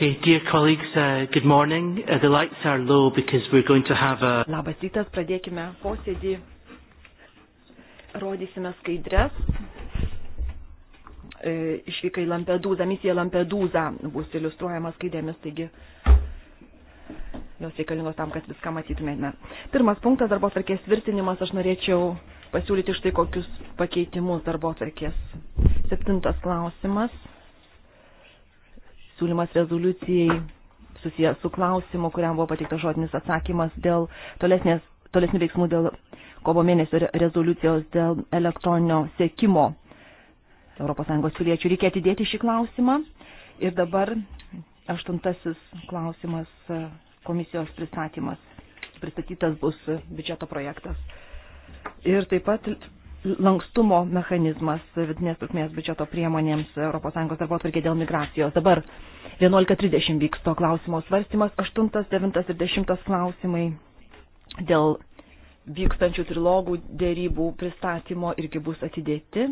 Okay, dear colleagues, uh, good morning. Uh, the lights are low because we're going to have a... Labas rytas, pradėkime posėdį. Rodysime skaidres. E, išvykai Lampedūza, misija Lampedūza bus iliustruojama skaidėmis, taigi jos reikalingos tam, kad viską matytumėme. Pirmas punktas, darbo atvarkės tvirtinimas, aš norėčiau pasiūlyti štai kokius pakeitimus darbo atvarkės. Septintas klausimas siūlymas rezoliucijai susijęs su klausimu, kuriam buvo pateiktas žodinis atsakymas dėl tolesnės, tolesnių veiksmų dėl kovo mėnesio rezoliucijos dėl elektroninio sėkimo ES piliečių. Reikia atidėti šį klausimą. Ir dabar aštuntasis klausimas e, komisijos pristatymas. Pristatytas bus biudžeto projektas. Ir taip pat lankstumo mechanizmas vidinės trukmės biudžeto priemonėms ES darbo atvarkė dėl migracijos. Dabar 11.30 vyks to klausimo svarstymas, 8, 9 ir 10 klausimai dėl vykstančių trilogų dėrybų pristatymo irgi bus atidėti.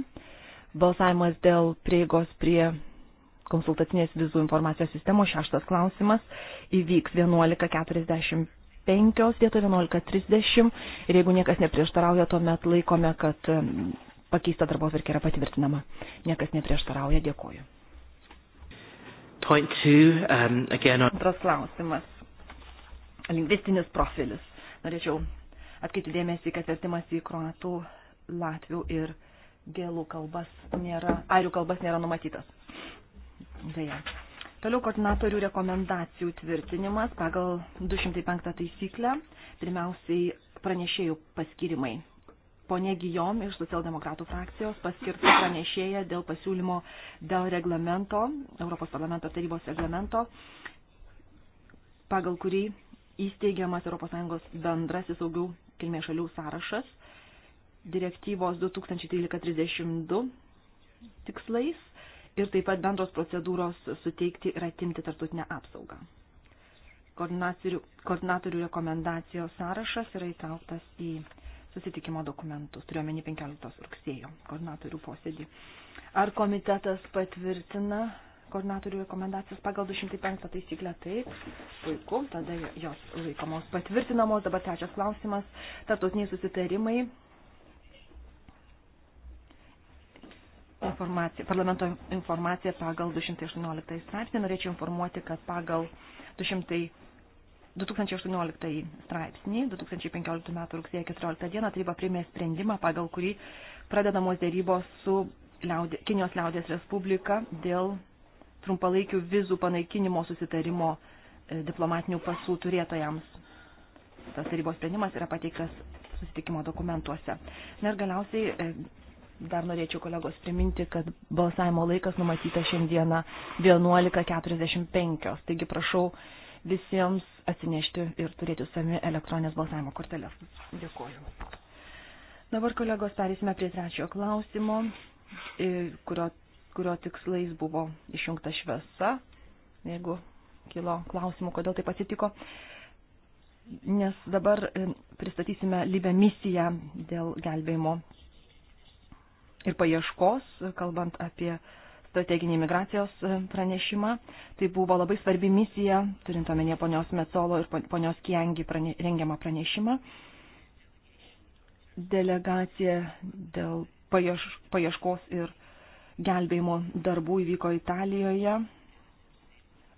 Balsavimas dėl prieigos prie konsultacinės vizų informacijos sistemos šeštas klausimas įvyks 11.45 5 vietoj 11.30 ir jeigu niekas neprieštarauja, tuomet laikome, kad pakeista darbo tvarkė yra patvirtinama. Niekas neprieštarauja, dėkoju. Point two, um, again on... Antras klausimas. Lingvistinis profilis. Norėčiau atkreipti dėmesį, kad vertimas į kroatų, latvių ir gėlų kalbas nėra, airių kalbas nėra numatytas. Deja. Toliau koordinatorių rekomendacijų tvirtinimas pagal 205 taisyklę, pirmiausiai pranešėjų paskirimai. Pone Gijom iš socialdemokratų frakcijos paskirta pranešėja dėl pasiūlymo dėl reglamento, Europos parlamento tarybos reglamento, pagal kurį įsteigiamas ES bendrasis saugių kilmės šalių sąrašas direktyvos 2013-32 tikslais ir taip pat bendros procedūros suteikti ir atimti tartutinę apsaugą. Koordinatorių, koordinatorių rekomendacijos sąrašas yra įtrauktas į susitikimo dokumentus, turiuomenį 15 rugsėjo koordinatorių posėdį. Ar komitetas patvirtina koordinatorių rekomendacijas pagal 205 taisyklę, taip, puiku, tada jos laikomos patvirtinamos. Dabar trečias klausimas, tartutiniai susitarimai informaciją, parlamento informaciją pagal 218 straipsnį. Norėčiau informuoti, kad pagal 200, 2018 straipsnį 2015 m. rugsėjo 14 d. taryba priėmė sprendimą, pagal kurį pradedamos dėrybos su liaudė, Kinijos liaudės Respublika dėl trumpalaikių vizų panaikinimo susitarimo e, diplomatinių pasų turėtojams. Tas tarybos sprendimas yra pateiktas susitikimo dokumentuose. Na ir galiausiai e, Dar norėčiau kolegos priminti, kad balsavimo laikas numatytas šiandieną 11.45. Taigi prašau visiems atsinešti ir turėti sami elektroninės balsavimo korteles. Dėkuoju. Dabar kolegos perėsime prie trečiojo klausimo, kurio, kurio tikslais buvo išjungta šviesa. Jeigu kilo klausimų, kodėl taip atsitiko nes dabar pristatysime lybę misiją dėl gelbėjimo ir paieškos, kalbant apie strateginį migracijos e, pranešimą. Tai buvo labai svarbi misija, turint omenyje ponios Mecolo ir ponios Kiengi prane, rengiamą pranešimą. Delegacija dėl paieš, paieškos ir gelbėjimo darbų įvyko Italijoje.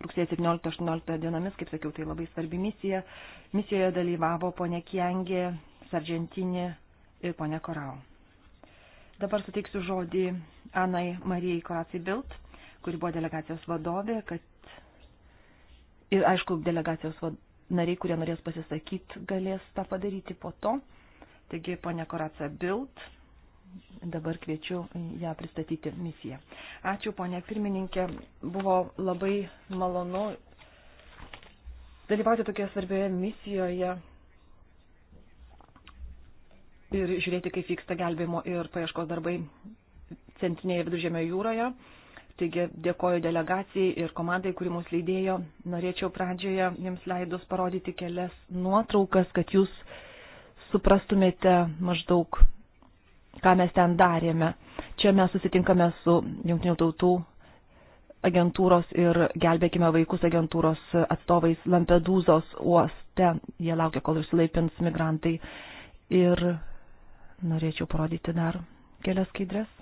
Rugsėjo 17-18 dienomis, kaip sakiau, tai labai svarbi misija. Misijoje dalyvavo ponė Kiengė, Sargentinė ir ponė Korau. Dabar suteiksiu žodį Anai Marijai Koracai Bilt, kuri buvo delegacijos vadovė, kad ir aišku, delegacijos nariai, kurie norės pasisakyti, galės tą padaryti po to. Taigi, ponia Koraca Bilt, dabar kviečiu ją pristatyti misiją. Ačiū, ponia pirmininkė, buvo labai malonu dalyvauti tokioje svarbioje misijoje ir žiūrėti, kaip vyksta gelbėjimo ir paieškos darbai centrinėje viduržėmio jūroje. Taigi dėkoju delegacijai ir komandai, kuri mus lydėjo. Norėčiau pradžioje jums leidus parodyti kelias nuotraukas, kad jūs suprastumėte maždaug, ką mes ten darėme. Čia mes susitinkame su Junktinių tautų agentūros ir Gelbėkime vaikus agentūros atstovais Lampedūzos uoste. Jie laukia, kol išsilaipins migrantai. Ir Norėčiau parodyti dar kelias skaidres.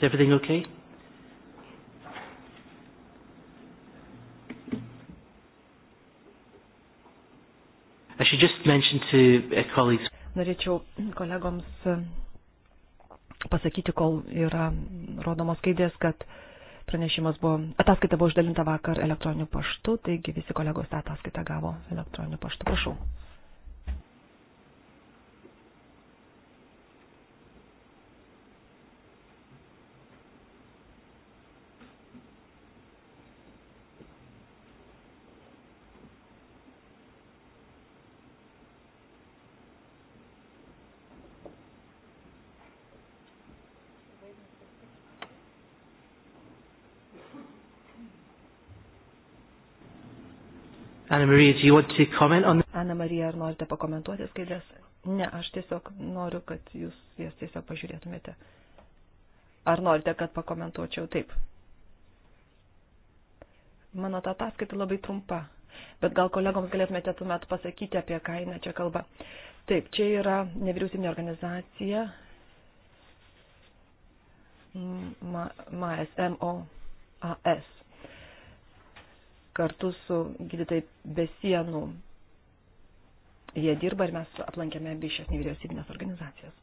Is everything okay? I should just mention to uh, colleagues. Norėčiau kolegoms uh, pasakyti, kol yra rodomos skaidės, kad pranešimas buvo, ataskaita buvo išdalinta vakar elektroniniu paštu, taigi visi kolegos tą ataskaitą gavo elektroniniu paštu. Prašau. Anna Marija, do you want to comment on Anna Marija, ar norite pakomentuoti skaidrės? Ne, aš tiesiog noriu, kad jūs jas tiesiog pažiūrėtumėte. Ar norite, kad pakomentuočiau taip? Mano ta ataskaita labai trumpa, bet gal kolegoms galėtumėte tuomet pasakyti, apie ką eina čia kalba. Taip, čia yra nevyriausybinė organizacija MASMOAS kartu su gydytojai be sienų. Jie dirba ir mes aplankėme abi šias nevyriausybinės organizacijas.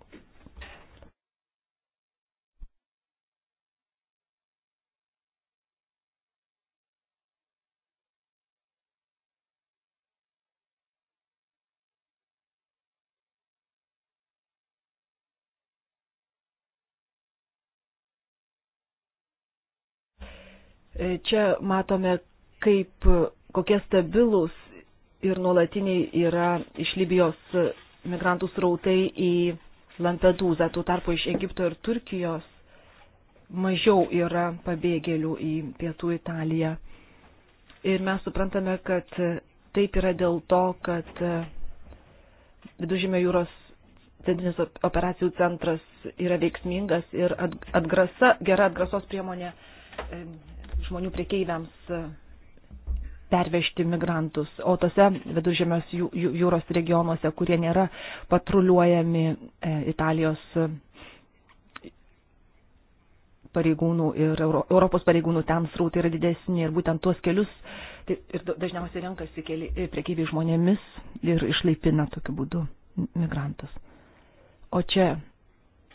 Čia matome, kaip kokie stabilūs ir nuolatiniai yra iš Libijos migrantų srautai į Lampedūzą. Tuo tarpu iš Egipto ir Turkijos mažiau yra pabėgėlių į pietų Italiją. Ir mes suprantame, kad taip yra dėl to, kad Vidužymė jūros centrinis operacijų centras yra veiksmingas ir atgrasa, gera atgrasos priemonė žmonių priekeiviams pervežti migrantus, o tose viduržėmės jūros regionuose, kurie nėra patruliuojami e, Italijos pareigūnų ir Europos pareigūnų ten srautai yra didesni ir būtent tuos kelius tai, ir dažniausiai renkasi keli, e, priekyviai žmonėmis ir išlaipina tokiu būdu migrantus. O čia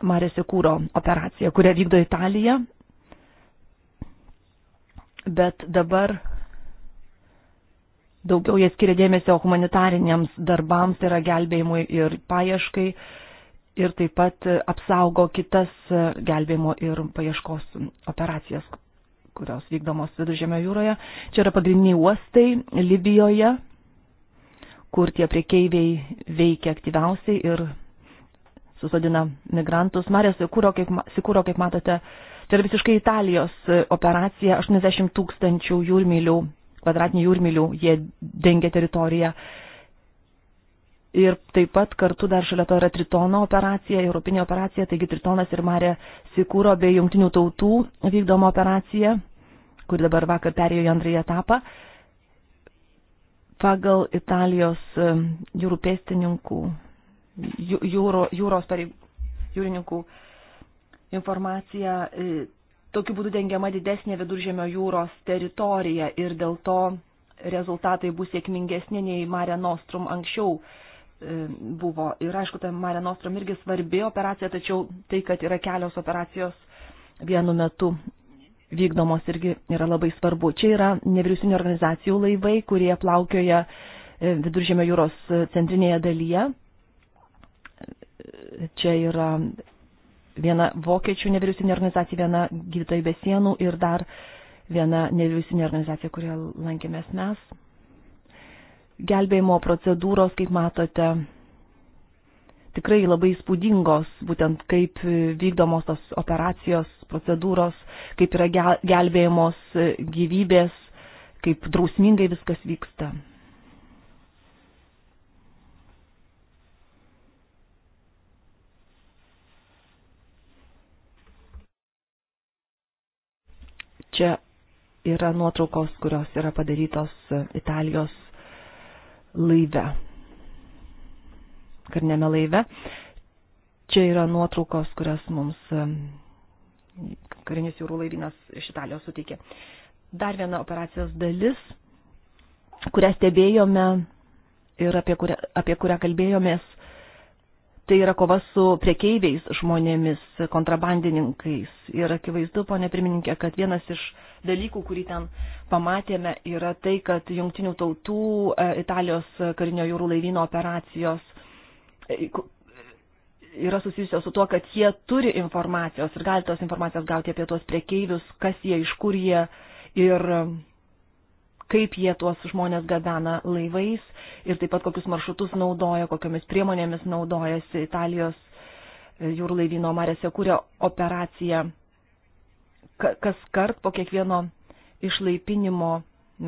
Marėsi Kūro operacija, kurią vykdo Italija, bet dabar daugiau jie skiria dėmesio humanitariniams darbams, tai yra gelbėjimui ir paieškai, ir taip pat apsaugo kitas gelbėjimo ir paieškos operacijas, kurios vykdomos Viduržėmio jūroje. Čia yra pagrindiniai uostai Libijoje, kur tie priekeiviai veikia aktyviausiai ir susodina migrantus. Marės Sikūro, kaip, Sikūro, kaip matote, tai yra visiškai Italijos operacija, 80 tūkstančių jūrmylių kvadratinių jūrmylių jie dengia teritoriją. Ir taip pat kartu dar šalia to yra Tritono operacija, Europinė operacija, taigi Tritonas ir Marė Sikūro bei jungtinių tautų vykdoma operacija, kuri dabar vakar perėjo į antrąjį etapą. Pagal Italijos e, jūrų pėstininkų, jūro, jūros pareigų, jūrininkų informaciją e, tokiu būdu dengiama didesnė viduržėmio jūros teritorija ir dėl to rezultatai bus sėkmingesni nei Mare Nostrum anksčiau e, buvo. Ir aišku, ta Mare Nostrum irgi svarbi operacija, tačiau tai, kad yra kelios operacijos vienu metu vykdomos irgi yra labai svarbu. Čia yra nevyriausinių organizacijų laivai, kurie plaukioja e, viduržėmio jūros centrinėje dalyje. E, čia yra viena vokiečių nevyriausybinė organizacija, viena gydytojai be sienų ir dar viena nevyriausybinė organizacija, kurioje lankėmės mes. Gelbėjimo procedūros, kaip matote, tikrai labai įspūdingos, būtent kaip vykdomos tos operacijos, procedūros, kaip yra gelbėjimos gyvybės, kaip drausmingai viskas vyksta. Čia yra nuotraukos, kurios yra padarytos e, Italijos laive, karnėme laive. Čia yra nuotraukos, kurias mums e, karinis jūrų laivynas iš Italijos suteikė. Dar viena operacijos dalis, kurią stebėjome ir apie kurią, apie kurią kalbėjomės tai yra kova su priekeiviais žmonėmis, kontrabandininkais. Ir akivaizdu, ponė pirmininkė, kad vienas iš dalykų, kurį ten pamatėme, yra tai, kad jungtinių tautų e, Italijos karinio jūrų laivyno operacijos e, yra susijusios su tuo, kad jie turi informacijos ir gali tos informacijos gauti apie tuos priekeivius, kas jie, iš kur jie ir kaip jie tuos žmonės gabena laivais ir taip pat kokius maršrutus naudoja, kokiamis priemonėmis naudojasi Italijos e, jūrų laivyno marėse, kuria operacija kas kart po kiekvieno išlaipinimo,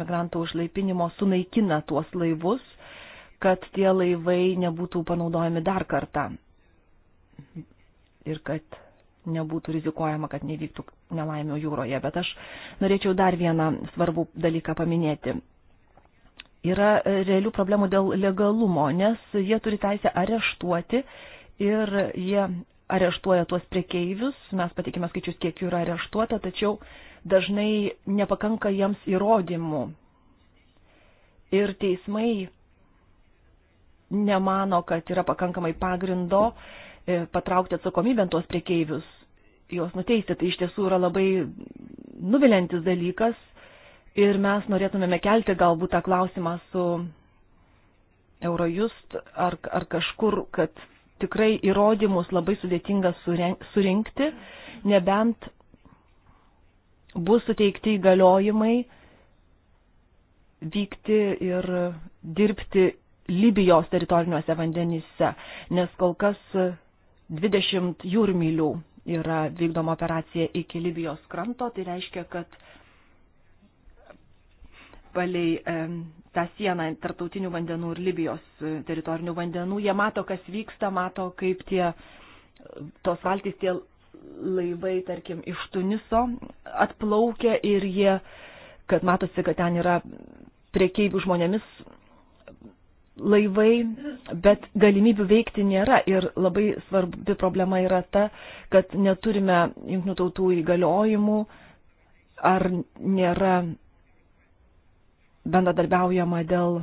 migrantų išlaipinimo sunaikina tuos laivus, kad tie laivai nebūtų panaudojami dar kartą ir kad nebūtų rizikuojama, kad nevyktų nelaimio jūroje. Bet aš norėčiau dar vieną svarbų dalyką paminėti. Yra e, realių problemų dėl legalumo, nes jie turi teisę areštuoti ir jie areštuoja tuos priekeivius, mes patikime skaičius, kiek jų yra areštuota, tačiau dažnai nepakanka jiems įrodymų. Ir teismai nemano, kad yra pakankamai pagrindo uh, E, patraukti atsakomybę tuos priekeivius, juos nuteisti. Tai iš tiesų yra labai nuvilintis dalykas ir mes norėtumėme kelti galbūt tą klausimą su Eurojust ar, ar kažkur, kad tikrai įrodymus labai sudėtinga surinkti, nebent bus suteikti įgaliojimai vykti ir dirbti Libijos teritoriniuose vandenyse, nes kol kas 20 jūrmylių yra vykdoma operacija iki Libijos kranto, tai reiškia, kad palei e, tą sieną tarptautinių vandenų ir Libijos e, teritorinių vandenų, jie mato, kas vyksta, mato, kaip tie e, tos valtys, tie laivai, tarkim, iš Tuniso atplaukia ir jie, kad matosi, kad ten yra priekeivių žmonėmis laivai, bet galimybių veikti nėra. Ir labai svarbi problema yra ta, kad neturime jungtinių tautų įgaliojimų ar nėra bendradarbiaujama dėl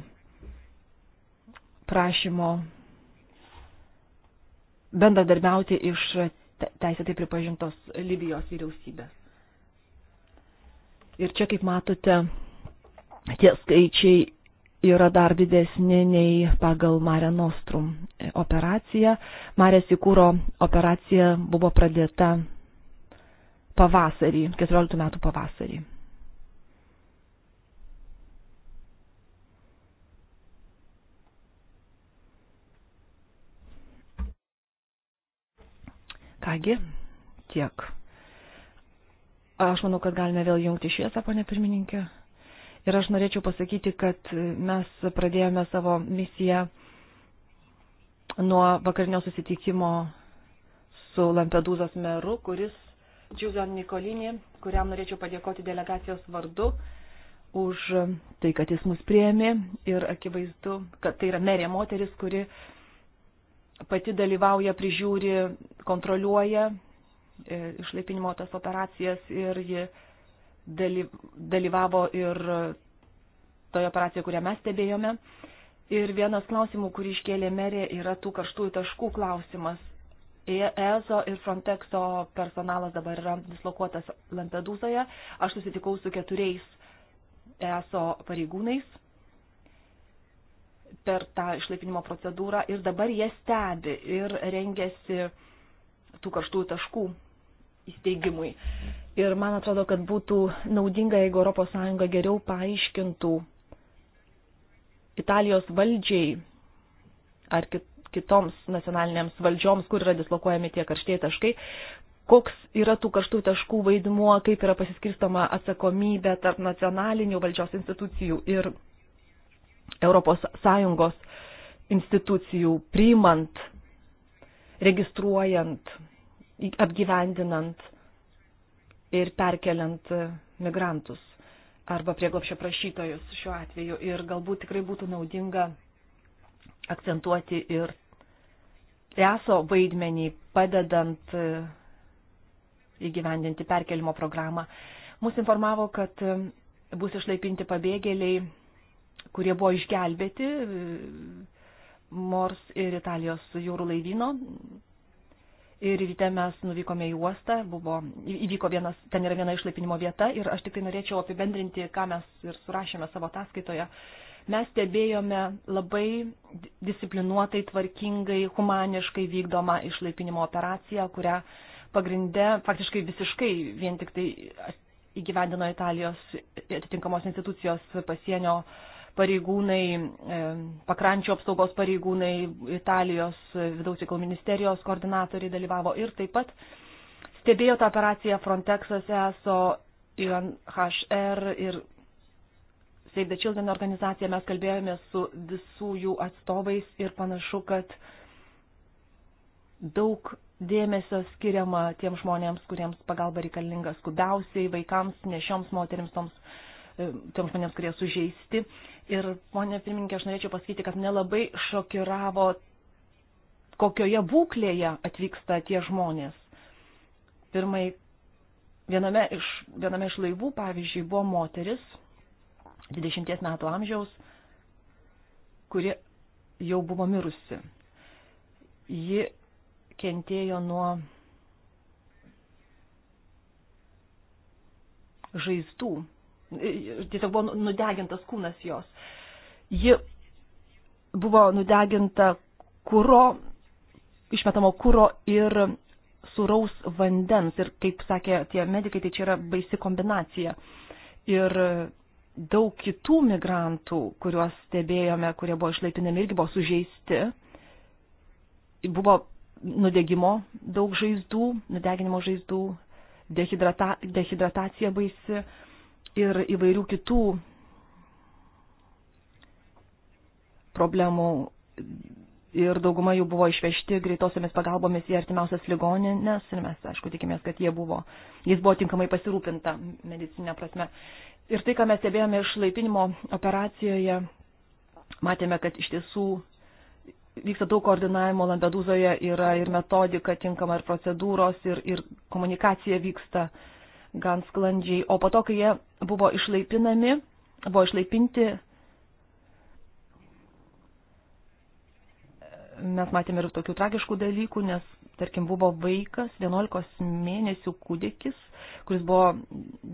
prašymo bendradarbiauti iš teisėtai pripažintos Libijos vyriausybės. Ir čia, kaip matote, tie skaičiai yra dar didesni nei pagal Mare Nostrum operaciją. Marės įkūro operacija buvo pradėta pavasarį, 14 metų pavasarį. Kągi, tiek. Aš manau, kad galime vėl jungti šviesą, ponė pirmininkė. Ir aš norėčiau pasakyti, kad mes pradėjome savo misiją nuo vakarinio susitikimo su Lampedūzos meru, kuris Džiuzan Nikolinį, kuriam norėčiau padėkoti delegacijos vardu už tai, kad jis mus prieėmė ir akivaizdu, kad tai yra merė moteris, kuri pati dalyvauja, prižiūri, kontroliuoja e, išlaipinimo tas operacijas ir ji. Ji dalyvavo ir toje operacijoje, kurią mes stebėjome. Ir vienas klausimų, kurį iškėlė merė, yra tų karštųjų taškų klausimas. E, ESO ir Frontexo personalas dabar yra dislokuotas Lampedūzoje. Aš susitikau su keturiais ESO pareigūnais per tą išlaipinimo procedūrą ir dabar jie stebi ir rengiasi tų karštųjų taškų įsteigimui. Ir man atrodo, kad būtų naudinga, jeigu ES geriau paaiškintų Italijos valdžiai ar kitoms nacionalinėms valdžioms, kur yra dislokuojami tie karštieji taškai, koks yra tų karštų taškų vaidmuo, kaip yra pasiskirstama atsakomybė tarp nacionalinių valdžios institucijų ir ES institucijų priimant, registruojant apgyvendinant ir perkeliant migrantus arba prieglopšio prašytojus šiuo atveju. Ir galbūt tikrai būtų naudinga akcentuoti ir ESO vaidmenį, padedant e, įgyvendinti perkelimo programą. Mūsų informavo, kad e, bus išlaipinti pabėgėliai, kurie buvo išgelbėti e, Mors ir Italijos jūrų laivyno Ir ryte mes nuvykome į uostą, buvo, įvyko vienas, ten yra viena išlaipinimo vieta ir aš tik tai norėčiau apibendrinti, ką mes ir surašėme savo ataskaitoje. Mes stebėjome labai disciplinuotai, tvarkingai, humaniškai vykdomą išlaipinimo operaciją, kurią pagrindė faktiškai visiškai vien tik tai įgyvendino Italijos atitinkamos institucijos pasienio uh, pareigūnai, e, pakrančio apsaugos pareigūnai, Italijos vidaus reikalų ministerijos koordinatoriai dalyvavo ir taip pat stebėjo tą operaciją Frontexas, ESO, UNHR ir Save the Children organizacija. Mes kalbėjome su visų jų atstovais ir panašu, kad daug dėmesio skiriama tiem žmonėms, kuriems pagalba reikalinga skubiausiai, vaikams, nešioms moteriams, toms toms žmonėms, kurie sužeisti. Ir, ponė pirmininkė, aš norėčiau pasakyti, kad nelabai šokiravo, kokioje būklėje atvyksta tie žmonės. Pirmai, viename iš, viename iš laivų, pavyzdžiui, buvo moteris, 20 metų amžiaus, kuri jau buvo mirusi. Ji kentėjo nuo žaizdų tiesiog buvo nudegintas kūnas jos. Ji buvo nudeginta kūro, išmetamo kūro ir suraus vandens. Ir kaip sakė tie medikai, tai čia yra baisi kombinacija. Ir daug kitų migrantų, kuriuos stebėjome, kurie buvo išlaitinami irgi buvo sužeisti, buvo nudegimo daug žaizdų, nudeginimo žaizdų, dehidrata, dehidratacija baisi ir įvairių kitų problemų ir dauguma jų buvo išvežti greitosiamis pagalbomis į artimiausias ligoninės ir mes, aišku, tikimės, kad jie buvo, jis buvo tinkamai pasirūpinta medicinė prasme. Ir tai, ką mes stebėjome išlaipinimo operacijoje, matėme, kad iš tiesų vyksta daug koordinavimo, Lampedūzoje yra ir metodika tinkama, ir procedūros, ir, ir komunikacija vyksta uh, gan sklandžiai, o po to, kai jie buvo išlaipinami, buvo išlaipinti, mes matėme ir tokių tragiškų dalykų, nes, tarkim, buvo vaikas, 11 mėnesių kūdikis, kuris buvo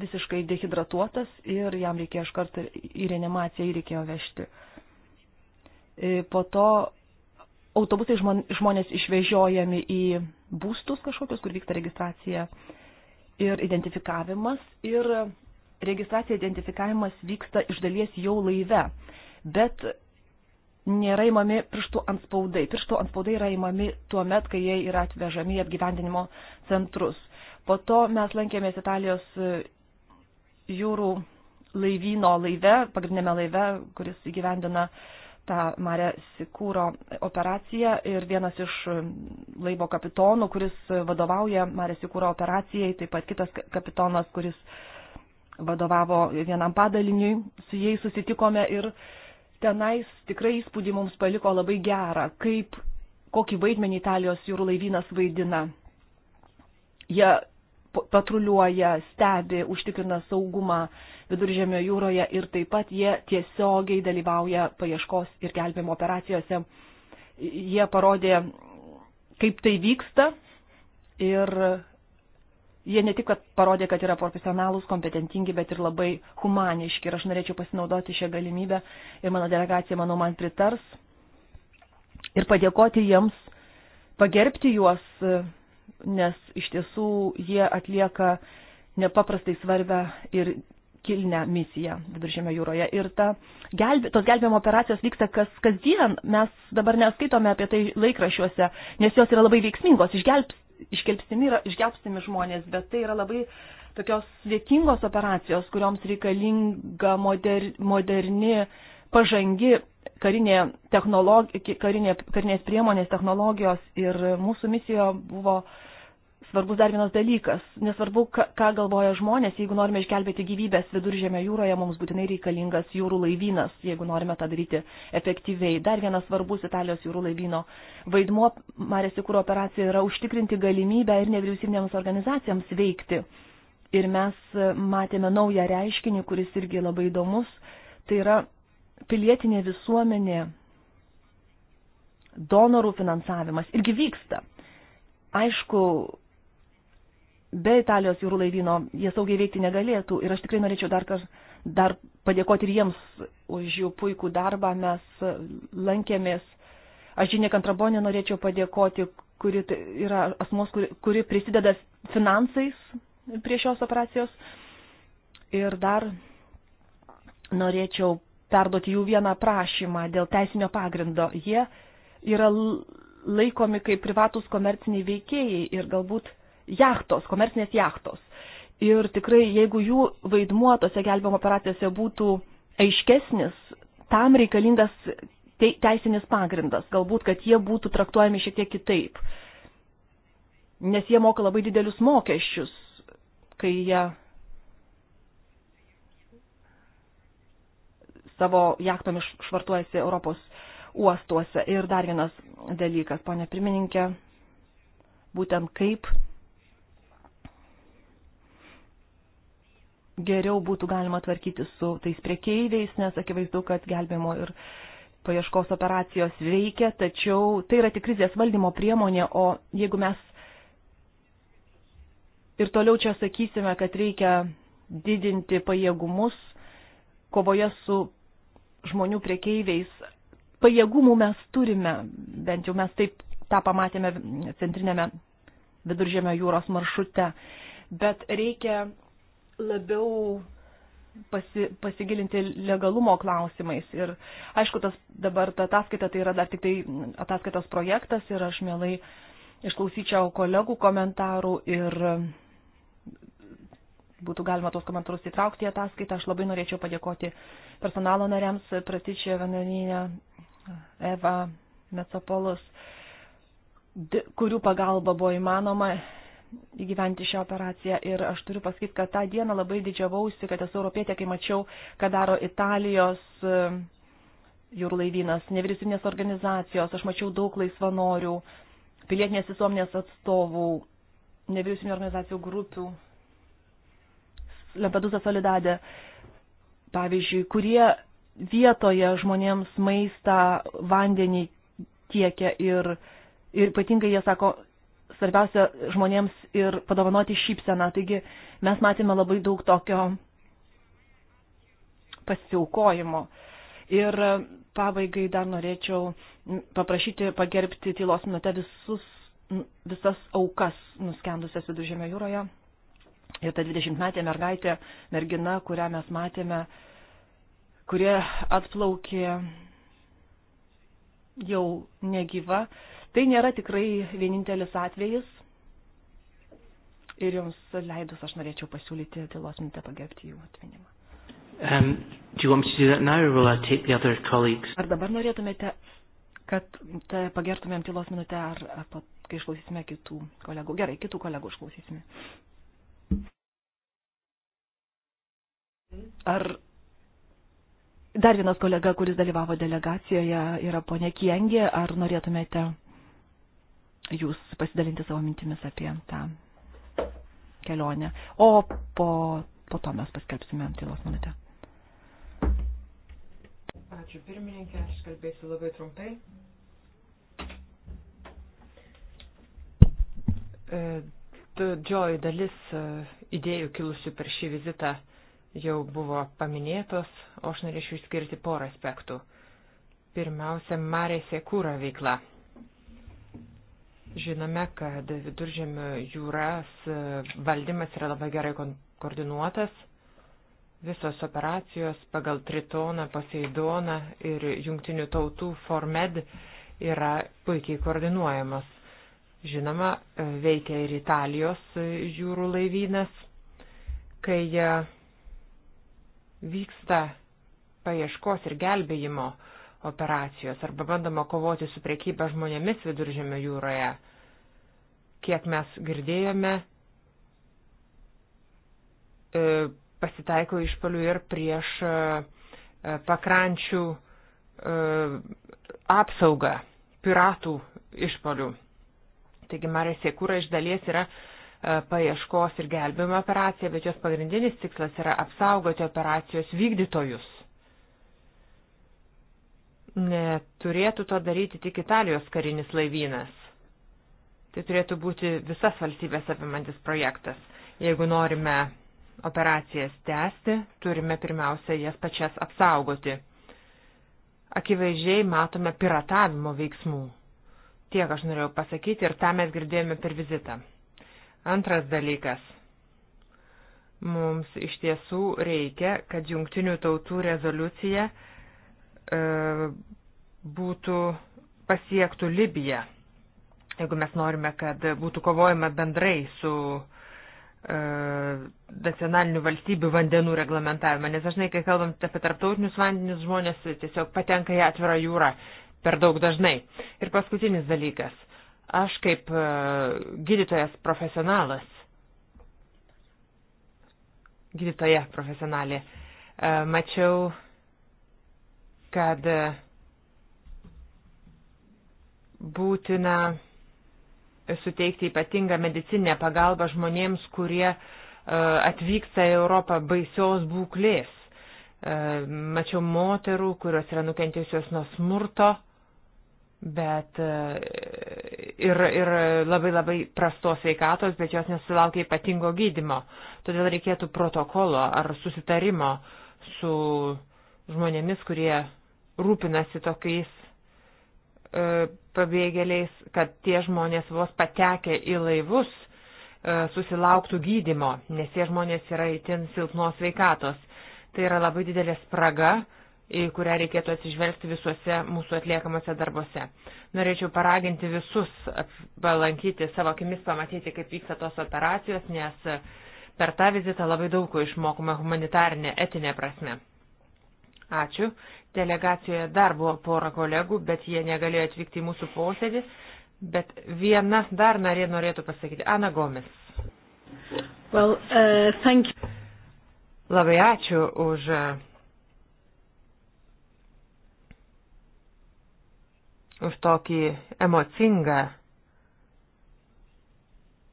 visiškai dehidratuotas ir jam reikėjo iš karto į reanimaciją jį reikėjo vežti. E, po to autobusai žmonės išvežiojami į būstus kažkokius, kur vyksta registracija ir identifikavimas ir registracija identifikavimas vyksta iš dalies jau laive, bet nėra įmami pirštų anspaudai. Pirštų anspaudai yra įmami tuo met, kai jie yra atvežami į apgyvendinimo centrus. Po to mes lankėmės Italijos e, jūrų laivyno laive, pagrindinėme laive, kuris įgyvendina uh, tą Marę Sikūro operaciją ir vienas iš laivo kapitonų, kuris vadovauja Marę Sikūro operacijai, taip pat kitas kapitonas, kuris vadovavo vienam padaliniui, su jais susitikome ir tenais tikrai įspūdį mums paliko labai gerą, kaip kokį vaidmenį Italijos jūrų laivynas vaidina. Jie patruliuoja, stebi, užtikrina saugumą viduržėmio jūroje ir taip pat jie tiesiogiai dalyvauja paieškos ir gelbėjimo operacijose. Jie parodė, kaip tai vyksta ir jie ne tik, kad parodė, kad yra profesionalūs, kompetentingi, bet ir labai humaniški. Ir aš norėčiau pasinaudoti šią galimybę ir mano delegacija, manau, man pritars ir padėkoti jiems, pagerbti juos nes iš tiesų jie atlieka nepaprastai svarbę ir kilnę misiją viduržėmio jūroje. Ir ta, gelbė, tos gelbėjimo operacijos vyksta kas, kasdien, mes dabar neskaitome apie tai laikrašiuose, nes jos yra labai veiksmingos, Išgelbs, išgelbstimi, yra, išgelbstimi žmonės, bet tai yra labai tokios sėkingos operacijos, kurioms reikalinga moder, moderni pažangi karinė karinė, karinės priemonės technologijos ir mūsų misijoje buvo svarbus dar vienas dalykas. Nesvarbu, ką galvoja žmonės, jeigu norime išgelbėti gyvybės viduržėme jūroje, mums būtinai reikalingas jūrų laivynas, jeigu norime tą daryti efektyviai. Dar vienas svarbus Italijos jūrų laivyno vaidmuo Marės įkūro operacija yra užtikrinti galimybę ir nevyriausybinėms organizacijams veikti. Ir mes matėme naują reiškinį, kuris irgi labai įdomus. Tai yra pilietinė visuomenė, donorų finansavimas irgi vyksta. Aišku, be Italijos jūrų laivyno jie saugiai veikti negalėtų ir aš tikrai norėčiau dar, kar, dar padėkoti ir jiems už jų puikų darbą. Mes lankėmės, aš žinė Kantrabonė norėčiau padėkoti, kuri yra asmos, kuri, kuri prisideda finansais prie šios operacijos. Ir dar norėčiau perduoti jų vieną prašymą dėl teisinio pagrindo. Jie yra laikomi kaip privatus komerciniai veikėjai ir galbūt jachtos, komercinės jachtos. Ir tikrai, jeigu jų vaidmuo tose gelbėjimo operacijose būtų aiškesnis, tam reikalingas teisinis pagrindas, galbūt, kad jie būtų traktuojami šiek tiek kitaip. Nes jie moka labai didelius mokesčius, kai jie savo jachtomis švartuojasi Europos uostuose. Ir dar vienas dalykas, ponė pirmininkė, būtent kaip geriau būtų galima tvarkyti su tais priekeiviais, nes akivaizdu, kad gelbėjimo ir paieškos operacijos veikia, tačiau tai yra tik krizės valdymo priemonė, o jeigu mes ir toliau čia sakysime, kad reikia didinti pajėgumus kovoje su žmonių priekeiviais pajėgumų mes turime, bent jau mes taip tą pamatėme centrinėme viduržėmio jūros maršrute, bet reikia labiau pasi, pasigilinti legalumo klausimais. Ir aišku, tas dabar ta ataskaita tai yra dar tik tai ataskaitos projektas ir aš mielai išklausyčiau kolegų komentarų ir būtų galima tos komentarus įtraukti į ataskaitą. Aš labai norėčiau padėkoti personalo nariams Pratičia, Vananinė, Eva, Metsopolos, kurių pagalba buvo įmanoma įgyventi šią operaciją. Ir aš turiu pasakyti, kad tą dieną labai didžiavausi, kad esu europietė, kai mačiau, ką daro Italijos e, jūrų laivynas, nevyriausybinės organizacijos, aš mačiau daug laisvanorių, pilietinės visuomenės atstovų, nevyriausybinio organizacijų grupių Lampedusa Solidadė, pavyzdžiui, kurie vietoje žmonėms maistą, vandenį tiekia ir, ir ypatingai jie sako, svarbiausia žmonėms ir padovanoti šypseną. Taigi mes matėme labai daug tokio pasiaukojimo. Ir pabaigai dar norėčiau paprašyti pagerbti tylos minutę visus, visas aukas nuskendusias viduržėmio jūroje. Ir ta 20-metė mergaitė, mergina, kurią mes matėme, kurie atplaukė jau negyva, tai nėra tikrai vienintelis atvejis. Ir jums leidus aš norėčiau pasiūlyti tylos mintę pagerbti jų atminimą. Um, ar dabar norėtumėte, kad pagertumėm tylos minutę, ar, ar kai išklausysime kitų kolegų? Gerai, kitų kolegų išklausysime. Ar dar vienas kolega, kuris dalyvavo delegacijoje, yra ponė Kiengė, ar norėtumėte jūs pasidalinti savo mintimis apie tą kelionę? O po, po to mes paskelbsime tylos minutę. Ačiū pirmininkė, aš kalbėsiu labai trumpai. E, didžioji dalis e, idėjų kilusių per šį vizitą jau buvo paminėtos, o aš norėčiau išskirti porą aspektų. Pirmiausia, Marė Sekūra veikla. Žinome, kad viduržėmio jūras e, valdymas yra labai gerai koordinuotas. Visos operacijos pagal Tritoną, Poseidoną ir jungtinių tautų Formed yra puikiai koordinuojamos. Žinoma, e, veikia ir Italijos e, jūrų laivynas, kai vyksta paieškos ir gelbėjimo operacijos arba bandoma kovoti su priekyba žmonėmis viduržėmio jūroje. Kiek mes girdėjome, e, pasitaiko išpalių ir prieš e, e, pakrančių apsaugą, piratų išpalių. Taigi Marija Sekūra iš dalies yra uh, E, paieškos ir gelbėjimo operaciją, bet jos pagrindinis tikslas yra apsaugoti operacijos vykdytojus. Neturėtų to daryti tik Italijos karinis laivynas. Tai turėtų būti visas valstybės apimantis projektas. Jeigu norime operacijas tęsti, turime pirmiausia jas pačias apsaugoti. Akivaizdžiai matome piratavimo veiksmų. Tiek aš norėjau pasakyti ir tą mes girdėjome per vizitą. Antras dalykas. Mums iš tiesų reikia, kad jungtinių tautų rezoliucija e, būtų pasiektų Libiją. Jeigu mes norime, kad būtų kovojama bendrai su e, nacionalinių valstybių vandenų reglamentavimą, nes dažnai, kai kalbam apie tarptautinius vandenius, žmonės tiesiog patenka į atvirą jūrą per daug dažnai. Ir paskutinis dalykas. Aš kaip e, gydytojas profesionalas, gydytoja profesionalė, e, mačiau, kad e, būtina suteikti ypatingą medicinę pagalbą žmonėms, kurie atvyksta į Europą baisios būklės. Mačiau moterų, kurios yra nukentėjusios nuo smurto bet e, ir, ir labai labai prastos veikatos, bet jos nesulaukia ypatingo gydimo. Todėl reikėtų protokolo ar susitarimo su žmonėmis, kurie rūpinasi tokiais e, pabėgėliais, kad tie žmonės vos patekę į laivus e, susilauktų gydimo, nes tie žmonės yra itin silpnos veikatos. Tai yra labai didelė spraga, į kurią reikėtų atsižvelgti visuose mūsų atliekamuose darbuose. Norėčiau paraginti visus palankyti savo akimis, pamatyti, kaip vyksta tos operacijos, nes per tą vizitą labai daug ko išmokome humanitarinė, etinė prasme. Ačiū. Delegacijoje dar buvo pora kolegų, bet jie negalėjo atvykti į mūsų posėdį. Bet viena dar narė norėtų pasakyti. Ana Gomis. Well, uh, Labai ačiū už. Uh, už tokį emocingą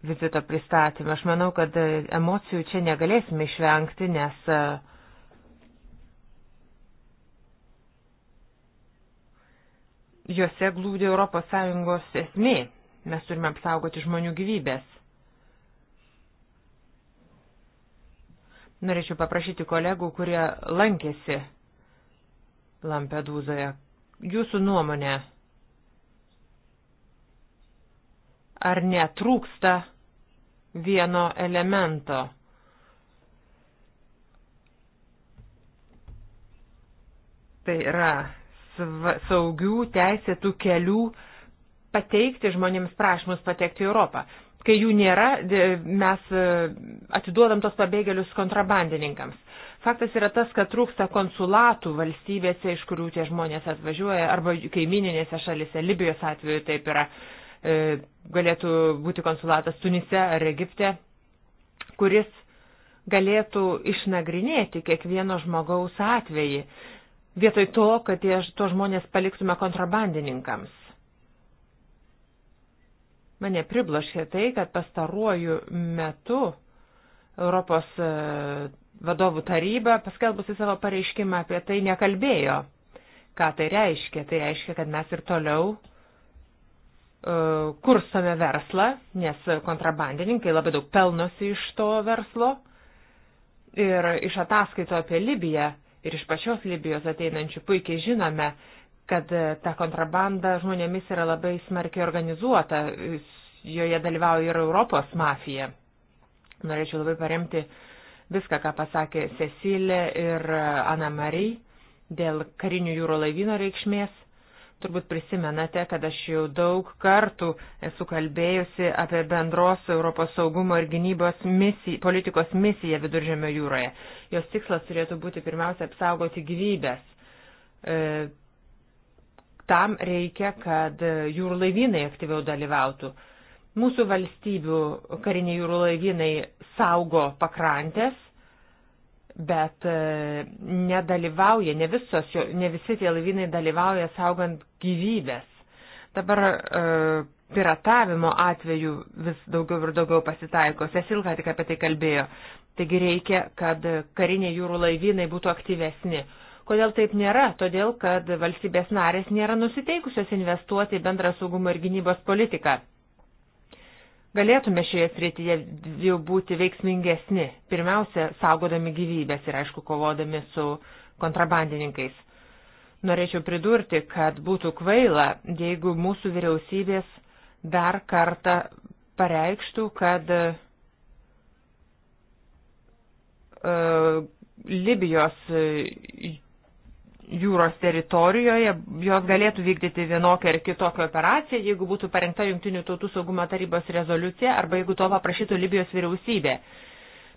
vizito pristatymą. Aš manau, kad emocijų čia negalėsime išvengti, nes juose glūdė ES esmė. Mes turime apsaugoti žmonių gyvybės. Norėčiau paprašyti kolegų, kurie lankėsi Lampedūzoje. Jūsų nuomonė ar netrūksta vieno elemento. Tai yra saugių teisėtų kelių pateikti žmonėms prašymus patekti į Europą. Kai jų nėra, mes e, atiduodam tos pabėgėlius kontrabandininkams. Faktas yra tas, kad trūksta konsulatų valstybėse, iš kurių tie žmonės atvažiuoja, arba kaimininėse šalise, Libijos atveju taip yra. Uh, E, galėtų būti konsulatas Tunise ar Egipte, kuris galėtų išnagrinėti kiekvieno žmogaus atvejį, vietoj to, kad tie, to žmonės paliktume kontrabandininkams. Mane priblaškė tai, kad pastaruoju metu Europos e, vadovų taryba, paskelbusi savo pareiškimą, apie tai nekalbėjo. Ką tai reiškia? Tai reiškia, kad mes ir toliau uh, kursome verslą, nes kontrabandininkai labai daug pelnosi iš to verslo. Ir iš ataskaito apie Libiją ir iš pačios Libijos ateinančių puikiai žinome, kad e, ta kontrabanda žmonėmis yra labai smarkiai organizuota, joje dalyvauja ir Europos mafija. Norėčiau labai paremti viską, ką pasakė Cecilė ir Ana Marija dėl karinių jūro laivyno reikšmės Turbūt prisimenate, kad aš jau daug kartų esu kalbėjusi apie bendros Europos saugumo ir gynybos misiją, politikos misiją viduržėmio jūroje. Jos tikslas turėtų būti pirmiausia apsaugoti gyvybės. E, tam reikia, kad jūrų laivynai aktyviau dalyvautų. Mūsų valstybių kariniai jūrų laivynai saugo pakrantės bet e, nedalyvauja, ne, visos, ne visi tie laivynai dalyvauja saugant gyvybės. Dabar e, piratavimo atveju vis daugiau ir daugiau pasitaiko. Sesilka tik apie tai kalbėjo. Taigi reikia, kad kariniai jūrų laivynai būtų aktyvesni. Kodėl taip nėra? Todėl, kad valstybės narės nėra nusiteikusios investuoti į bendrą saugumo ir gynybos politiką galėtume šioje srityje jau būti veiksmingesni, pirmiausia, saugodami gyvybės ir, aišku, kovodami su kontrabandininkais. Norėčiau pridurti, kad būtų kvaila, jeigu mūsų vyriausybės dar kartą pareikštų, kad uh, Libijos jūros teritorijoje, jos galėtų vykdyti vienokią ar kitokią operaciją, jeigu būtų parengta Junktinių tautų saugumo tarybos rezoliucija arba jeigu to paprašytų Libijos vyriausybė.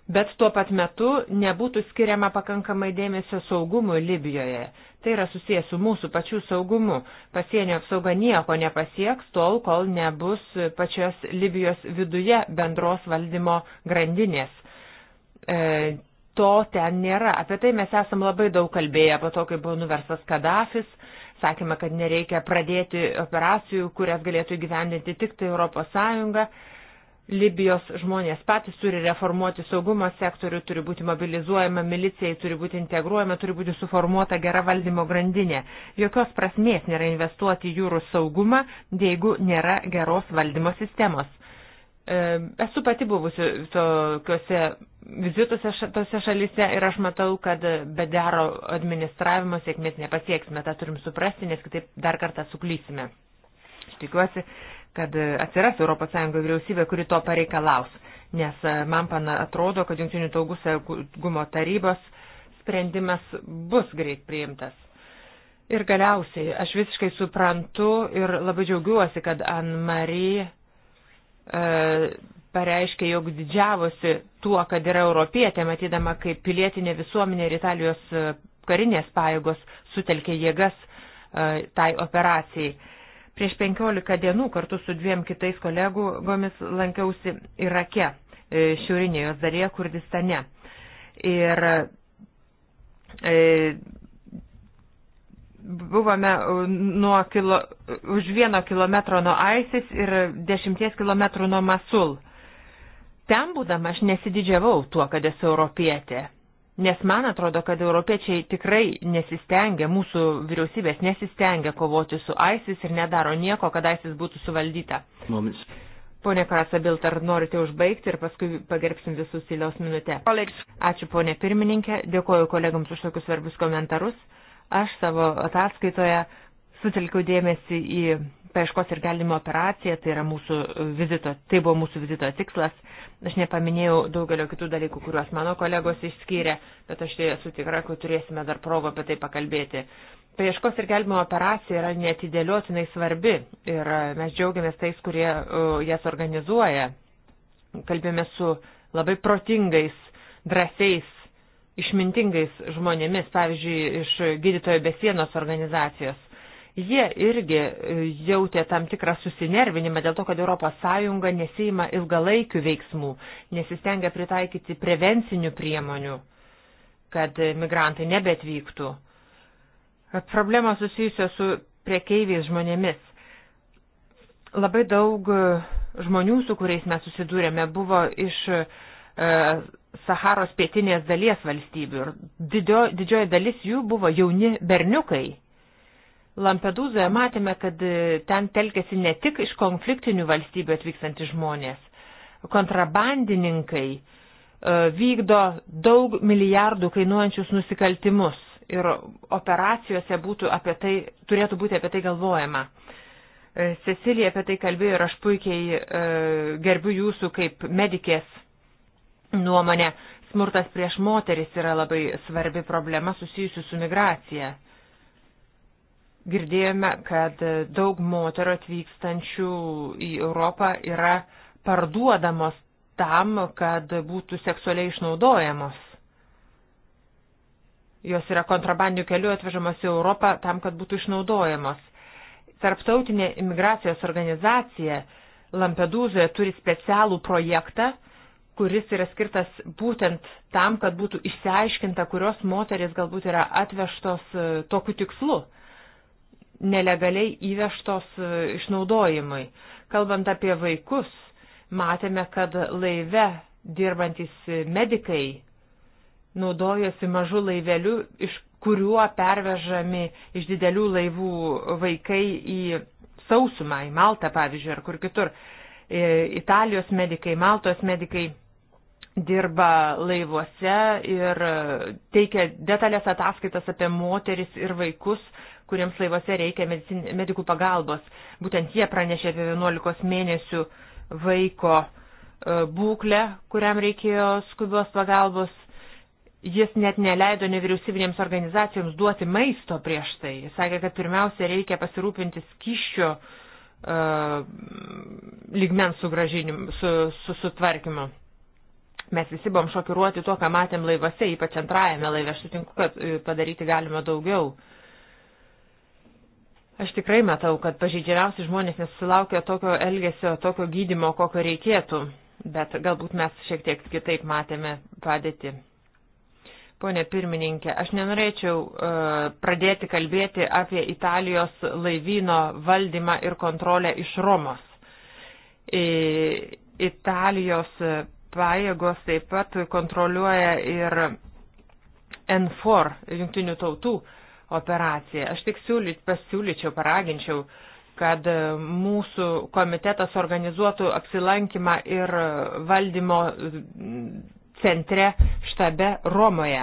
Bet tuo pat metu nebūtų skiriama pakankamai dėmesio saugumui Libijoje. Tai yra susijęs su mūsų pačių saugumu. Pasienio apsauga nieko nepasieks tol, kol nebus pačios Libijos viduje bendros valdymo grandinės. E, to ten nėra. Apie tai mes esam labai daug kalbėję po to, kai buvo nuversas Kadafis. Sakėme, kad nereikia pradėti operacijų, kurias galėtų įgyvendinti tik tai ES. Libijos žmonės patys turi reformuoti saugumo sektorių, turi būti mobilizuojama milicijai, turi būti integruojama, turi būti suformuota gera valdymo grandinė. Jokios prasmės nėra investuoti jūrų saugumą, jeigu nėra geros valdymo sistemos. Esu pati buvusi tokiuose vizituose tose šalyse ir aš matau, kad be dero administravimo sėkmės nepasieksime, tą turim suprasti, nes kitaip dar kartą suklysime. Aš tikiuosi, kad atsiras ES vyriausybė, kuri to pareikalaus, nes e, man pana atrodo, kad Junktinių taugų saugumo tarybos sprendimas bus greit priimtas. Ir galiausiai aš visiškai suprantu ir labai džiaugiuosi, kad Anne Marie E, pareiškė, jog didžiavosi tuo, kad yra europietė, matydama, kaip pilietinė visuomenė ir Italijos e, karinės pajėgos sutelkė jėgas e, tai operacijai. Prieš 15 dienų kartu su dviem kitais kolegomis lankiausi Irake, šiaurinėje jos dalyje, Kurdistane. Ir buvome e, nuo kilo, už vieno kilometro nuo Aisis ir dešimties kilometrų nuo Masul. Ten būdama aš nesididžiavau tuo, kad esu europietė. Nes man atrodo, kad europiečiai tikrai nesistengia, mūsų vyriausybės nesistengia kovoti su ISIS ir nedaro nieko, kad ISIS būtų suvaldyta. Moments. Pone Karasabilt, ar norite užbaigti ir paskui pagerbsim visus įlios minutę? Ačiū, ponė pirmininkė, dėkoju kolegams už tokius svarbius komentarus. Aš savo ataskaitoje sutelkiau dėmesį į paieškos ir galimo operaciją, tai, yra mūsų vizito, tai buvo mūsų vizito tikslas. Aš nepaminėjau daugelio kitų dalykų, kuriuos mano kolegos išskyrė, bet aš tai esu tikra, kad turėsime dar progą apie tai pakalbėti. Paieškos ir gelbimo operacija yra netidėliotinai svarbi ir mes džiaugiamės tais, kurie jas organizuoja. Kalbėjome su labai protingais, drąsiais išmintingais žmonėmis, pavyzdžiui, iš gydytojo besienos organizacijos. Jie irgi jautė tam tikrą susinervinimą dėl to, kad ES nesima ilgalaikių veiksmų, nesistengia pritaikyti prevencinių priemonių, kad migrantai nebetvyktų. Problemos susijusios su priekeiviais žmonėmis. Labai daug žmonių, su kuriais mes susidūrėme, buvo iš e, Saharos pietinės dalies valstybių ir didio, didžioji dalis jų buvo jauni berniukai. Lampedūzoje matėme, kad e, ten telkėsi ne tik iš konfliktinių valstybių atvykstantys žmonės. Kontrabandininkai e, vykdo daug milijardų kainuojančius nusikaltimus ir operacijose būtų apie tai, turėtų būti apie tai galvojama. E, Cecilija apie tai kalbėjo ir aš puikiai gerbiu jūsų kaip medikės nuomonė, smurtas prieš moteris yra labai svarbi problema susijusi su migracija. Girdėjome, kad daug moterų atvykstančių į Europą yra parduodamos tam, kad būtų seksualiai išnaudojamos. Jos yra kontrabandinių kelių atvežamos į Europą tam, kad būtų išnaudojamos. Tarptautinė imigracijos organizacija Lampedūzoje turi specialų projektą, kuris yra skirtas būtent tam, kad būtų išsiaiškinta, kurios moteris galbūt yra atvežtos e, tokiu tikslu nelegaliai įvežtos e, išnaudojimui. Kalbant apie vaikus, matėme, kad laive dirbantis medikai naudojosi mažu laiveliu, iš kuriuo pervežami iš didelių laivų vaikai į sausumą, į Maltą pavyzdžiui, ar kur kitur. E, Italijos medikai, Maltos medikai dirba laivuose ir teikia detalės ataskaitas apie moteris ir vaikus, kuriems laivuose reikia medicin, medikų pagalbos. Būtent jie pranešė apie 11 mėnesių vaiko e, būklę, kuriam reikėjo skubios pagalbos. Jis net neleido nevyriausybinėms organizacijoms duoti maisto prieš tai. Jis sakė, kad pirmiausia reikia pasirūpinti skyščio uh, e, lygmens su, su, su sutvarkymu. Mes visi buvom šokiruoti tuo, ką matėm laivose, ypač antrajame laive. Aš sutinku, kad e, padaryti galima daugiau. Aš tikrai matau, kad pažeidžiamiausi žmonės nesusilaukia tokio elgesio, tokio gydimo, kokio reikėtų, bet galbūt mes šiek tiek kitaip matėme padėti. Pone pirmininkė, aš nenorėčiau uh, pradėti kalbėti apie Italijos laivyno valdymą ir kontrolę iš Romos. I, e, Italijos pajėgos taip pat kontroliuoja ir NFOR, jungtinių tautų operaciją. Aš tik siūlyt, pasiūlyčiau, paraginčiau, kad mūsų komitetas organizuotų apsilankymą ir valdymo centre štabe Romoje.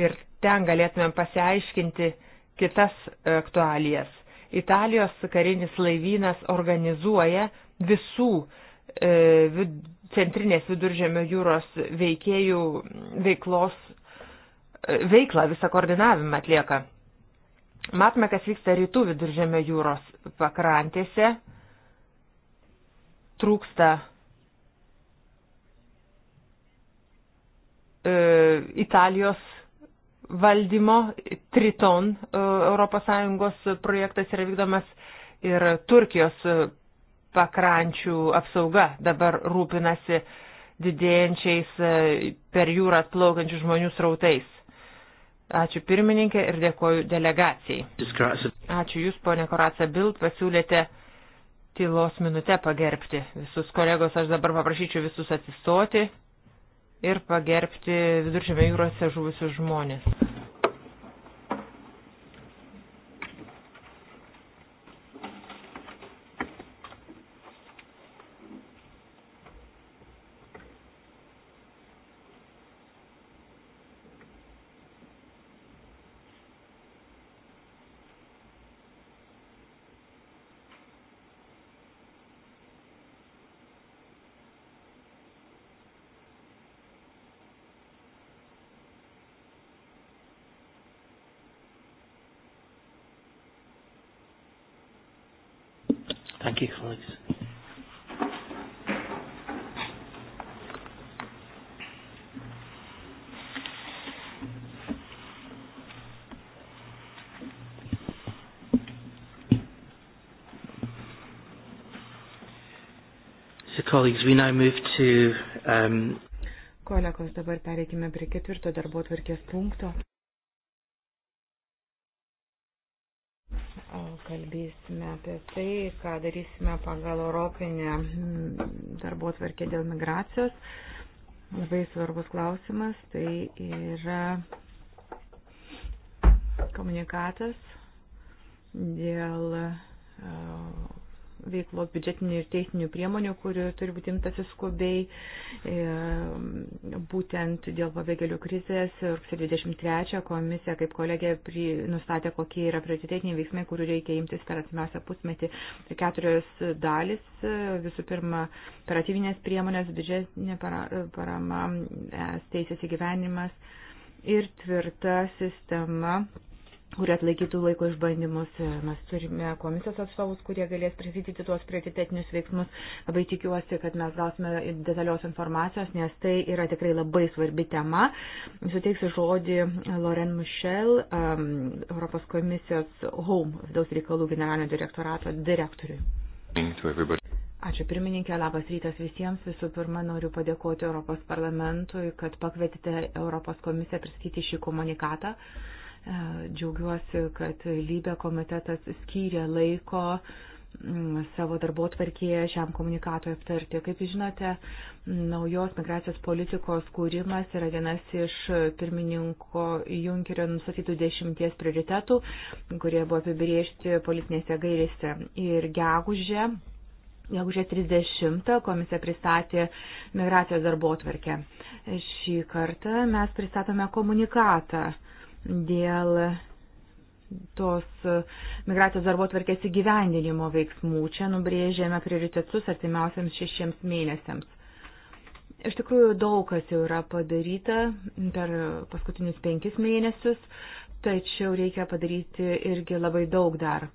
Ir ten galėtumėm pasiaiškinti kitas aktualijas. Italijos karinis laivynas organizuoja visų e, centrinės viduržėmio jūros veikėjų veiklos e, veiklą, visą koordinavimą atlieka. Matome, kas vyksta rytų viduržėmio jūros pakrantėse. Trūksta e, Italijos valdymo, Triton ES projektas yra vykdomas ir Turkijos e, pakrančių apsauga dabar rūpinasi didėjančiais e, per jūrą atplaukiančių žmonių srautais. Ačiū pirmininkė ir dėkoju delegacijai. Ačiū Jūs, ponė Koraca Bild, pasiūlėte tylos minutę pagerbti. Visus kolegos aš dabar paprašyčiau visus atsistoti ir pagerbti viduržėme jūrose žuvusius žmonės. Thank you, colleagues. So, colleagues, we now move to. Um, Kolegos, dabar pereikime prie ketvirto darbo tvarkės punkto. kalbėsime apie tai, ką darysime pagal Europinę mm, darbo atverkę dėl migracijos. Labai svarbus klausimas, tai yra komunikatas dėl e, veiklos biudžetinių ir teisinių priemonių, kurių turi būti imtasi skubiai, e, būtent dėl pabėgėlių krizės. Rugsėjo 23 komisija, kaip kolegė, pri, nustatė, kokie yra prioritetiniai veiksmai, kurių reikia imtis per atmiausią pusmetį. Tai keturios dalis, visų pirma, operatyvinės priemonės, biudžetinė parama, e, teisės įgyvenimas ir tvirta sistema kurie atlaikytų laiko išbandymus. Mes turime komisijos atstovus, kurie galės prisidyti tuos prioritetinius veiksmus. Labai tikiuosi, kad mes gausime detalios informacijos, nes tai yra tikrai labai svarbi tema. Suteiksiu žodį Loren Michel, um, Europos komisijos Home vidaus reikalų generalinio direktorato direktoriui. Ačiū pirmininkė, labas rytas visiems. Visų pirma, noriu padėkoti Europos parlamentui, kad pakvietėte Europos komisiją pristatyti šį komunikatą. Uh, E, džiaugiuosi, kad lybė komitetas skyrė laiko mm, savo darbo tvarkėje šiam komunikatui aptarti. Kaip žinote, naujos migracijos politikos kūrimas yra vienas iš pirmininko Junkerio nusatytų dešimties prioritetų, kurie buvo apibriežti politinėse gairėse. Ir gegužė, gegužė 30 komisija pristatė migracijos darbo tvarkę. Šį kartą mes pristatome komunikatą dėl tos migracijos darbo tvarkės įgyvendinimo veiksmų. Čia nubrėžėme prioritetus artimiausiams šešiems mėnesiams. Iš tikrųjų, daug kas jau yra padaryta per paskutinius penkis mėnesius, tačiau reikia padaryti irgi labai daug dar.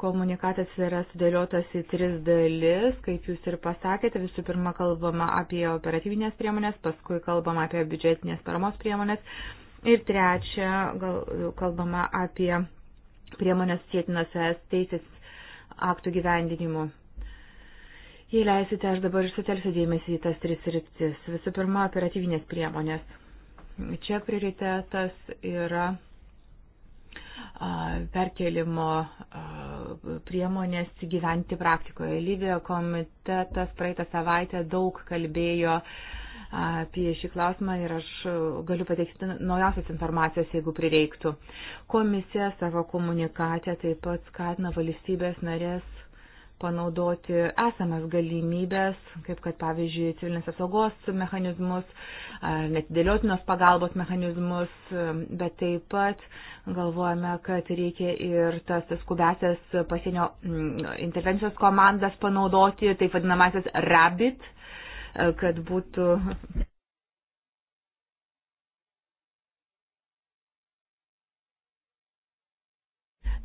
Komunikatas yra sudėliotas į tris dalis, kaip jūs ir pasakėte. Visų pirma, kalbama apie operatyvinės priemonės, paskui kalbama apie biudžetinės paramos priemonės Ir trečia, gal, kalbama apie priemonės sėtinas es teisės aktų gyvendinimu. Jei leisite, aš dabar sutelsiu dėmesį į tas tris rytis. Visų pirma, operatyvinės priemonės. Čia prioritetas yra perkelimo priemonės gyventi praktikoje. Lygio komitetas praeitą savaitę daug kalbėjo uh, apie šį klausimą ir aš galiu pateikti naujausios informacijos, jeigu prireiktų. Komisija savo komunikatę taip pat skatina valstybės narės panaudoti esamas galimybės, kaip kad pavyzdžiui civilinės apsaugos mechanizmus, netidėliotinos pagalbos mechanizmus, bet taip pat galvojame, kad reikia ir tas skubesias pasienio mm, intervencijos komandas panaudoti, taip vadinamasis RABIT kad būtų.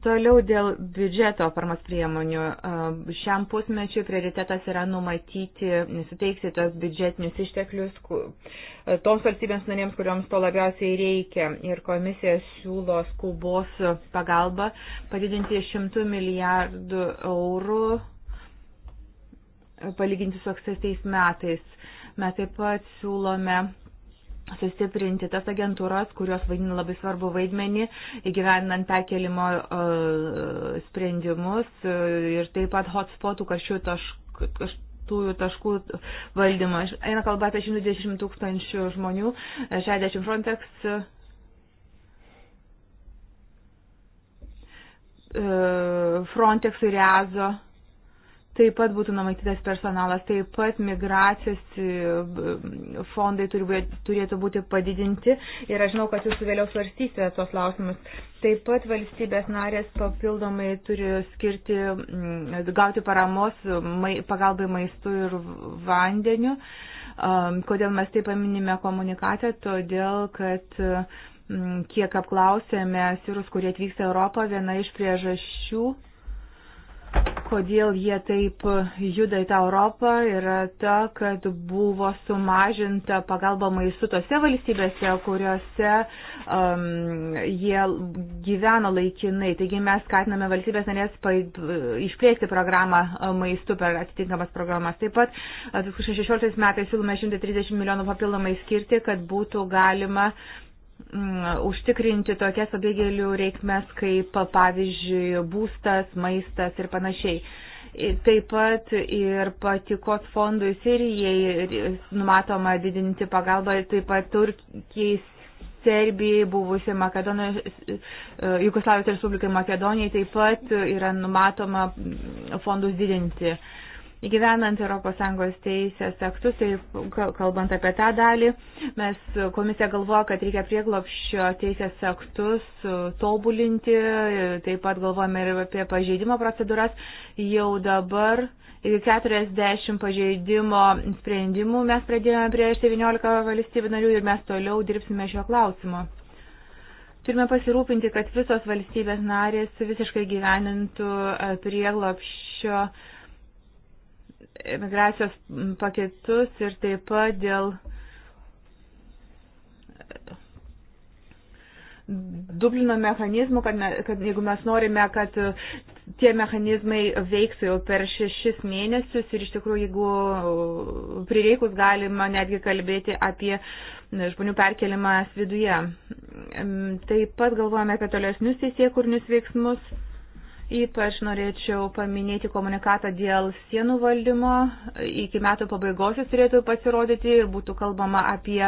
Toliau dėl biudžeto paramos priemonių. Šiam pusmečiu prioritetas yra numatyti, suteikti tos biudžetinius išteklius toms valstybėms narėms, kuriuoms to labiausiai reikia. Ir komisija siūlo skubos pagalbą padidinti 100 milijardų eurų palyginti su ankstesniais metais. Mes taip pat siūlome sustiprinti tas agentūras, kurios vaidina labai svarbu vaidmenį įgyvendinant perkelimo uh, sprendimus uh, ir taip pat hotspotų karščių taškų. Tašk, tųjų taškų valdymą. Eina kalba apie 110 tūkstančių žmonių, 60 Frontex e, Frontex ir EASO Taip pat būtų numatytas personalas, taip pat migracijos e, fondai turėtų būti padidinti ir aš žinau, kad jūs vėliau svarstysite tos klausimus. Taip pat valstybės narės papildomai turi skirti, gauti paramos pagalbai maistu ir vandeniu. E, kodėl mes taip paminime komunikaciją? Todėl, kad kiek apklausėme sirus, kurie atvyksta Europą, viena iš priežasčių kodėl jie taip juda į tą Europą, yra ta, kad buvo sumažinta pagalba maistu tose valstybėse, kuriuose um, jie gyvena laikinai. Taigi mes skatiname valstybės narės išplėsti programą uh, maistu per atitinkamas programas. Taip pat uh, 2016 metais siūlome 130 milijonų papildomai skirti, kad būtų galima Mm, užtikrinti tokias pabėgėlių reikmes kaip, pavyzdžiui, būstas, maistas ir panašiai. Taip pat ir patikos fondui Sirijai numatoma didinti pagalbą, taip pat Turkijai, Serbijai, buvusiai Makedonijos, e, Jugoslavijos Respublikai Makedonijai taip pat yra numatoma fondus didinti. Uh, Įgyvenant ES teisės aktus, tai kalbant apie tą dalį, mes komisija galvoja, kad reikia prieglopščio teisės aktus e, tobulinti, e, taip pat galvojame ir apie pažeidimo procedūras. Jau dabar iki 40 pažeidimo sprendimų mes pradėjome prieš 19 valstybių narių ir mes toliau dirbsime šio klausimo. Turime pasirūpinti, kad visos valstybės narės visiškai gyvenintų e, prieglopščio teisės migracijos paketus ir taip pat dėl Dublino mechanizmų, kad, me, kad jeigu mes norime, kad tie mechanizmai veiktų jau per šešis mėnesius ir iš tikrųjų, jeigu prireikus galima netgi kalbėti apie žmonių perkelimą viduje. Taip pat galvojame apie tolesnius teisėkurnius veiksmus Ypač norėčiau paminėti komunikatą dėl sienų valdymo. Iki metų pabaigos jis turėtų pasirodyti ir būtų kalbama apie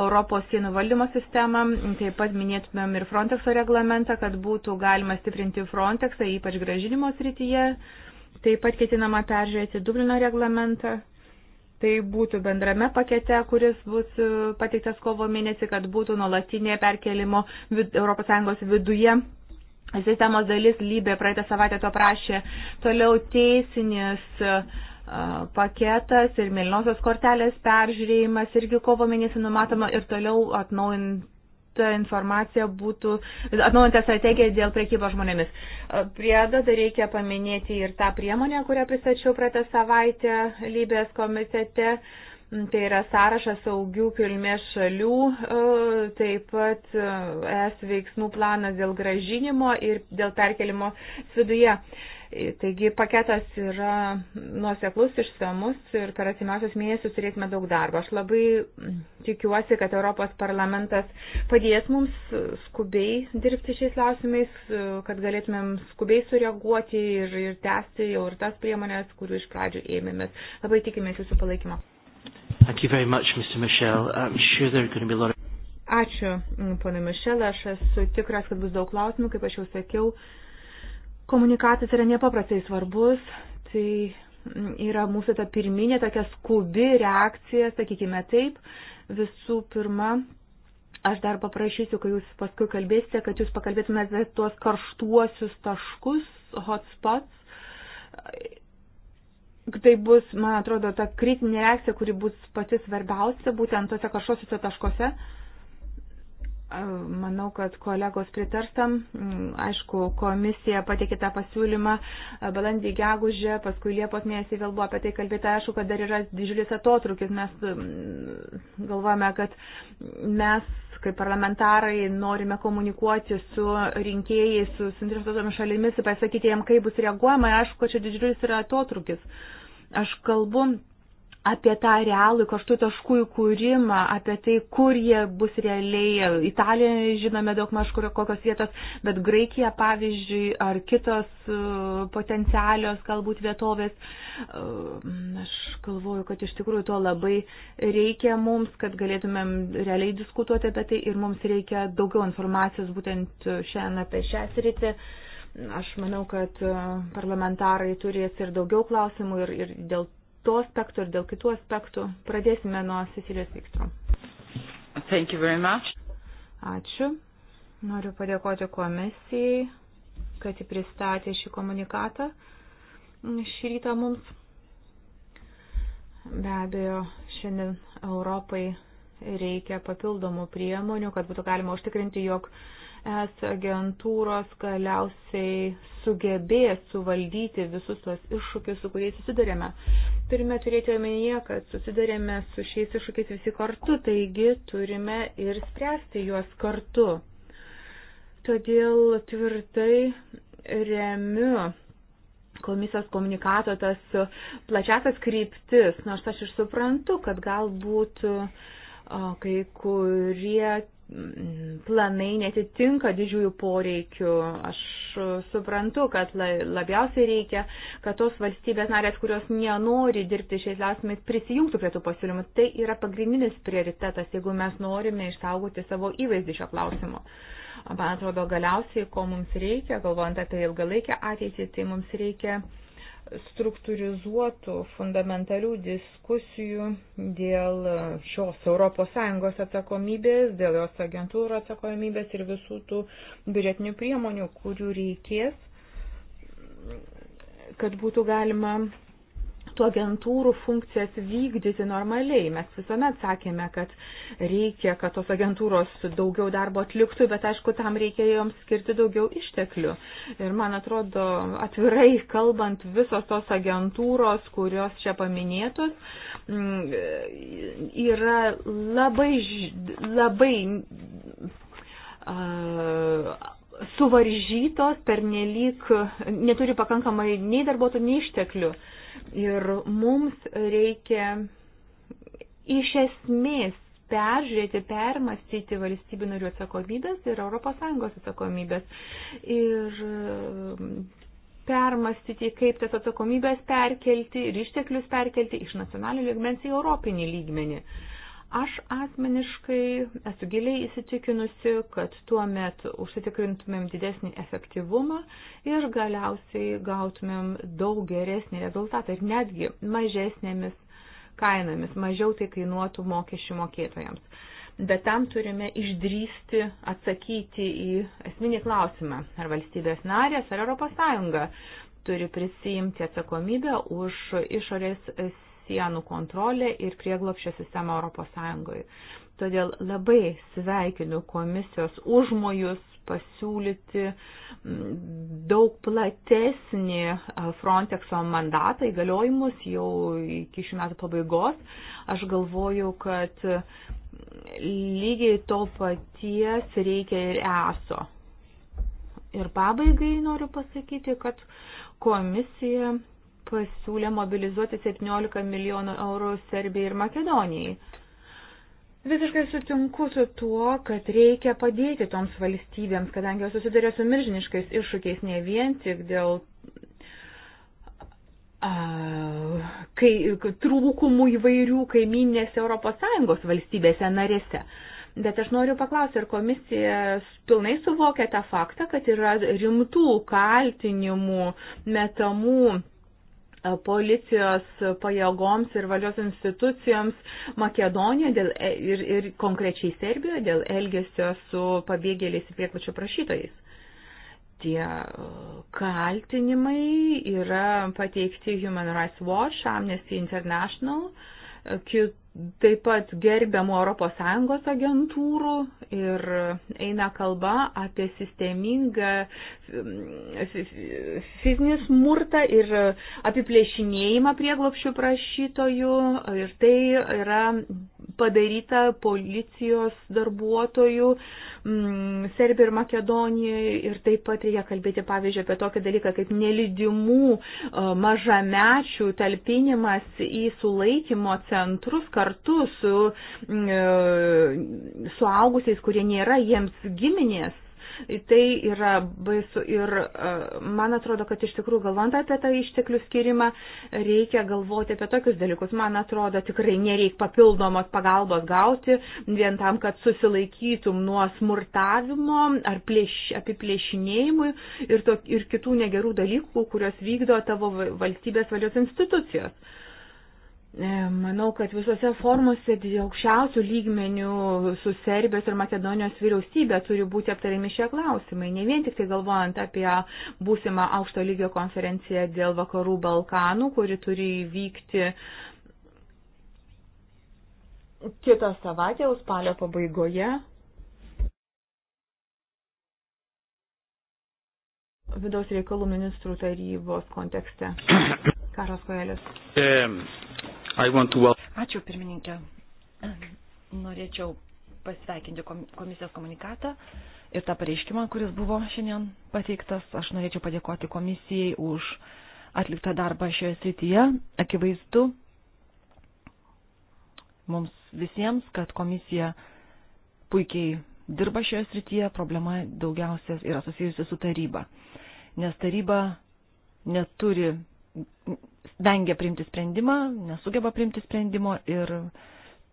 Europos sienų valdymo sistemą. Taip pat minėtumėm ir Frontexo reglamentą, kad būtų galima stiprinti Frontexą, ypač gražinimo srityje. Taip pat ketinama peržiūrėti Dublino reglamentą. Tai būtų bendrame pakete, kuris bus uh, pateiktas kovo mėnesį, kad būtų nuolatinė perkelimo ES viduje sistemos dalis lybė praeitą savaitę to prašė. Toliau teisinis e, paketas ir mėlynosios kortelės peržiūrėjimas irgi kovo mėnesį numatoma ir toliau atnaujint ta informacija būtų atnaujinta strategija dėl prekybos žmonėmis. E, Priedo dar reikia paminėti ir tą priemonę, kurią pristačiau praeitą savaitę Lybės komitete. Uh, Mm, tai yra sąrašas saugių kilmės šalių, e, taip pat e, es veiksmų planas dėl gražinimo ir dėl perkelimo viduje. E, taigi paketas yra nuoseklus, išsamus ir per atimiausius mėnesius turėsime daug darbo. Aš labai mm, tikiuosi, kad Europos parlamentas padės mums skubiai dirbti šiais klausimais, kad galėtumėm skubiai sureaguoti ir, ir tęsti jau ir tas priemonės, kurių iš pradžių ėmėmės. Labai tikimės jūsų palaikymo. Thank you very much, Mr. Michel. I'm sure there are going to be a lot of... Ačiū, mm, ponė Mišelė. Aš esu tikras, kad bus daug klausimų. Kaip aš jau sakiau, komunikatas yra nepaprastai svarbus. Tai mm, yra mūsų ta pirminė tokia skubi reakcija, sakykime taip. Visų pirma, aš dar paprašysiu, kai jūs paskui kalbėsite, kad jūs pakalbėtumėte tuos karštuosius taškus, hotspots tai bus, man atrodo, ta kritinė reakcija, kuri bus pati svarbiausia, būtent tose kažkosiuose taškuose, Manau, kad kolegos pritarstam. Mm, aišku, komisija pateikė tą pasiūlymą balandį gegužę, paskui Liepos mėnesį vėl buvo apie tai kalbėta. Aišku, kad dar yra didžiulis atotrukis. Mes mm, galvojame, kad mes kaip parlamentarai norime komunikuoti su rinkėjais, su suinteresuotomis šalimis, pasakyti jiem, kaip bus reaguojama. Aišku, kad čia didžiulis yra atotrukis. Aš kalbu apie tą realų karštų taškų įkūrimą, apie tai, kur jie bus realiai. Italijoje žinome daug maž kokios vietos, bet Graikija, pavyzdžiui, ar kitos e, potencialios galbūt vietovės. E, aš galvoju, kad iš tikrųjų to labai reikia mums, kad galėtumėm realiai diskutuoti apie tai ir mums reikia daugiau informacijos būtent šiandien apie šią sritį aš manau, kad e, parlamentarai turės ir daugiau klausimų ir, ir dėl to aspekto ir dėl kitų aspektų. Pradėsime nuo Cecilijos Vikstrom. Thank you very much. Ačiū. Noriu padėkoti komisijai, kad ji pristatė šį komunikatą šį rytą mums. Be abejo, šiandien Europai reikia papildomų priemonių, kad būtų galima užtikrinti, jog uh, es agentūros galiausiai sugebės suvaldyti visus tuos iššūkius, su kuriais susidurėme. Turime turėti omenyje, kad susidurėme su šiais iššūkiais visi kartu, taigi turime ir spręsti juos kartu. Todėl tvirtai remiu komisijos komunikato tas plačiasias kryptis, nors aš ir suprantu, kad galbūt kai kurie planai netitinka didžiųjų poreikių. Aš suprantu, kad labiausiai reikia, kad tos valstybės narės, kurios nenori dirbti šiais klausimais, prisijungtų prie tų pasiūlymų. Tai yra pagrindinis prioritetas, jeigu mes norime išsaugoti savo įvaizdį šio klausimo. Man atrodo, galiausiai, ko mums reikia, galvojant apie ilgalaikę ateitį, tai mums reikia uh, struktūrizuotų fundamentalių diskusijų dėl šios ES atsakomybės, dėl jos agentūrų atsakomybės ir visų tų biudžetinių priemonių, kurių reikės, kad būtų galima tų agentūrų funkcijas vykdyti normaliai. Mes visuomet sakėme, kad reikia, kad tos agentūros daugiau darbo atliktų, bet aišku, tam reikia joms skirti daugiau išteklių. Ir man atrodo, atvirai kalbant, visos tos agentūros, kurios čia paminėtos, mm, yra labai, labai uh, suvaržytos per nelik, neturi pakankamai nei darbuotojų, nei išteklių. Uh, Ir mums reikia iš esmės peržiūrėti, permastyti valstybių narių atsakomybės ir ES atsakomybės. Ir e, permastyti, kaip tas atsakomybės perkelti ir išteklius perkelti iš nacionalinio lygmens į europinį lygmenį. Uh, Aš asmeniškai esu giliai įsitikinusi, kad tuo met užsitikrintumėm didesnį efektyvumą ir galiausiai gautumėm daug geresnį rezultatą ir netgi mažesnėmis kainomis, mažiau tai kainuotų mokesčių mokėtojams. Bet tam turime išdrysti atsakyti į esminį klausimą, ar valstybės narės, ar ES turi prisijimti atsakomybę už išorės sienų kontrolę ir prieglopščio sistemą ES. Todėl labai sveikinu komisijos užmojus pasiūlyti daug platesnį Frontexo mandatą įgaliojimus jau iki šių metų pabaigos. Aš galvoju, kad lygiai to paties reikia ir ESO. Ir pabaigai noriu pasakyti, kad komisija pasiūlė mobilizuoti 17 milijonų eurų Serbijai ir Makedonijai. Visiškai sutinku su tuo, kad reikia padėti toms valstybėms, kadangi jos susiduria su milžiniškais iššūkiais ne vien tik dėl uh, kai, trūkumų įvairių kaiminėse ES valstybėse narėse. Bet aš noriu paklausti, ar komisija pilnai suvokia tą faktą, kad yra rimtų kaltinimų metamų policijos pajėgoms ir valios institucijoms Makedonijoje dėl, e, ir, ir konkrečiai Serbijoje dėl elgesio su pabėgėliais ir priekvačių prašytojais. Tie kaltinimai yra pateikti Human Rights Watch, Amnesty International, kit, taip pat gerbiamų ES agentūrų ir eina kalba apie sistemingą mm, fizinį smurtą ir apiplėšinėjimą prieglopšių prašytojų. Ir tai yra padaryta policijos darbuotojų mm, Serbiją ir Makedoniją ir taip pat reikia kalbėti, pavyzdžiui, apie tokį dalyką kaip nelidimų e, mažamečių talpinimas į sulaikymo centrus kartu su mm, e, suaugusiais, kurie nėra jiems giminės. Tai yra baisu ir e, man atrodo, kad iš tikrųjų galvant apie tą išteklių skirimą, reikia galvoti apie tokius dalykus. Man atrodo, tikrai nereik papildomos pagalbos gauti vien tam, kad susilaikytum nuo smurtavimo ar plėš, apiplėšinėjimų ir, to, ir kitų negerų dalykų, kuriuos vykdo tavo valstybės valios institucijos. E, manau, kad visose formuose aukščiausių lygmenių su Serbijos ir Makedonijos vyriausybė turi būti aptariami šie klausimai, ne vien tik tai galvojant apie būsimą aukšto lygio konferenciją dėl vakarų Balkanų, kuri turi vykti kitą savaitę, spalio pabaigoje. Vidaus reikalų ministrų tarybos kontekste. Karas Koelis. Um to... Ačiū pirmininkė. Norėčiau pasveikinti komisijos komunikatą ir tą pareiškimą, kuris buvo šiandien pateiktas. Aš norėčiau padėkoti komisijai už atliktą darbą šioje srityje. Akivaizdu mums visiems, kad komisija puikiai dirba šioje srityje, problema daugiausia yra susijusi su taryba. Nes taryba neturi vengia priimti sprendimą, nesugeba priimti sprendimo ir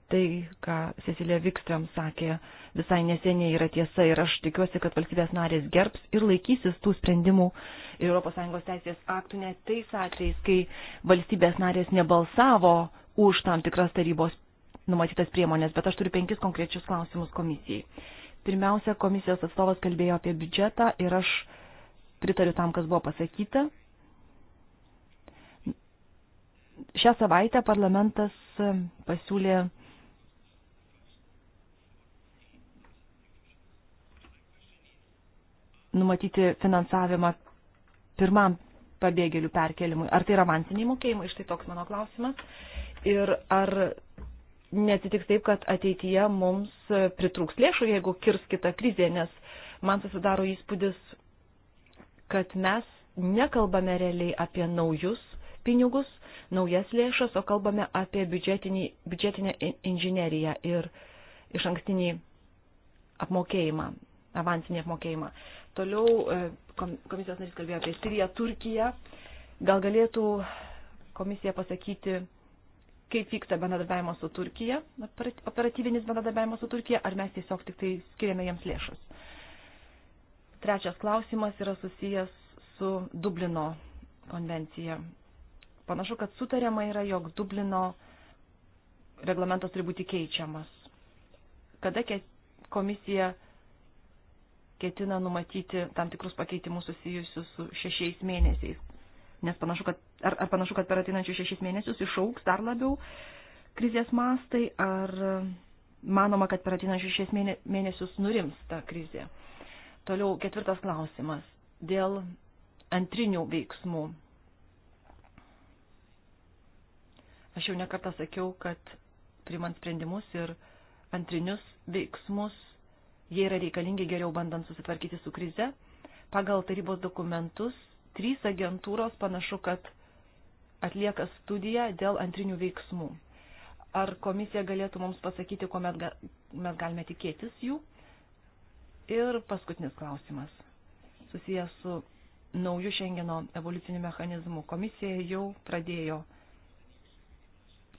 tai, ką Cecilija Vikstrom sakė visai neseniai, yra tiesa ir aš tikiuosi, kad valstybės narės gerbs ir laikysis tų sprendimų ES teisės aktų net tais atvejais, kai valstybės narės nebalsavo už tam tikras tarybos numatytas priemonės, bet aš turiu penkis konkrečius klausimus komisijai. Pirmiausia, komisijos atstovas kalbėjo apie biudžetą ir aš pritariu tam, kas buvo pasakyta. Šią savaitę parlamentas e, pasiūlė numatyti finansavimą pirmam pabėgėlių perkelimui. Ar tai yra avansiniai mokėjimai? Štai toks mano klausimas. Ir ar netitiks taip, kad ateityje mums pritrūks lėšų, jeigu kirs kita krizė, nes man susidaro įspūdis, kad mes nekalbame realiai apie naujus pinigus, naujas lėšas, o kalbame apie biudžetinę inžineriją ir iš ankstinį apmokėjimą, avansinį apmokėjimą. Toliau e, komisijos narys kalbėjo apie Siriją, Turkiją. Gal galėtų komisija pasakyti, kaip vyksta bendradarbiavimas su Turkija, operatyvinis bendradarbiavimas su Turkija, ar mes tiesiog tik tai skiriame jiems lėšas. Trečias klausimas yra susijęs su Dublino konvencija Panašu, kad sutariama yra, jog Dublino reglamentas turi būti keičiamas. Kada komisija ketina numatyti tam tikrus pakeitimus susijusius su šešiais mėnesiais. Nes panašu, kad, ar, ar panašu, kad per ateinančius šešis mėnesius išauks dar labiau krizės mastai, ar manoma, kad per ateinančius šešis mėnesius nurims ta krizė. Toliau ketvirtas klausimas. Dėl antrinių veiksmų Aš jau nekartą sakiau, kad primant sprendimus ir antrinius veiksmus, jie yra reikalingi geriau bandant susitvarkyti su krize. Pagal tarybos dokumentus, trys agentūros panašu, kad atlieka studiją dėl antrinių veiksmų. Ar komisija galėtų mums pasakyti, kuomet ga, mes galime tikėtis jų? Ir paskutinis klausimas, susijęs su nauju Šengeno evoliuciniu mechanizmu. Komisija jau pradėjo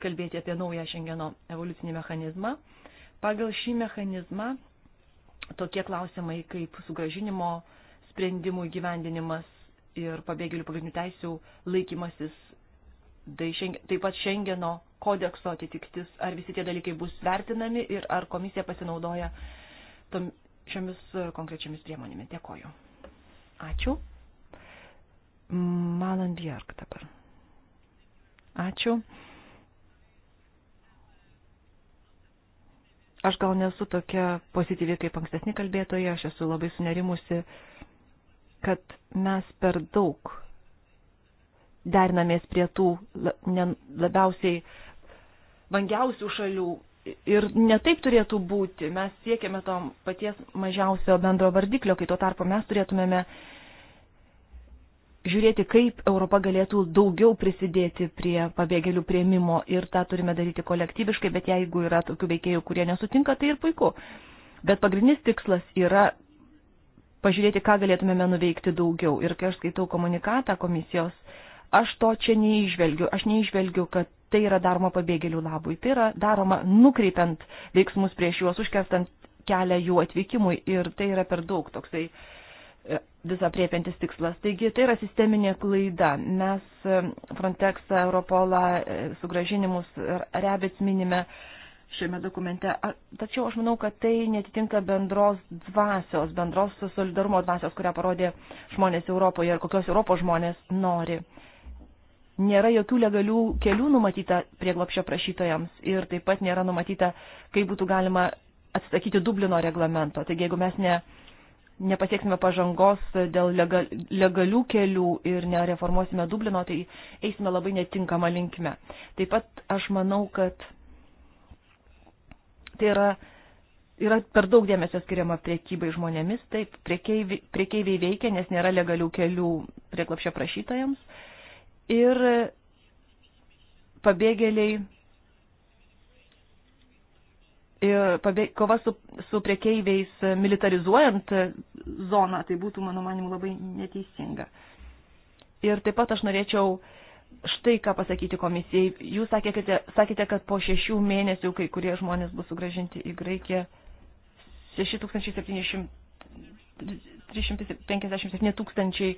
kalbėti apie naują Šengeno evoliucinį mechanizmą. Pagal šį mechanizmą tokie klausimai kaip sugražinimo sprendimų įgyvendinimas ir pabėgėlių pagrindinių teisių laikymasis, tai taip pat Šengeno kodekso atitiktis, ar visi tie dalykai bus vertinami ir ar komisija pasinaudoja tom, šiomis konkrečiamis priemonėmis. Dėkoju. Ačiū. Malan Bjork dabar. Ačiū. Aš gal nesu tokia pozityvi kaip ankstesni kalbėtojai, aš esu labai sunerimusi, kad mes per daug derinamės prie tų labiausiai vangiausių šalių ir netaip turėtų būti. Mes siekiame to paties mažiausio bendro vardiklio, kai tuo tarpu mes turėtumėme žiūrėti, kaip Europa galėtų daugiau prisidėti prie pabėgėlių prieimimo ir tą turime daryti kolektyviškai, bet jeigu yra tokių veikėjų, kurie nesutinka, tai ir puiku. Bet pagrindinis tikslas yra pažiūrėti, ką galėtumėme nuveikti daugiau. Ir kai aš skaitau komunikatą komisijos, aš to čia neižvelgiu. Aš neižvelgiu, kad tai yra daroma pabėgėlių labui. Tai yra daroma nukreipiant veiksmus prieš juos, užkertant kelią jų atvykimui ir tai yra per daug toksai uh, visą priepintis tikslas. Taigi tai yra sisteminė klaida. Mes e, Frontexą, Europolą, e, sugražinimus rebits minime šiame dokumente. Tačiau aš manau, kad tai netitinka bendros dvasios, bendros solidarumo dvasios, kurią parodė žmonės Europoje ir kokios Europos žmonės nori. Nėra jokių legalių kelių numatyta prieglopšio prašytojams ir taip pat nėra numatyta, kaip būtų galima atsisakyti Dublino reglamento. Taigi jeigu mes ne nepasieksime pažangos dėl legalių kelių ir nereformuosime Dublino, tai eisime labai netinkamą linkmę. Taip pat aš manau, kad tai yra, yra per daug dėmesio skiriama priekybai žmonėmis, taip, priekeiviai, priekeiviai veikia, nes nėra legalių kelių prieklapšio prašytojams. Ir pabėgėliai kova su, su priekeiviais militarizuojant zoną, tai būtų, mano manimu, labai neteisinga. Ir taip pat aš norėčiau štai ką pasakyti komisijai. Jūs sakėte, sakėte kad po šešių mėnesių kai kurie žmonės bus sugražinti į Graikiją 6757 tūkstančiai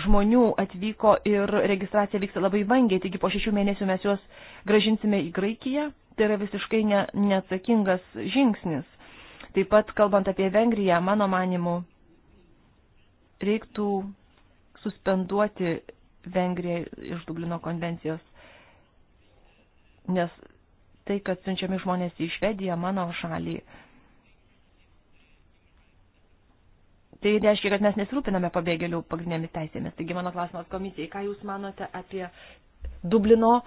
žmonių atvyko ir registracija vyksta labai vangiai, taigi po šešių mėnesių mes juos gražinsime į Graikiją. Tai yra visiškai ne, neatsakingas žingsnis. Taip pat, kalbant apie Vengriją, mano manimu, reiktų suspenduoti Vengriją iš Dublino konvencijos, nes tai, kad siunčiami žmonės į Švediją, mano šalį, tai reiškia, kad mes nesirūpiname pabėgėlių pagrindinėmis teisėmis. Taigi mano klausimas komisijai, ką Jūs manote apie Dublino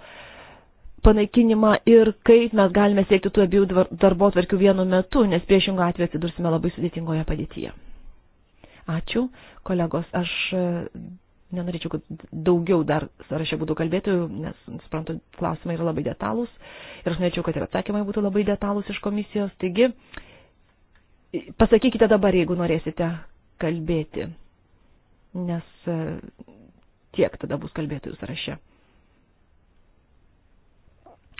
panaikinimą ir kaip mes galime siekti tų abiejų darbo tvarkių vienu metu, nes priešingų atveju atsidursime labai sudėtingoje padėtyje. Ačiū, kolegos. Aš e, nenorėčiau, kad daugiau dar sąraše būtų kalbėtojų, nes, suprantu, klausimai yra labai detalūs ir aš norėčiau, kad ir atsakymai būtų labai detalūs iš komisijos. Taigi, pasakykite dabar, jeigu norėsite kalbėti, nes e, tiek tada bus kalbėtojų sąraše.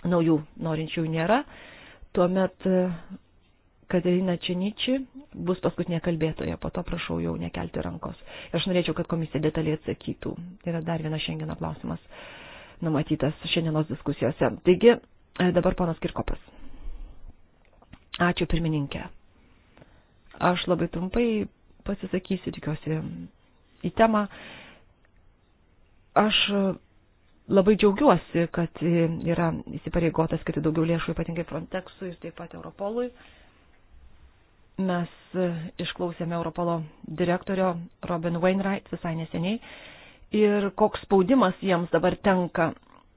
Naujų norinčių nėra. Tuomet e, Katerina Činiči bus paskutinė kalbėtoja, po to prašau jau nekelti rankos. Ir aš norėčiau, kad komisija detaliai atsakytų. Yra dar vienas šiandieno klausimas numatytas šiandienos diskusijose. Taigi, e, dabar ponas Kirkopas. Ačiū pirmininkė. Aš labai trumpai pasisakysiu, tikiuosi, į temą. Aš labai džiaugiuosi, kad yra įsipareigotas skirti daugiau lėšų, ypatingai Frontexui ir taip pat Europolui. Mes išklausėme Europolo direktorio Robin Wainwright visai neseniai ir koks spaudimas jiems dabar tenka.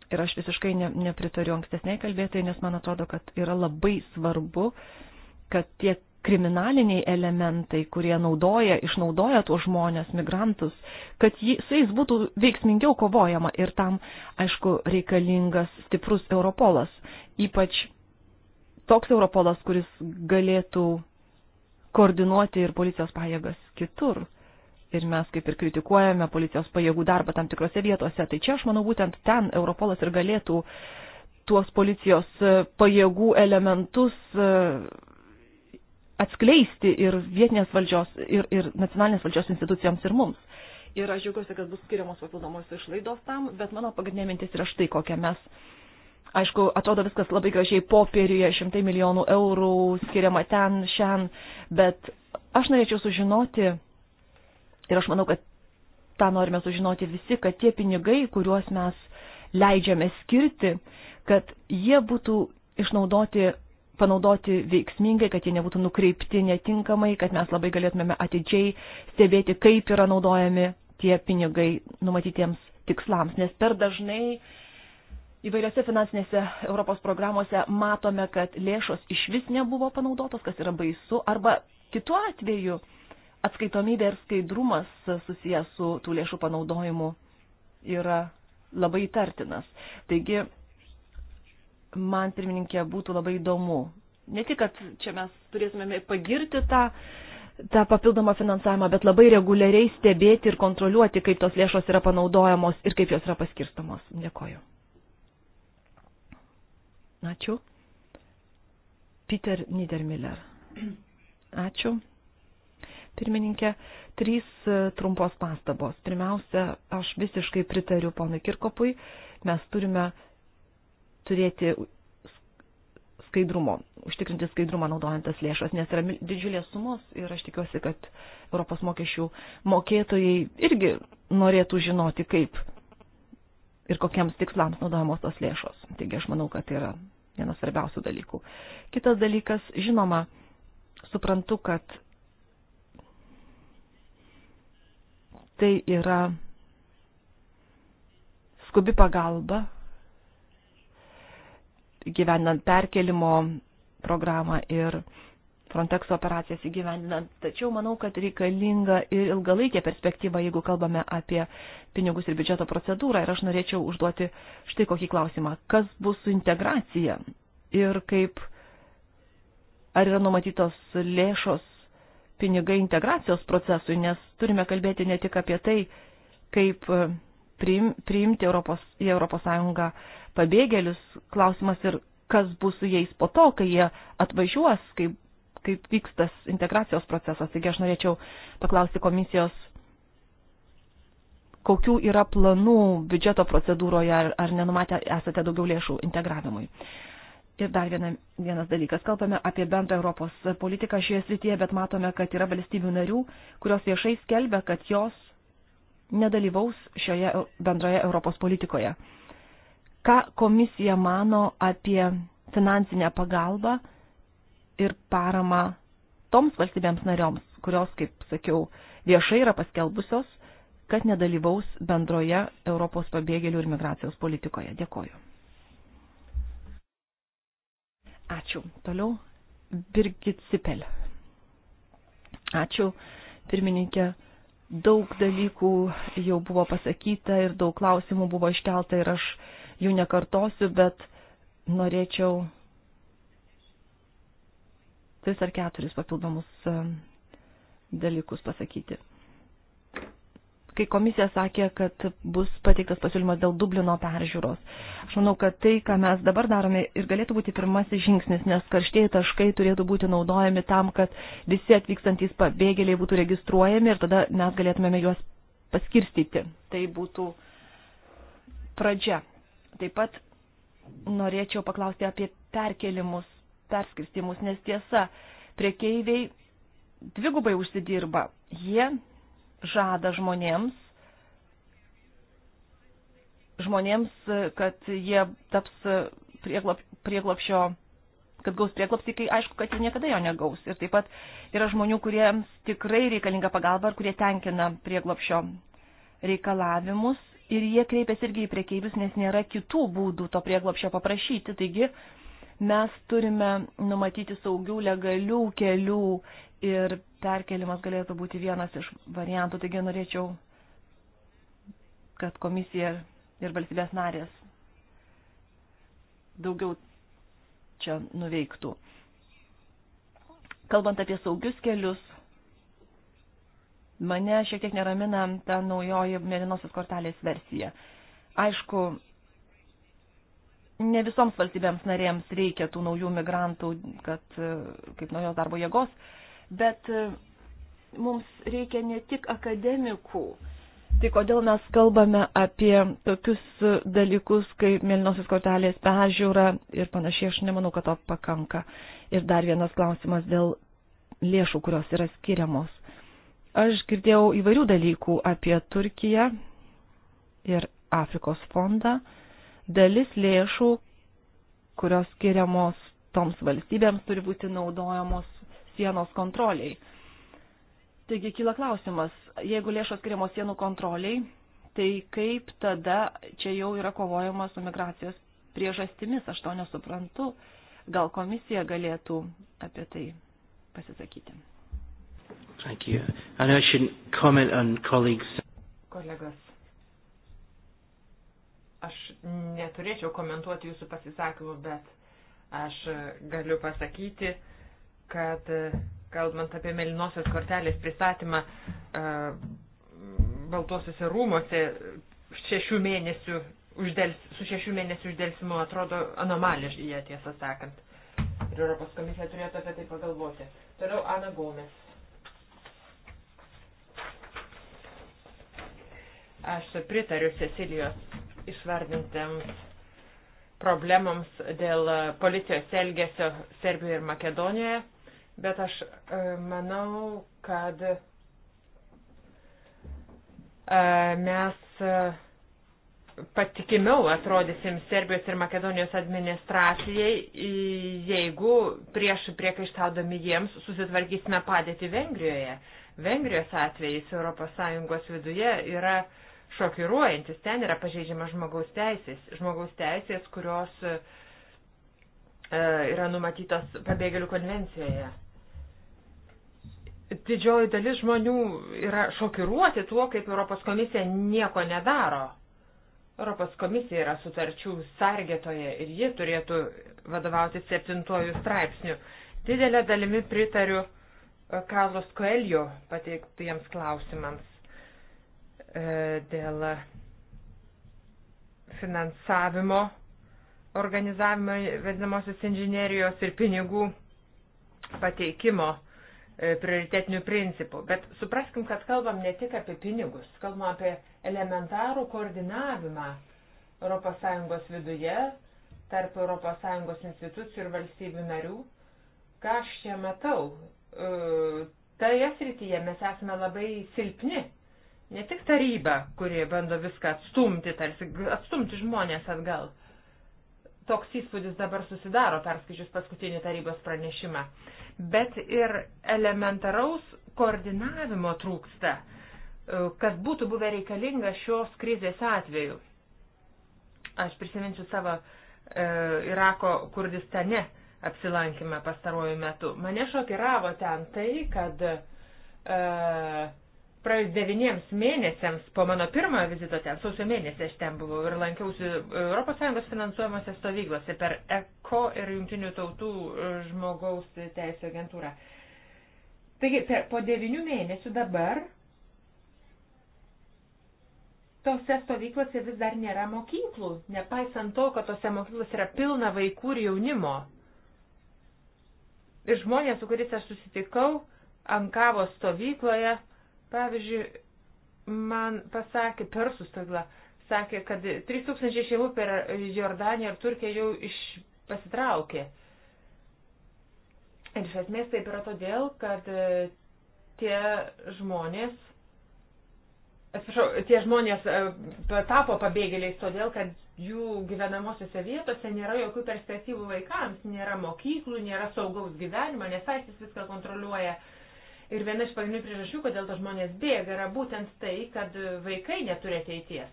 Ir aš visiškai ne, nepritariu ankstesniai kalbėtojai, nes man atrodo, kad yra labai svarbu, kad tie kriminaliniai elementai, kurie naudoja, išnaudoja tuos žmonės, migrantus, kad jį, su jais būtų veiksmingiau kovojama ir tam, aišku, reikalingas stiprus Europolas, ypač toks Europolas, kuris galėtų koordinuoti ir policijos pajėgas kitur. Ir mes kaip ir kritikuojame policijos pajėgų darbą tam tikrose vietose. Tai čia aš manau būtent ten Europolas ir galėtų tuos policijos pajėgų elementus atskleisti ir vietinės valdžios, ir, ir nacionalinės valdžios institucijoms ir mums. Ir aš džiaugiuosi, kad bus skiriamos papildomos išlaidos tam, bet mano pagrindinė mintis yra štai kokia mes. Aišku, atrodo viskas labai gražiai popieriuje, šimtai milijonų eurų skiriama ten, šiandien, bet aš norėčiau sužinoti, ir aš manau, kad tą norime sužinoti visi, kad tie pinigai, kuriuos mes leidžiame skirti, kad jie būtų išnaudoti panaudoti veiksmingai, kad jie nebūtų nukreipti netinkamai, kad mes labai galėtumėme atidžiai stebėti, kaip yra naudojami tie pinigai numatytiems tikslams. Nes per dažnai įvairiose finansinėse Europos programuose matome, kad lėšos iš vis nebuvo panaudotos, kas yra baisu, arba kitu atveju atskaitomybė ir skaidrumas susijęs su tų lėšų panaudojimu yra labai tartinas. Taigi man pirmininkė būtų labai įdomu. Ne tik, kad čia mes turėtumėme pagirti tą, tą papildomą finansavimą, bet labai reguliariai stebėti ir kontroliuoti, kaip tos lėšos yra panaudojamos ir kaip jos yra paskirstamos. Dėkoju. Ačiū. Peter Niedermiller. Ačiū. Pirmininkė, trys e, trumpos pastabos. Pirmiausia, aš visiškai pritariu ponui Kirkopui. Mes turime turėti skaidrumo, užtikrinti skaidrumą naudojant tas lėšas, nes yra didžiulės sumos ir aš tikiuosi, kad Europos mokesčių mokėtojai irgi norėtų žinoti, kaip ir kokiems tikslams naudojamos tos lėšos. Taigi aš manau, kad tai yra vienas svarbiausių dalykų. Kitas dalykas, žinoma, suprantu, kad tai yra skubi pagalba įgyvendinant perkelimo programą ir Frontex operacijas įgyvendinant. Tačiau manau, kad reikalinga ir ilgalaikė perspektyva, jeigu kalbame apie pinigus ir biudžeto procedūrą. Ir aš norėčiau užduoti štai kokį klausimą. Kas bus su integracija ir kaip, ar yra numatytos lėšos pinigai integracijos procesui, nes turime kalbėti ne tik apie tai, kaip priimti Europos, į Europos Sąjungą pabėgėlius, klausimas ir kas bus su jais po to, kai jie atvažiuos, kaip, kaip vyks tas integracijos procesas. Taigi aš norėčiau paklausti komisijos, kokių yra planų biudžeto procedūroje, ar, ar nenumatę esate daugiau lėšų integravimui. Ir dar viena, vienas dalykas, kalbame apie bendrą Europos politiką šioje srityje, bet matome, kad yra valstybių narių, kurios viešai skelbia, kad jos nedalyvaus šioje bendroje Europos politikoje ką komisija mano apie finansinę pagalbą ir paramą toms valstybėms narioms, kurios, kaip sakiau, viešai yra paskelbusios, kad nedalyvaus bendroje Europos pabėgėlių ir migracijos politikoje. Dėkoju. Ačiū. Toliau Birgit Sipel. Ačiū, pirmininkė. Daug dalykų jau buvo pasakyta ir daug klausimų buvo iškelta ir aš jų nekartosiu, bet norėčiau tris ar keturis papildomus e, dalykus pasakyti. Kai komisija sakė, kad bus pateiktas pasiūlymas dėl Dublino peržiūros, aš manau, kad tai, ką mes dabar darome, ir galėtų būti pirmasis žingsnis, nes karštieji taškai turėtų būti naudojami tam, kad visi atvykstantys pabėgėliai būtų registruojami ir tada mes galėtumėme juos paskirstyti. Tai būtų pradžia. Taip pat norėčiau paklausti apie perkelimus, perskirstimus, nes tiesa, priekeiviai dvigubai užsidirba. Jie žada žmonėms, žmonėms, kad jie taps prieglop, prieglopšio, kad gaus prieglopstį, kai aišku, kad jie niekada jo negaus. Ir taip pat yra žmonių, kuriems tikrai reikalinga pagalba ir kurie tenkina prieglopšio reikalavimus ir jie kreipiasi irgi į prekeivius, nes nėra kitų būdų to prieglopšio paprašyti. Taigi mes turime numatyti saugių, legalių kelių ir perkelimas galėtų būti vienas iš variantų. Taigi norėčiau, kad komisija ir valstybės narės daugiau čia nuveiktų. Kalbant apie saugius kelius, Mane šiek tiek neramina ta naujoji mėlynosios kortelės versija. Aišku, ne visoms valstybėms narėms reikia tų naujų migrantų, kad e, kaip naujos darbo jėgos, bet e, mums reikia ne tik akademikų. Tai kodėl mes kalbame apie tokius dalykus, kaip mėlynosios kortelės peržiūra ir panašiai, aš nemanau, kad to pakanka. Ir dar vienas klausimas dėl lėšų, kurios yra skiriamos. Aš girdėjau įvairių dalykų apie Turkiją ir Afrikos fondą. Dalis lėšų, kurios skiriamos toms valstybėms, turi būti naudojamos sienos kontroliai. Taigi kyla klausimas, jeigu lėšos skiriamos sienų kontroliai, tai kaip tada čia jau yra kovojama su migracijos priežastimis, aš to nesuprantu. Gal komisija galėtų apie tai pasisakyti. Thank you. I know I shouldn't comment on colleagues. Kolegos, aš neturėčiau komentuoti jūsų pasisakymų, bet aš galiu pasakyti, kad kalbant apie melinosios kortelės pristatymą e, Baltuosiuose rūmose šešių mėnesių uždėls, su šešių mėnesių uždėlsimu atrodo anomalija, tiesą sakant. Ir Europos komisija turėtų apie tai pagalvoti. Toliau Ana Gomes. Aš pritariu Cecilijos išvardintiems problemams dėl policijos elgesio Serbijoje ir Makedonijoje, bet aš e, manau, kad e, mes e, patikimiau atrodysim Serbijos ir Makedonijos administracijai, jeigu prieš priekaištaudami jiems susitvarkysime padėti Vengrijoje. Vengrijos atvejais ES viduje yra uh, šokiruojantis. Ten yra pažeidžiama žmogaus teisės, žmogaus teisės, kurios e, e, yra numatytos pabėgėlių konvencijoje. Didžioji dalis žmonių yra šokiruoti tuo, kaip Europos komisija nieko nedaro. Europos komisija yra sutarčių sargėtoje ir ji turėtų vadovauti septintojų straipsnių. Didelė dalimi pritariu Karlos e, Koelio pateiktiems klausimams. E, dėl finansavimo organizavimo vadinamosios inžinierijos ir pinigų pateikimo e, prioritetinių principų. Bet supraskim, kad kalbam ne tik apie pinigus, kalbam apie elementarų koordinavimą ES viduje, tarp ES institucijų ir valstybių narių. Ką aš čia matau? E, toje srityje mes esame labai silpni Ne tik taryba, kurie bando viską atstumti, tarsi atstumti žmonės atgal. Toks įspūdis dabar susidaro, perskaičius paskutinį tarybos pranešimą. Bet ir elementaraus koordinavimo trūksta, e, kas būtų buvę reikalinga šios krizės atveju. Aš prisiminsiu savo e, Irako Kurdistane apsilankymą pastaruoju metu. Mane šokiravo ten tai, kad e, praėjus devyniems mėnesiams po mano pirmojo vizito ten, sausio mėnesį aš ten buvau ir lankiausi ES finansuojamose stovyklose per ECO ir Junktinių tautų e, žmogaus teisų agentūrą. Taigi, per, po devinių mėnesių dabar tose stovyklose vis dar nėra mokyklų, nepaisant to, kad tose mokyklose yra pilna vaikų ir jaunimo. Ir žmonės, su kuriais aš susitikau, Ankavo stovykloje Pavyzdžiui, man pasakė persų stovykla, sakė, kad 3000 šeimų per Jordaniją ir Turkiją jau iš pasitraukė. Ir iš esmės taip yra todėl, kad e, tie žmonės, atsiprašau, tie žmonės e, tapo pabėgėliais todėl, kad jų gyvenamosiose vietose nėra jokių perspektyvų vaikams, nėra mokyklų, nėra saugaus gyvenimo, nes aisis viską kontroliuoja. Uh, Ir viena iš pagrindinių priežasčių, kodėl to žmonės bėga, yra būtent tai, kad vaikai neturi ateities.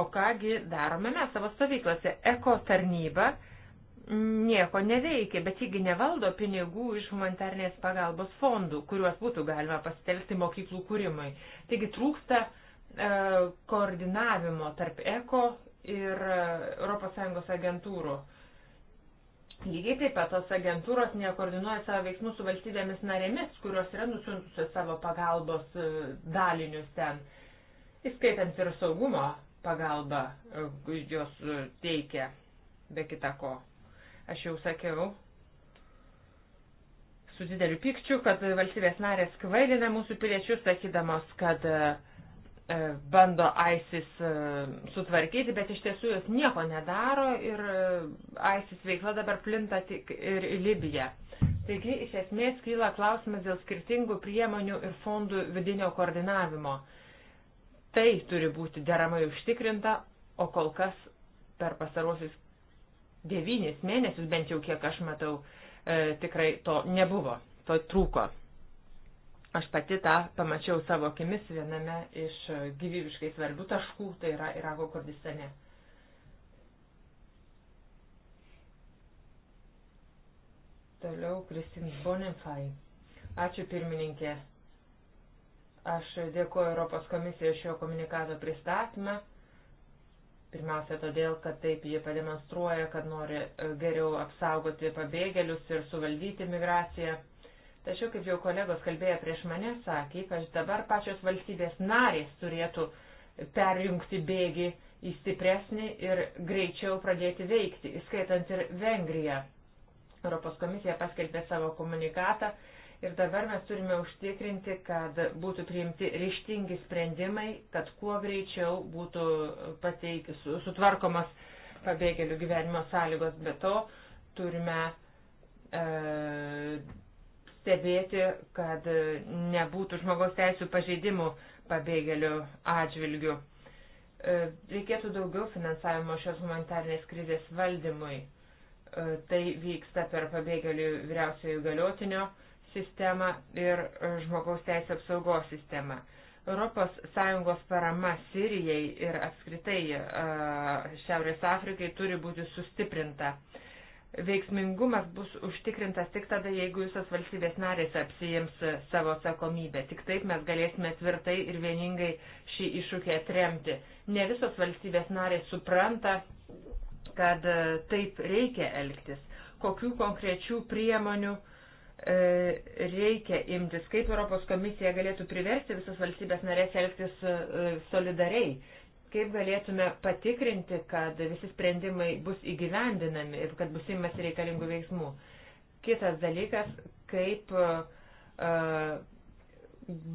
O kągi darome mes savo stovyklose? Eko tarnyba nieko neveikia, bet jįgi nevaldo pinigų iš humanitarnės pagalbos fondų, kuriuos būtų galima pasitelkti mokyklų kūrimui. Taigi trūksta e, koordinavimo tarp eko ir ES agentūrų. E, Lygiai taip pat tos agentūros nekoordinuoja savo veiksmų su valstybėmis narėmis, kurios yra nusintusios savo pagalbos e, dalinius ten, įskaitant ir saugumo pagalbą e, jos e, teikia, be kita ko. Aš jau sakiau su dideliu pikčiu, kad valstybės narės kvailina mūsų piliečius, sakydamos, kad uh, E, bando ISIS e, sutvarkyti, bet iš tiesų jos nieko nedaro ir e, ISIS veikla dabar plinta tik ir į Libiją. Taigi, iš esmės kyla klausimas dėl skirtingų priemonių ir fondų vidinio koordinavimo. Tai turi būti deramai užtikrinta, o kol kas per pasarosius devynis mėnesius, bent jau kiek aš matau, e, tikrai to nebuvo, to trūko. Aš pati tą pamačiau savo akimis viename iš gyvybiškai svarbių taškų, tai yra Irako Kurdistane. Toliau Kristin Bonifai. Ačiū pirmininkė. Aš dėkuoju Europos komisijos šio komunikato pristatymą. Pirmiausia, todėl, kad taip jie pademonstruoja, kad nori geriau apsaugoti pabėgėlius ir suvaldyti migraciją. Tačiau, kaip jau kolegos kalbėjo prieš mane, sakė, ypač dabar pačios valstybės narės turėtų perjungti bėgį į stipresnį ir greičiau pradėti veikti, įskaitant ir Vengriją. Europos komisija paskelbė savo komunikatą ir dabar mes turime užtikrinti, kad būtų priimti ryštingi sprendimai, kad kuo greičiau būtų pateik, sutvarkomas pabėgėlių gyvenimo sąlygos. Be to turime e, stebėti, kad nebūtų žmogaus teisų pažeidimų pabėgėlių atžvilgių. E, reikėtų daugiau finansavimo šios humanitarnės krizės valdymui. E, tai vyksta per pabėgėlių vyriausiojo galiotinio sistemą ir e, žmogaus teisų apsaugos sistemą. ES parama Sirijai ir apskritai Šiaurės Afrikai turi būti sustiprinta. Uh, veiksmingumas bus užtikrintas tik tada, jeigu visos valstybės narės apsijims savo atsakomybę. Tik taip mes galėsime tvirtai ir vieningai šį iššūkį atremti. Ne visos valstybės narės supranta, kad e, taip reikia elgtis. Kokių konkrečių priemonių e, reikia imtis, kaip Europos komisija galėtų priversti visas valstybės narės elgtis e, solidariai Kaip galėtume patikrinti, kad visi sprendimai bus įgyvendinami ir kad bus imasi reikalingų veiksmų? Kitas dalykas, kaip uh,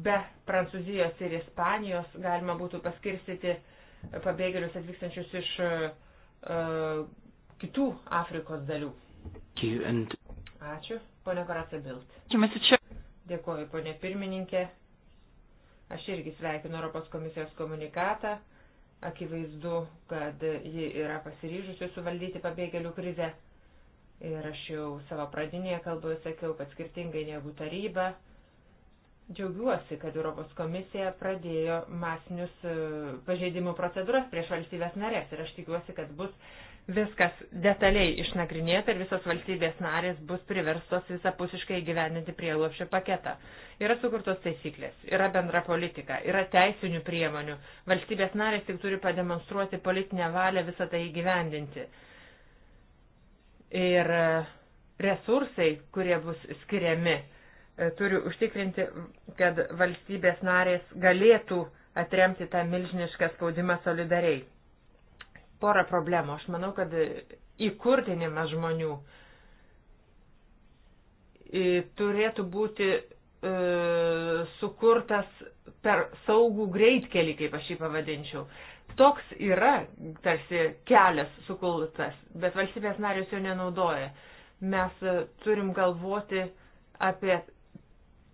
be Prancūzijos ir Ispanijos galima būtų paskirstyti pabėgėlius atvykstančius iš uh, kitų Afrikos dalių. Ačiū, ponia Koracija Bilt. Dėkuoju, ponė pirmininkė. Aš irgi sveikinu Europos komisijos komunikatą Akivaizdu, kad ji yra pasiryžusi suvaldyti pabėgėlių krizę. Ir aš jau savo pradinėje kalboje sakiau, kad skirtingai negu taryba, džiaugiuosi, kad Europos komisija pradėjo masinius e, pažeidimų procedūras prieš valstybės narės. Ir aš tikiuosi, kad bus viskas detaliai išnagrinėta ir visos valstybės narės bus priverstos visapusiškai gyveninti prieglopšio paketą. Yra sukurtos taisyklės, yra bendra politika, yra teisinių priemonių. Valstybės narės tik turi pademonstruoti politinę valią visą tai įgyvendinti. Ir e, resursai, kurie bus skiriami, e, turi užtikrinti, kad valstybės narės galėtų atremti tą milžinišką spaudimą solidariai porą problemų. Aš manau, kad įkurtinimas žmonių e, turėtų būti e, sukurtas per saugų greitkelį, kaip aš jį pavadinčiau. Toks yra tarsi kelias sukultas, bet valstybės narius jo nenaudoja. Mes e, turim galvoti apie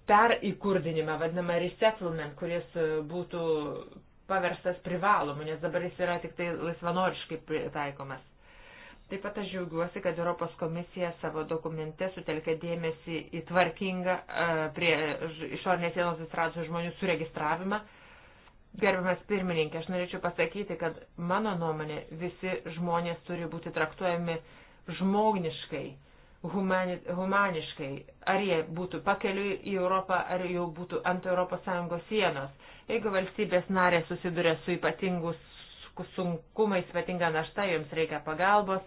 per įkurdinimą, vadinamą resettlement, kuris e, būtų paverstas privalomu, nes dabar jis yra tik tai laisvanoriškai taikomas. Taip pat aš džiaugiuosi, kad Europos komisija savo dokumente sutelkia dėmesį į tvarkingą e, prie išorinės sienos įstratusių žmonių suregistravimą. Gerbiamas pirmininkė, aš norėčiau pasakyti, kad mano nuomonė visi žmonės turi būti traktuojami žmogniškai humani, humaniškai, ar jie būtų pakeliui į Europą, ar jau būtų ant ES sienos. Jeigu valstybės narė susiduria su ypatingus sunkumais, ypatinga našta, joms reikia pagalbos,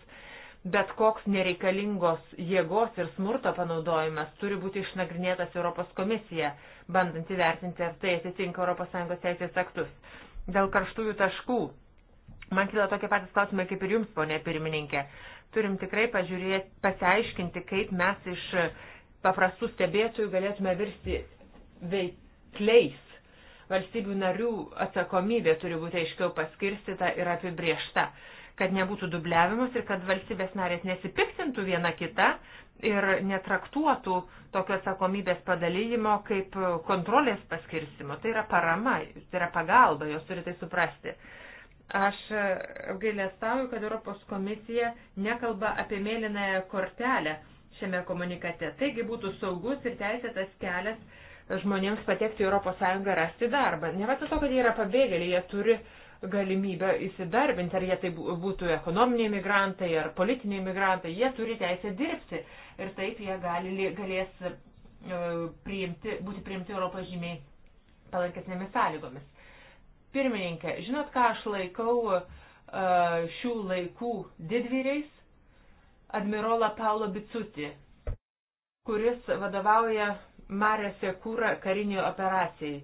bet koks nereikalingos jėgos ir smurto panaudojimas turi būti išnagrinėtas Europos komisija, bandant įvertinti, ar tai atitinka ES teisės aktus. Dėl karštųjų taškų. Man kyla tokie patys klausimai kaip ir jums, ponė pirmininkė. Turim tikrai pažiūrėti, pasiaiškinti, kaip mes iš paprastų stebėtojų galėtume virsti veikliais. Valstybių narių atsakomybė turi būti aiškiau paskirstita ir apibriešta, kad nebūtų dubliavimus ir kad valstybės narės nesipiktintų viena kita ir netraktuotų tokio atsakomybės padalyjimo kaip kontrolės paskirstimo. Tai yra parama, tai yra pagalba, jos turi tai suprasti. Aš e, apgailestauju, kad Europos komisija nekalba apie mėlynąją kortelę šiame komunikate. Taigi būtų saugus ir teisėtas kelias žmonėms patekti į Europos Sąjungą rasti darbą. Ne va to, kad jie yra pabėgėliai, jie turi galimybę įsidarbinti, ar jie tai būtų ekonominiai migrantai ar politiniai migrantai, jie turi teisę dirbti ir taip jie gali, galės e, priimti, būti priimti Europos žymiai palankesnėmis sąlygomis. Pirmininkė, žinot, ką aš laikau e, šių laikų didvyriais? Admirola Paulo Bicuti, kuris vadovauja Marė Sekūra kariniai operacijai.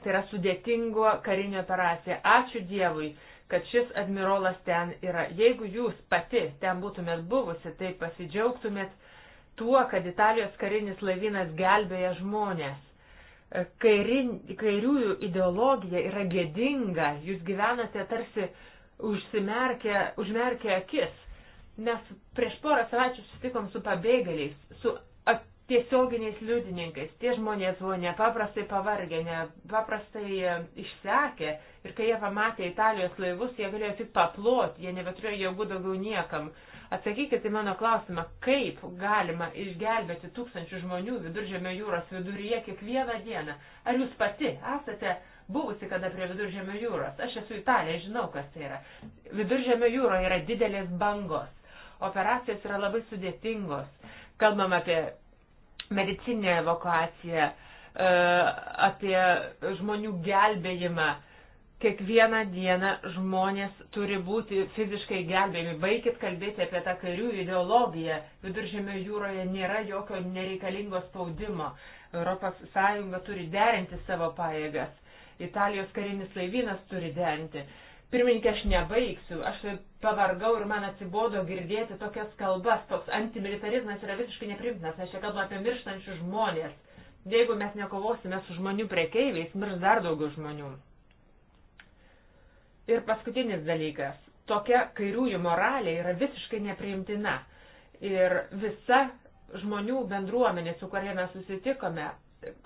Tai yra sudėtingo karinio operacija. Ačiū Dievui, kad šis admirolas ten yra. Jeigu jūs pati ten būtumėt buvusi, tai pasidžiaugtumėt tuo, kad Italijos karinis laivynas gelbėja žmonės kairin, kairiųjų ideologija yra gėdinga, jūs gyvenate tarsi užmerkę akis. Mes prieš porą savaičių susitikom su pabėgėliais, su tiesioginiais liudininkais. Tie žmonės buvo nepaprastai pavargę, nepaprastai e, išsekę ir kai jie pamatė Italijos laivus, jie galėjo tik paploti, jie nebeturėjo jėgų daugiau niekam. Uh, Atsakykite į mano klausimą, kaip galima išgelbėti tūkstančių žmonių viduržėmio jūros viduryje kiekvieną dieną. Ar jūs pati esate buvusi kada prie viduržėmio jūros? Aš esu Italija, žinau, kas tai yra. Viduržėmio jūroje yra didelės bangos. Operacijos yra labai sudėtingos. Kalbam apie medicinę evakuaciją, e, apie žmonių gelbėjimą Kiekvieną dieną žmonės turi būti fiziškai gelbėjami. Baikit kalbėti apie tą karių ideologiją. Viduržėmio jūroje nėra jokio nereikalingo spaudimo. ES turi derinti savo pajėgas. Italijos karinis laivynas turi derinti pirmininkė, aš nebaigsiu, aš pavargau ir man atsibodo girdėti tokias kalbas, toks antimilitarizmas yra visiškai neprimtinas, mes čia kalbame apie mirštančius žmonės. Jeigu mes nekovosime su žmonių prekeiviais, mirs dar daugiau žmonių. Ir paskutinis dalykas. Tokia kairiųjų moralė yra visiškai nepriimtina. Ir visa žmonių bendruomenė, su kuria mes susitikome,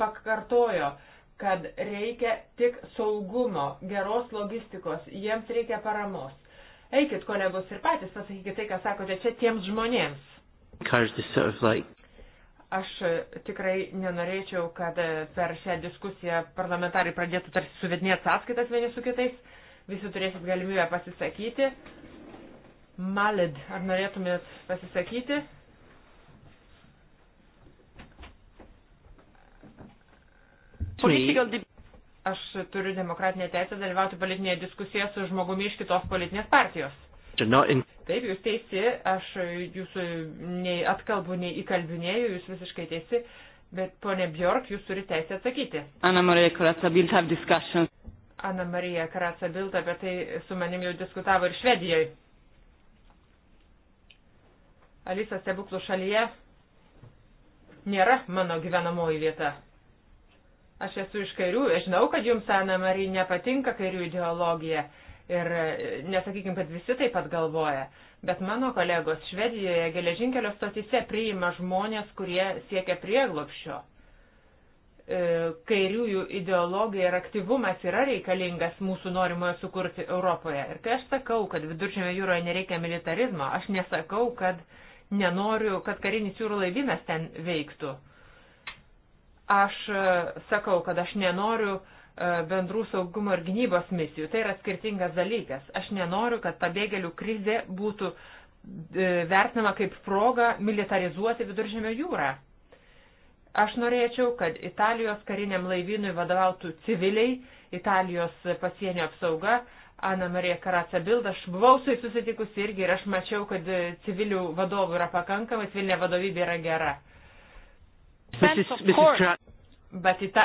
pakartojo, kad reikia tik saugumo, geros logistikos, jiems reikia paramos. Eikit, kolegos, ir patys pasakykit tai, ką sakote čia tiems žmonėms. Aš tikrai nenorėčiau, kad per šią diskusiją parlamentarai pradėtų tarsi suvedinėti sąskaitas vieni su kitais visi turėsit galimybę pasisakyti. Malid, ar norėtumėt pasisakyti? Aš turiu demokratinę teisę dalyvauti politinėje diskusijoje su žmogumi iš kitos politinės partijos. Taip, jūs teisi, aš jūsų nei atkalbu, nei įkalbinėjau, jūs visiškai teisi, bet ponė Bjork, jūs turite teisę atsakyti. Anna Maria Koratsa, we'll have discussions. Ana Marija Karasa Bilt apie tai su manim jau diskutavo ir Švedijoje. Alisa stebuklų šalyje nėra mano gyvenamoji vieta. Aš esu iš kairių, aš žinau, kad jums, Ana Marija, nepatinka kairių ideologija ir e, nesakykime, kad visi taip pat galvoja, bet mano kolegos Švedijoje geležinkelio stotise priima žmonės, kurie siekia prieglopščio. E, kairiųjų ideologija ir aktyvumas yra reikalingas mūsų norimoje sukurti Europoje. Ir kai aš sakau, kad viduržėmio jūroje nereikia militarizmo, aš nesakau, kad nenoriu, kad karinis jūrų laivynas ten veiktų. Aš e, sakau, kad aš nenoriu e, bendrų saugumo ir gynybos misijų. Tai yra skirtingas dalykas. Aš nenoriu, kad pabėgėlių krizė būtų vertinama kaip proga militarizuoti viduržėmio jūrą. Aš norėčiau, kad Italijos kariniam laivynui vadovautų civiliai, Italijos pasienio apsauga. Ana Marija Karaca Bilda, aš buvau su jais susitikusi irgi ir aš mačiau, kad civilių vadovų yra pakankamai, civilinė vadovybė yra gera. Mrs. Mrs. Bet, ita,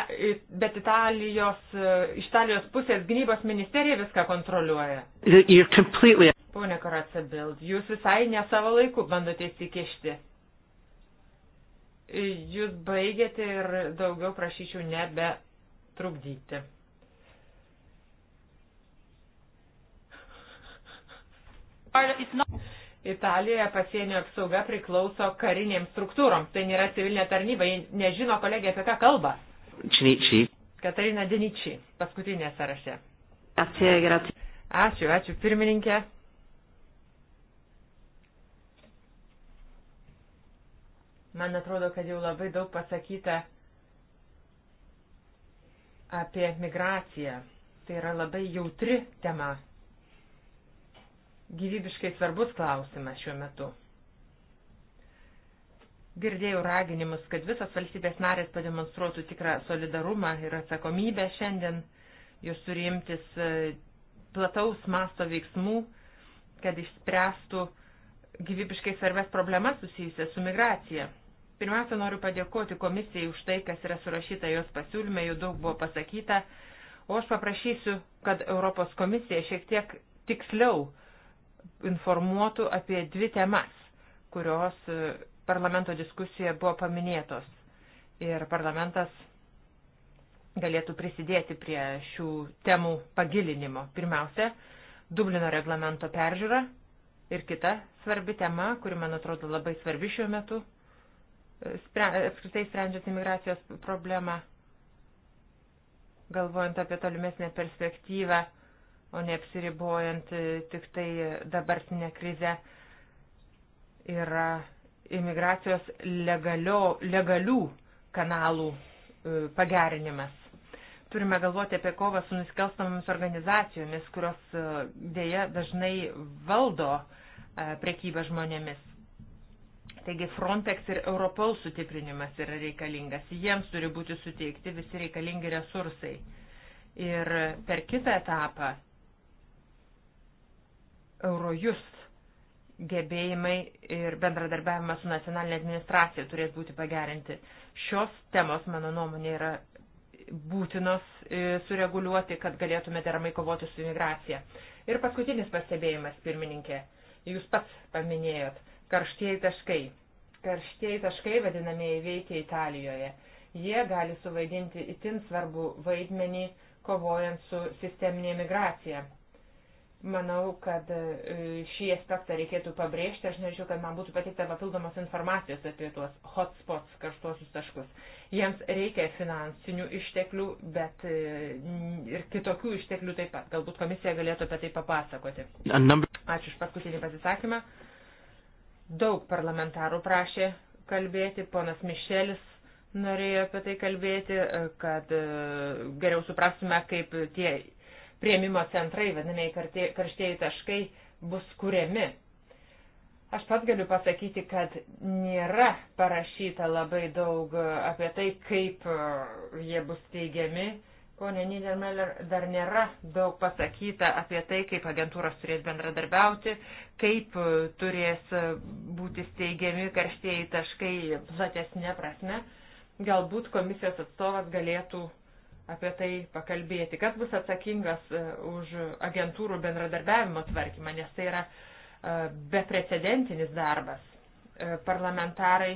bet Italijos, iš Italijos pusės gynybos ministerija viską kontroliuoja. Completely... Pone Karaca Bild, jūs visai ne savo laiku bandote įsikišti. Jūs baigėte ir daugiau prašyčiau nebetrukdyti. Italijoje pasienio apsauga priklauso karinėms struktūroms, tai nėra civilinė tarnyba, jie nežino kolegė apie ką kalba. Činičiai. Katarina Deničiai, paskutinė sąraše. Ačiū, ačiū pirmininkė. Man atrodo, kad jau labai daug pasakyta apie migraciją. Tai yra labai jautri tema. Gyvybiškai svarbus klausimas šiuo metu. Girdėjau raginimus, kad visos valstybės narės pademonstruotų tikrą solidarumą ir atsakomybę šiandien. Jūs turi imtis e, plataus masto veiksmų, kad išspręstų gyvybiškai svarbės problemas susijusias su migracija. Pirmiausia, noriu padėkoti komisijai už tai, kas yra surašyta jos pasiūlyme, jau daug buvo pasakyta, o aš paprašysiu, kad Europos komisija šiek tiek tiksliau informuotų apie dvi temas, kurios e, parlamento diskusijoje buvo paminėtos. Ir parlamentas galėtų prisidėti prie šių temų pagilinimo. Pirmiausia, Dublino reglamento peržiūra ir kita svarbi tema, kuri man atrodo labai svarbi šiuo metu apskritai sprendžiant imigracijos problemą, galvojant apie tolimesnę perspektyvą, o neapsiribojant e, tik tai dabartinę krizę, yra imigracijos legalio, legalių kanalų e, pagerinimas. Turime galvoti apie kovą su nusikalstamomis organizacijomis, kurios e, dėja dažnai valdo prekybę žmonėmis Taigi Frontex ir Europol sutiprinimas yra reikalingas. Jiems turi būti suteikti visi reikalingi resursai. Ir per kitą etapą Eurojust gebėjimai ir bendradarbiavimas su nacionalinė administracija turės būti pagerinti. Šios temos, mano nuomonė, yra būtinos e, sureguliuoti, kad galėtume deramai kovoti su imigracija. Ir paskutinis pastebėjimas, pirmininkė, jūs pats paminėjot karštieji taškai. Karštieji taškai vadinamieji veikia Italijoje. Jie gali suvaidinti itin svarbu vaidmenį kovojant su sisteminė migracija. Manau, kad e, šį aspektą reikėtų pabrėžti. Aš norėčiau, kad man būtų pateikta papildomos informacijos apie tuos hotspots karštuosius taškus. Jiems reikia finansinių išteklių, bet e, ir kitokių išteklių taip pat. Galbūt komisija galėtų apie tai papasakoti. Ačiū iš paskutinį pasisakymą. Daug parlamentarų prašė kalbėti, ponas Mišelis norėjo apie tai kalbėti, e, kad e, geriau suprastume, kaip tie prieimimo centrai, vadinamiai karštieji taškai, bus kuriami. Aš pats galiu pasakyti, kad nėra parašyta labai daug e, apie tai, kaip jie bus teigiami, Pone Niedermeller, dar nėra daug pasakyta apie tai, kaip agentūros turės bendradarbiauti, kaip e, turės e, būti steigiami karštieji taškai platesnė prasme. Galbūt komisijos atstovas galėtų apie tai pakalbėti. Kas bus atsakingas e, už agentūrų bendradarbiavimo tvarkymą, nes tai yra beprecedentinis darbas. Parlamentarai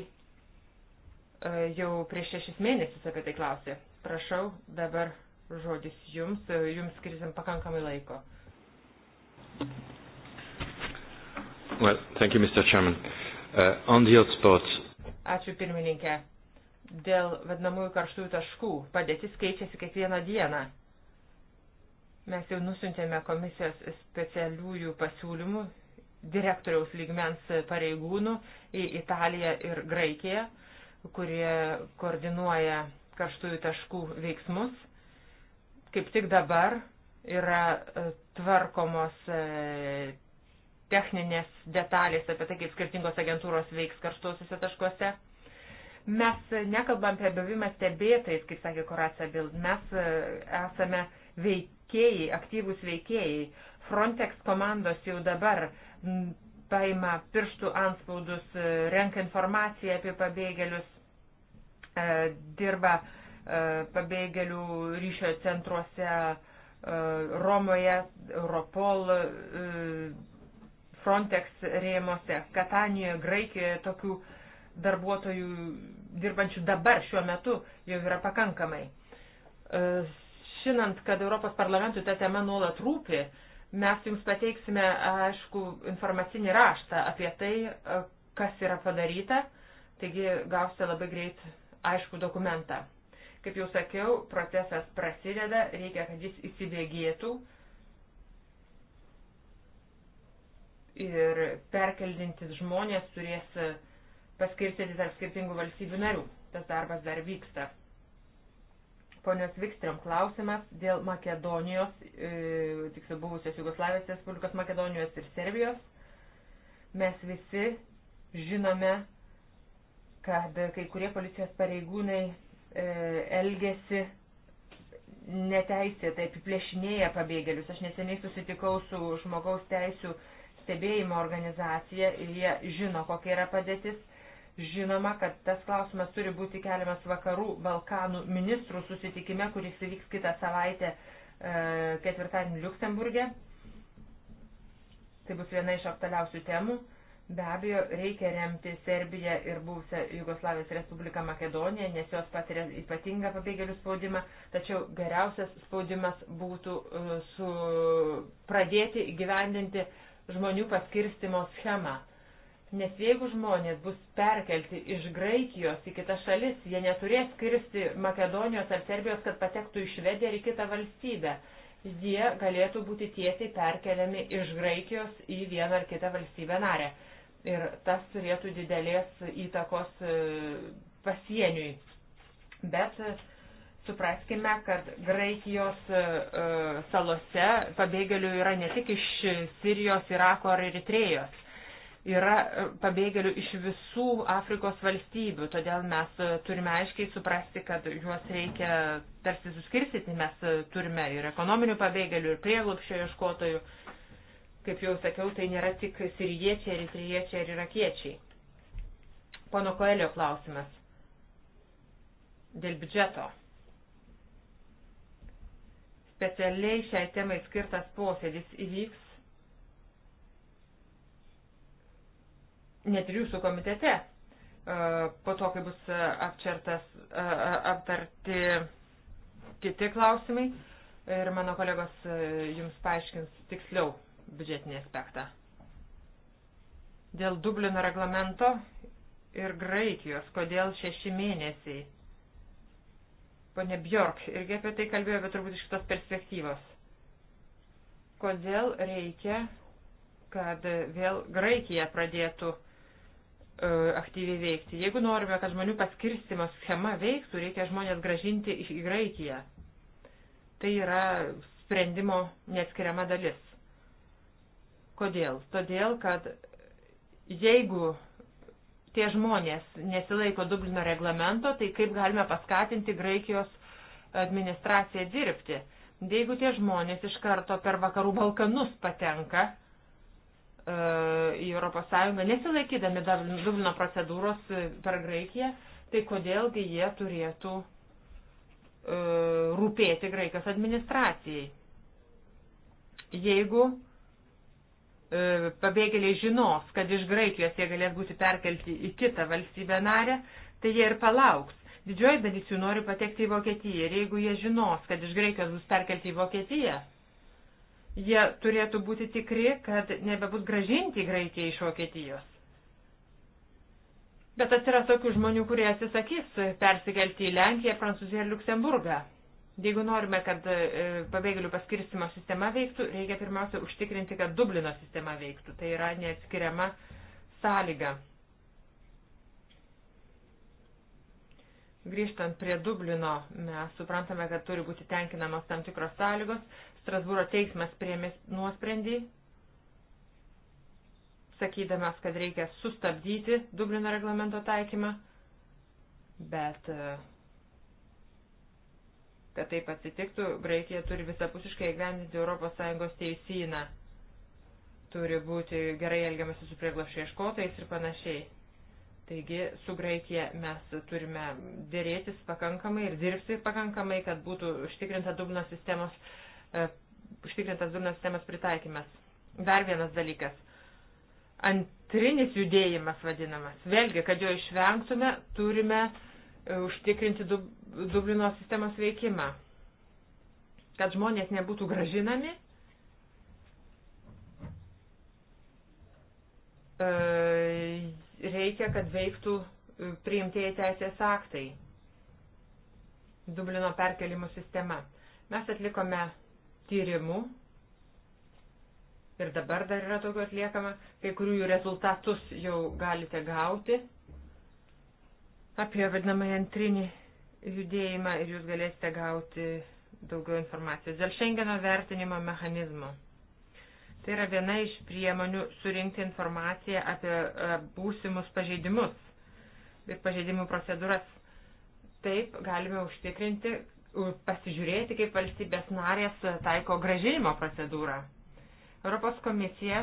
jau prieš šešis mėnesius apie tai klausė. Prašau dabar žodis jums, e, jums skirsim pakankamai laiko. Well, thank you, Mr. Chairman. Uh, on the hotspots. Ačiū pirmininkė. Dėl vadinamųjų karštųjų taškų padėtis keičiasi kiekvieną dieną. Mes jau nusintėme komisijos specialiųjų pasiūlymų direktoriaus lygmens pareigūnų į Italiją ir Graikiją, kurie koordinuoja karštųjų taškų veiksmus Kaip tik dabar yra e, tvarkomos e, techninės detalės apie tai, kaip skirtingos agentūros veiks karštuosiuose taškuose. Mes nekalbam apie buvimą stebėtais, kaip sakė Koracija Bild, mes e, esame veikėjai, aktyvūs veikėjai. Frontex komandos jau dabar paima pirštų anspaudus, renka informaciją apie pabėgėlius, dirba uh, E, pabėgėlių ryšio centruose e, Romoje, Europol, e, Frontex rėmose, Katanijoje, Graikijoje tokių darbuotojų dirbančių dabar šiuo metu jau yra pakankamai. Žinant, kad Europos parlamentui ta tema nuolat rūpi, mes jums pateiksime, aišku, informacinį raštą apie tai, kas yra padaryta, taigi gausite labai greit aišku dokumentą. Kaip jau sakiau, procesas prasideda, reikia, kad jis įsibėgėtų ir perkeldintis žmonės turės paskirstyti tarp skirtingų valstybių narių. Tas darbas dar vyksta. Ponios Vikstrom klausimas dėl Makedonijos, e, tiksliau buvusios Jugoslavijos Respublikos Makedonijos ir Serbijos. Mes visi žinome, kad kai kurie policijos pareigūnai E, elgesi neteisėtai, apiplėšinėja pabėgėlius. Aš neseniai susitikau su žmogaus teisų stebėjimo organizacija ir jie žino, kokia yra padėtis. Žinoma, kad tas klausimas turi būti keliamas vakarų Balkanų ministrų susitikime, kuris įvyks kitą savaitę e, ketvirtadienį Luksemburgė. Tai bus viena iš aktualiausių temų. Be abejo, reikia remti Serbiją ir buvusią Jugoslavijos Respubliką Makedoniją, nes jos patiria ypatingą pabėgėlių spaudimą, tačiau geriausias spaudimas būtų e, su pradėti gyvendinti žmonių paskirstimo schemą. Nes jeigu žmonės bus perkelti iš Graikijos į kitas šalis, jie neturės kirsti Makedonijos ar Serbijos, kad patektų į Švediją ar į kitą valstybę jie galėtų būti tiesiai perkeliami iš Graikijos į vieną ar kitą valstybę narę ir tas turėtų didelės įtakos e, pasieniui. Bet e, supraskime, kad Graikijos e, salose pabėgėlių yra ne tik iš Sirijos, Irako ar Eritrėjos. Yra pabėgėlių iš visų Afrikos valstybių, todėl mes turime aiškiai suprasti, kad juos reikia tarsi suskirstyti, mes turime ir ekonominių pabėgėlių, ir prieglupščio ieškotojų, Kaip jau sakiau, tai nėra tik siriečiai, eritriečiai ir irakiečiai. Pono Koelio klausimas. Dėl biudžeto. Specialiai šiai temai skirtas posėdis įvyks net ir jūsų komitete, e, po to, kai bus e, apčertas, e, aptarti kiti klausimai ir mano kolegos jums paaiškins tiksliau biudžetinį aspektą. Dėl Dublino reglamento ir Graikijos, kodėl šeši mėnesiai. Pone Bjork, irgi apie tai kalbėjo, bet turbūt iš kitos perspektyvos. Kodėl reikia, kad vėl Graikija pradėtų e, aktyviai veikti. Jeigu norime, kad žmonių paskirstimo schema veiktų, reikia žmonės gražinti į Graikiją. Tai yra sprendimo neatskiriama dalis. Kodėl? Todėl, kad jeigu tie žmonės nesilaiko Dublino reglamento, tai kaip galime paskatinti Graikijos administraciją dirbti? Jeigu tie žmonės iš karto per vakarų Balkanus patenka e, į ES, nesilaikydami Dublino procedūros e, per Graikiją, tai kodėlgi jie turėtų e, rūpėti Graikijos administracijai? Jeigu E, pabėgėliai žinos, kad iš Graikijos jie galės būti perkelti į kitą valstybę narę, tai jie ir palauks. Didžioji dalis jų nori patekti į Vokietiją ir jeigu jie žinos, kad iš Graikijos bus perkelti į Vokietiją, jie turėtų būti tikri, kad nebebus gražinti Graikiją iš Vokietijos. Bet atsiras tokių žmonių, kurie atsisakys persikelti į Lenkiją, Prancūziją ir Luksemburgą. Jeigu norime, kad e, pabėgėlių paskirstimo sistema veiktų, reikia pirmiausia užtikrinti, kad Dublino sistema veiktų. Tai yra neatskiriama sąlyga. Grįžtant prie Dublino, mes suprantame, kad turi būti tenkinamos tam tikros sąlygos. Strasbūro teismas priėmė nuosprendį, sakydamas, kad reikia sustabdyti Dublino reglamento taikymą, bet uh, kad taip atsitiktų, Graikija turi visapusiškai įgyvendinti ES teisyną. Turi būti gerai elgiamasi su prieglašai iškotais ir panašiai. Taigi su Graikija mes turime dėrėtis pakankamai ir dirbti pakankamai, kad būtų užtikrinta dubno sistemos, uh, užtikrintas dubno sistemos pritaikymas. Dar vienas dalykas. Antrinis judėjimas vadinamas. Vėlgi, kad jo išvengtume, turime uh, E, užtikrinti Dublino sistemos veikimą. Kad žmonės nebūtų gražinami, e, reikia, kad veiktų e, priimtieji teisės aktai. Dublino perkelimų sistema. Mes atlikome tyrimų ir dabar dar yra tokių atliekama, kai kurių jų rezultatus jau galite gauti apie vadinamąjį antrinį judėjimą ir jūs galėsite gauti daugiau informacijos dėl Schengeno vertinimo mechanizmo. Tai yra viena iš priemonių surinkti informaciją apie e, būsimus pažeidimus ir pažeidimų procedūras. Taip galime užtikrinti, pasižiūrėti, kaip valstybės narės taiko gražinimo procedūrą. Europos komisija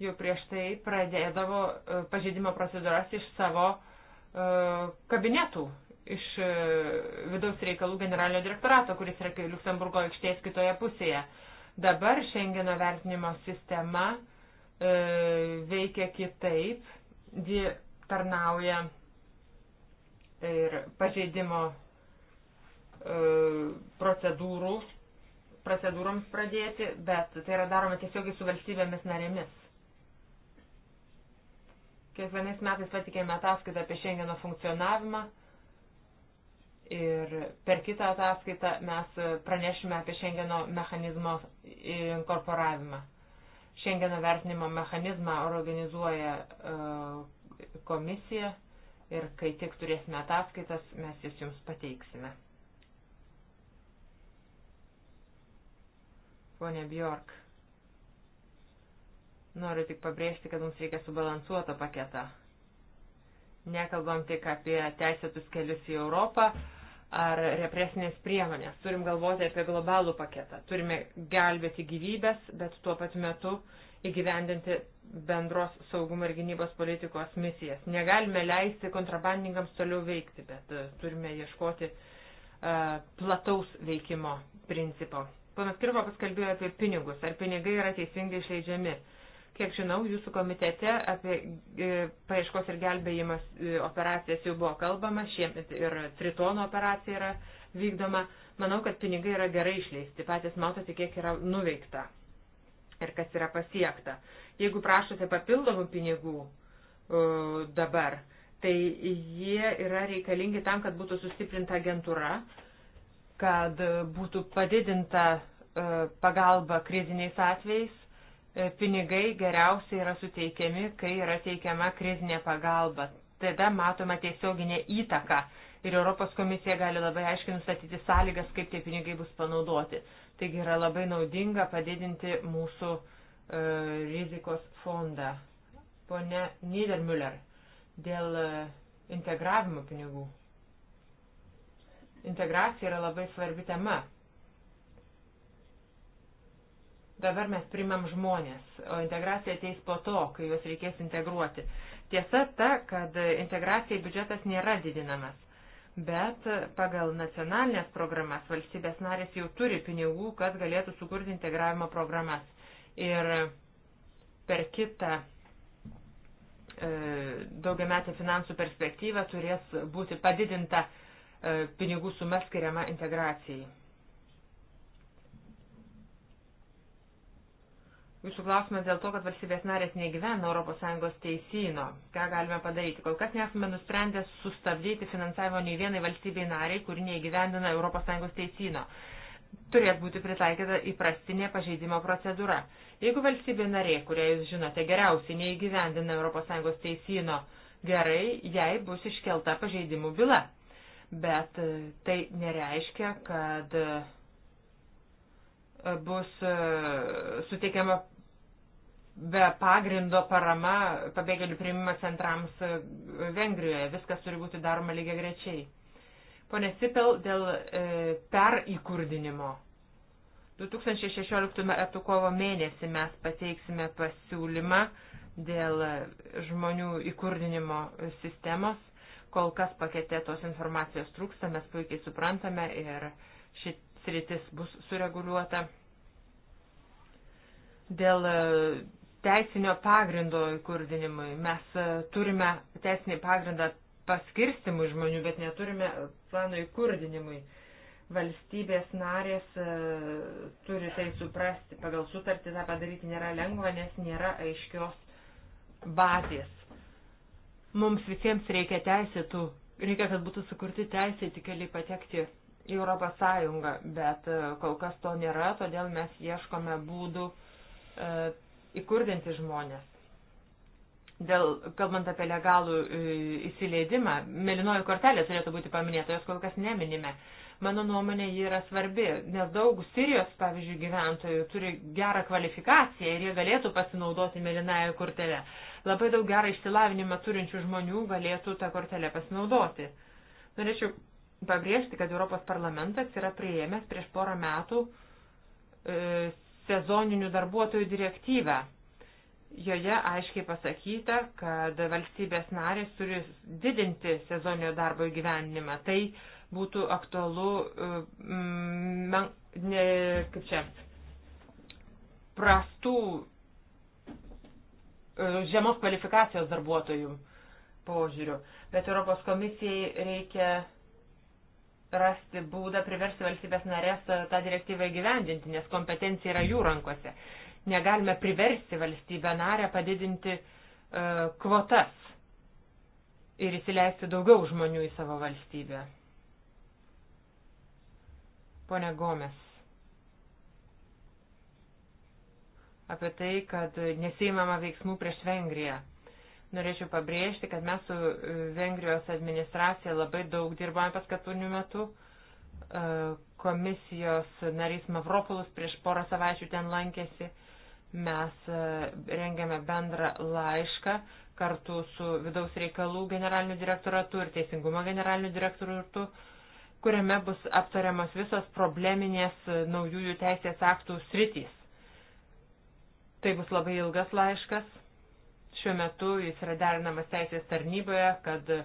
jau prieš tai pradėdavo e, pažeidimo procedūras iš savo uh, E, kabinetų iš e, vidaus reikalų generalinio direktorato, kuris yra Luksemburgo aikštės kitoje pusėje. Dabar Schengeno vertinimo sistema e, veikia kitaip, ji tarnauja ir pažeidimo e, procedūrų, procedūroms pradėti, bet tai yra daroma tiesiogiai su valstybėmis narėmis. Kiekvienais metais patikėme ataskaitą apie šiandieno funkcionavimą ir per kitą ataskaitą mes pranešime apie šiandieno mechanizmo inkorporavimą. Šiandieno vertinimo mechanizmą organizuoja e, komisija ir kai tik turėsime ataskaitas, mes jas jums pateiksime. Pone Bjork. Noriu tik pabrėžti, kad mums reikia subalansuoto paketą. Nekalbam tik apie teisėtus kelius į Europą ar represinės priemonės. Turim galvoti apie globalų paketą. Turime gelbėti gyvybės, bet tuo pat metu įgyvendinti bendros saugumo ir gynybos politikos misijas. Negalime leisti kontrabandininkams toliau veikti, bet e, turime ieškoti uh, plataus veikimo principo. Panas Kirvokas kalbėjo apie pinigus. Ar pinigai yra teisingai išleidžiami? Uh, Kiek žinau, jūsų komitete apie e, paieškos ir gelbėjimas e, operacijas jau buvo kalbama, šiemet ir tritono operacija yra vykdoma. Manau, kad pinigai yra gerai išleisti, patys matote, kiek yra nuveikta ir kas yra pasiekta. Jeigu prašote papildomų pinigų e, dabar, tai jie yra reikalingi tam, kad būtų sustiprinta agentūra, kad būtų padidinta pagalba kriziniais atvejais E, pinigai geriausiai yra suteikiami, kai yra teikiama krizinė pagalba. Tada matoma tiesioginė įtaka ir Europos komisija gali labai aiškiai nustatyti sąlygas, kaip tie pinigai bus panaudoti. Taigi yra labai naudinga padidinti mūsų e, rizikos fondą. Pone Niedermüller, dėl e, integravimo pinigų. Integracija yra labai svarbi tema. Dabar mes primam žmonės, o integracija ateis po to, kai juos reikės integruoti. Tiesa ta, kad integracijai biudžetas nėra didinamas, bet pagal nacionalinės programas valstybės narės jau turi pinigų, kad galėtų sukurti integravimo programas. Ir per kitą e, daugiametę finansų perspektyvą turės būti padidinta e, pinigų suma skiriama integracijai. Jūsų klausimas dėl to, kad valstybės narės negyvena ES teisino. Ką galime padaryti? Kol kas nesame nusprendę sustabdyti finansavimo nei vienai valstybei nariai, kuri neįgyvendina ES teisino. Turės būti pritaikyta įprastinė pažeidimo procedūra. Jeigu valstybė narė, kurią jūs žinote geriausiai, neįgyvendina ES teisino gerai, jai bus iškelta pažeidimų byla. Bet e, tai nereiškia, kad e, bus e, suteikiama be pagrindo parama pabėgėlių priimimo centrams e, Vengrijoje. Viskas turi būti daroma lygiai grečiai. Pone Sipel, dėl e, perįkurdinimo. 2016 metų kovo mėnesį mes pateiksime pasiūlymą dėl žmonių įkurdinimo sistemos. Kol kas pakete tos informacijos trūksta, mes puikiai suprantame ir šit sritis bus sureguliuota. Dėl e, teisinio pagrindo įkurdinimui mes e, turime teisinį pagrindą paskirstimui žmonių, bet neturime plano įkurdinimui. Valstybės narės e, turi tai suprasti. Pagal sutartį tą padaryti nėra lengva, nes nėra aiškios bazės. Mums visiems reikia teisėtų, reikia, kad būtų sukurti teisėti keliai patekti į Europos Sąjungą, bet e, kol kas to nėra, todėl mes ieškome būdų e, įkurdinti žmonės. Dėl, kalbant apie legalų e, įsileidimą, melinoji kortelė turėtų būti paminėta, jos kol kas neminime. Mano nuomonė, ji yra svarbi, nes daug Sirijos, pavyzdžiui, gyventojų turi gerą kvalifikaciją ir jie galėtų pasinaudoti melinąją kortelę. Labai daug gerą išsilavinimą turinčių žmonių galėtų tą kortelę pasinaudoti. Norėčiau pabrėžti, kad Europos parlamentas yra prieėmęs prieš porą metų e, sezoninių darbuotojų direktyvą. Joje aiškiai pasakyta, kad valstybės narės turi didinti sezoninio darbo įgyvendinimą. Tai būtų aktualu, e, man, ne, kaip čia, prastų e, žemos kvalifikacijos darbuotojų požiūrių. Bet Europos komisijai reikia rasti būdą priversti valstybės narės tą direktyvą įgyvendinti, nes kompetencija yra jų rankose. Negalime priversti valstybę narę padidinti uh, kvotas ir įsileisti daugiau žmonių į savo valstybę. Pone Gomes. Apie tai, kad nesėimama veiksmų prieš Vengriją. Norėčiau pabrėžti, kad mes su e, Vengrijos administracija labai daug dirbame paskatinių metų. E, komisijos narys Mavropulus prieš porą savaičių ten lankėsi. Mes e, rengiame bendrą laišką kartu su vidaus reikalų generaliniu direktoratu ir teisingumo generaliniu direktoratu, kuriame bus aptariamas visos probleminės naujųjų teisės aktų sritys. Tai bus labai ilgas laiškas Šiuo metu jis yra derinamas teisės tarnyboje, kad e,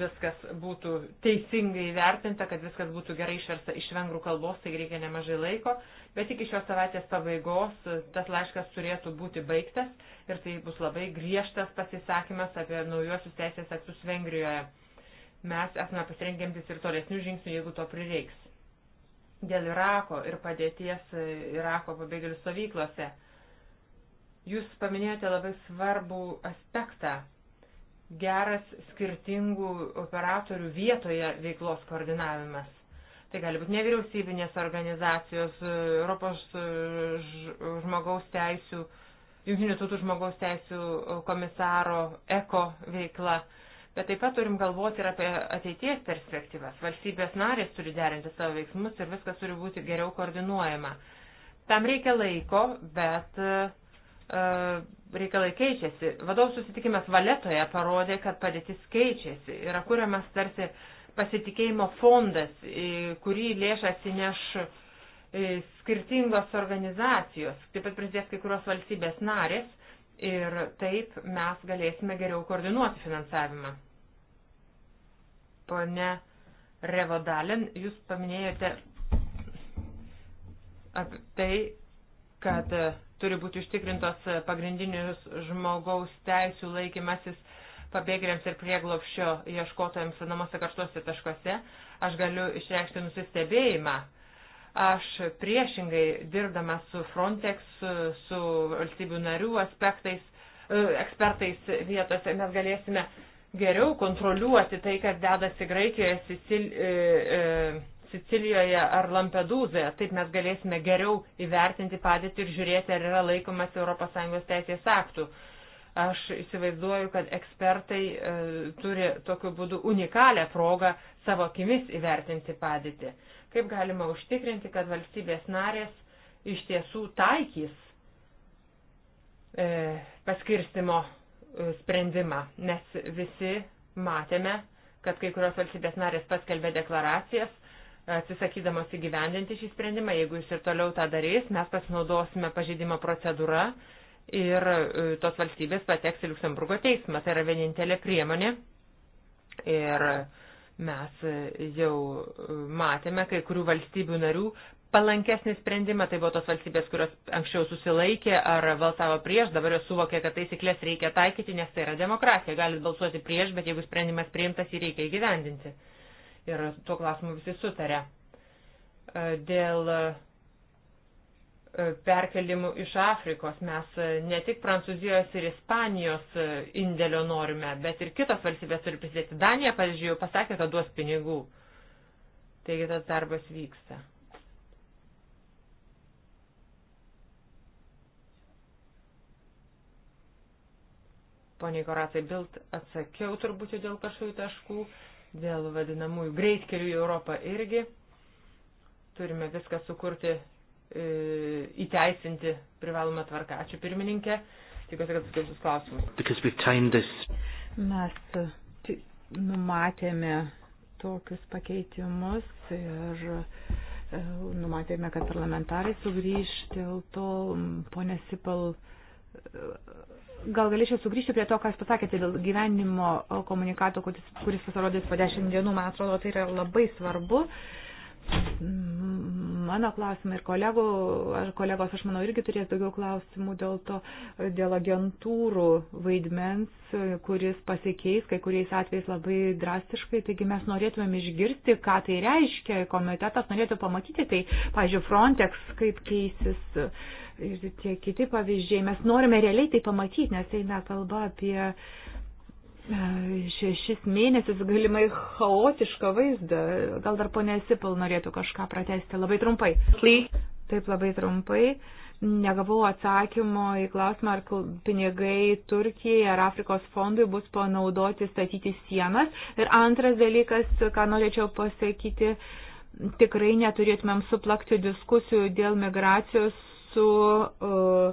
viskas būtų teisingai vertinta, kad viskas būtų gerai išversta iš vengrų kalbos, tai reikia nemažai laiko, bet iki šios savaitės pabaigos tas laiškas turėtų būti baigtas ir tai bus labai griežtas pasisakymas apie naujosius teisės aktus Vengrijoje. Mes esame pasirengiantis ir tolesnių žingsnių, jeigu to prireiks dėl Irako ir padėties Irako pabėgėlių stovyklose. Jūs paminėjote labai svarbų aspektą - geras skirtingų operatorių vietoje veiklos koordinavimas. Tai gali būti nevyriausybinės organizacijos, Europos žmogaus teisų, Junktinių tautų žmogaus teisų komisaro ECO veikla. Bet taip pat turim galvoti ir apie ateities perspektyvas. Valstybės narės turi derinti savo veiksmus ir viskas turi būti geriau koordinuojama. Tam reikia laiko, bet E, reikalai keičiasi. Vadovų susitikimas valetoje parodė, kad padėtis keičiasi. Yra kuriamas tarsi pasitikėjimo fondas, kurį lėšas įneš e, skirtingos organizacijos, taip pat prisidės kai kurios valstybės narės ir taip mes galėsime geriau koordinuoti finansavimą. Pone Revodalin, jūs paminėjote apie tai, kad mm turi būti užtikrintos e, pagrindinius žmogaus teisų laikymasis pabėgėliams ir prieglopščio ieškotojams namuose karštuose taškuose, aš galiu išreikšti nusistebėjimą. Aš priešingai, dirbdamas su Frontex, su, su valstybių narių aspektais, e, ekspertais vietose, mes galėsime geriau kontroliuoti tai, kas dedasi Graikijoje, Sicil, e, e, Sicilijoje ar Lampedūzoje. Taip mes galėsime geriau įvertinti padėtį ir žiūrėti, ar yra laikomas ES teisės aktų. Aš įsivaizduoju, kad ekspertai e, turi tokiu būdu unikalią progą savo akimis įvertinti padėtį. Kaip galima užtikrinti, kad valstybės narės iš tiesų taikys e, paskirstimo e, sprendimą, nes visi matėme, kad kai kurios valstybės narės paskelbė deklaracijas, atsisakydamas įgyvendinti šį sprendimą. Jeigu jis ir toliau tą darys, mes pasinaudosime pažeidimo procedūrą ir e, tos valstybės pateks į Luksemburgo teismą. Tai yra vienintelė priemonė. Ir mes e, jau e, matėme kai kurių valstybių narių palankesnį sprendimą. Tai buvo tos valstybės, kurios anksčiau susilaikė ar balsavo prieš, dabar jos suvokė, kad taisyklės reikia taikyti, nes tai yra demokratija. Galit balsuoti prieš, bet jeigu sprendimas priimtas, jį reikia įgyvendinti ir tuo klausimu visi sutarė. E, dėl e, perkelimų iš Afrikos mes e, ne tik Prancūzijos ir Ispanijos indėlio norime, bet ir kitos valstybės turi prisidėti. Danija, pavyzdžiui, jau pasakė, kad duos pinigų. Taigi tas darbas vyksta. Pone Koratai Bilt, atsakiau turbūt dėl kažkokių taškų dėl vadinamųjų greitkelių į Europą irgi. Turime viską sukurti, e, įteisinti privalomą tvarką. Ačiū pirmininkė. Tikiuosi, kad atsakiau visus klausimus. Mes numatėme tokius pakeitimus ir e, numatėme, kad parlamentarai sugrįž dėl to, ponė Sipal e, gal galėčiau sugrįžti prie to, ką jūs pasakėte dėl gyvenimo komunikato, kuris, kuris pasirodys po dešimt dienų. Man atrodo, tai yra labai svarbu. Mm, mano klausimai ir kolegų, ar kolegos, aš manau, irgi turės daugiau klausimų dėl to, dėl agentūrų vaidmens, kuris pasikeis kai kuriais atvejais labai drastiškai. Taigi mes norėtumėm išgirsti, ką tai reiškia, komitetas norėtų pamatyti, tai, pažiūrėjau, Frontex, kaip keisis ir tie kiti pavyzdžiai. Mes norime realiai tai pamatyti, nes eina kalba apie uh, šešis mėnesius galimai chaotišką vaizdą. Gal dar ponė Sipil norėtų kažką pratesti labai trumpai. Taip, labai trumpai. Negavau atsakymo į klausimą, ar pinigai Turkijai ar Afrikos fondui bus panaudoti statyti sienas. Ir antras dalykas, ką norėčiau pasakyti, tikrai neturėtumėm suplakti diskusijų dėl migracijos su uh,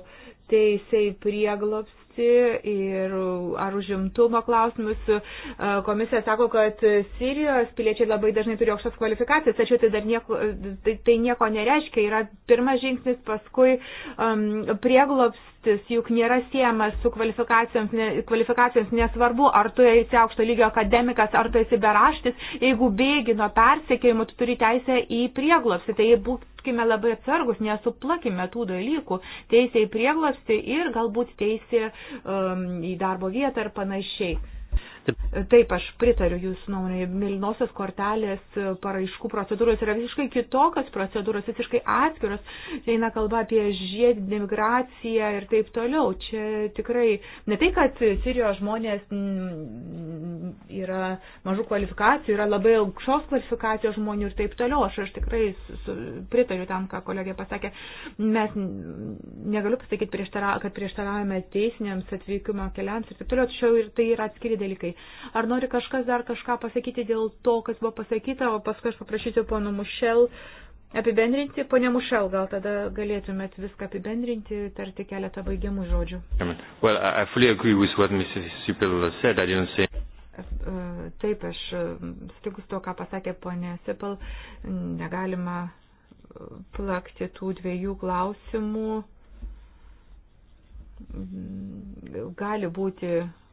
teisėjai prieglobs atsižvelgti ir ar užimtumo klausimus. Komisija sako, kad Sirijos piliečiai labai dažnai turi aukštas kvalifikacijas, tačiau tai, dar nieko, tai, tai nieko nereiškia. Yra pirmas žingsnis, paskui um, prieglops ramstis juk nėra siejamas su kvalifikacijoms, ne, kvalifikacijoms nesvarbu, ar tu esi aukšto lygio akademikas, ar tu esi beraštis, jeigu bėgi nuo persekėjimų, tu turi teisę į prieglopsį. Tai būkime labai atsargus, nesuplakime tų dalykų. Teisė į prieglopsį ir galbūt teisė um, į darbo vietą ar panašiai. Taip, aš pritariu jūsų nuomonėje. Milnosios kortelės e, paraiškų procedūros yra visiškai kitokios procedūros, visiškai atskiros. Čia eina kalba apie žiedinį migraciją ir taip toliau. Čia tikrai ne tai, kad Sirijos žmonės yra mažų kvalifikacijų, yra labai aukštos kvalifikacijos žmonių ir taip toliau. Aš, aš tikrai su, pritariu tam, ką kolegė pasakė. Mes negaliu pasakyti, prieštara, kad prieštaravome teisiniams atvykimo keliams ir taip toliau, tačiau ir tai yra atskiri dalykai tai. Ar nori kažkas dar kažką pasakyti dėl to, kas buvo pasakyta, o paskui aš paprašysiu pono Mušel apibendrinti. Pone Mušel, gal tada galėtumėt viską apibendrinti, tarti keletą baigiamų žodžių. Well, Taip, aš sutikus to, ką pasakė ponė Sipal, negalima plakti tų dviejų klausimų gali būti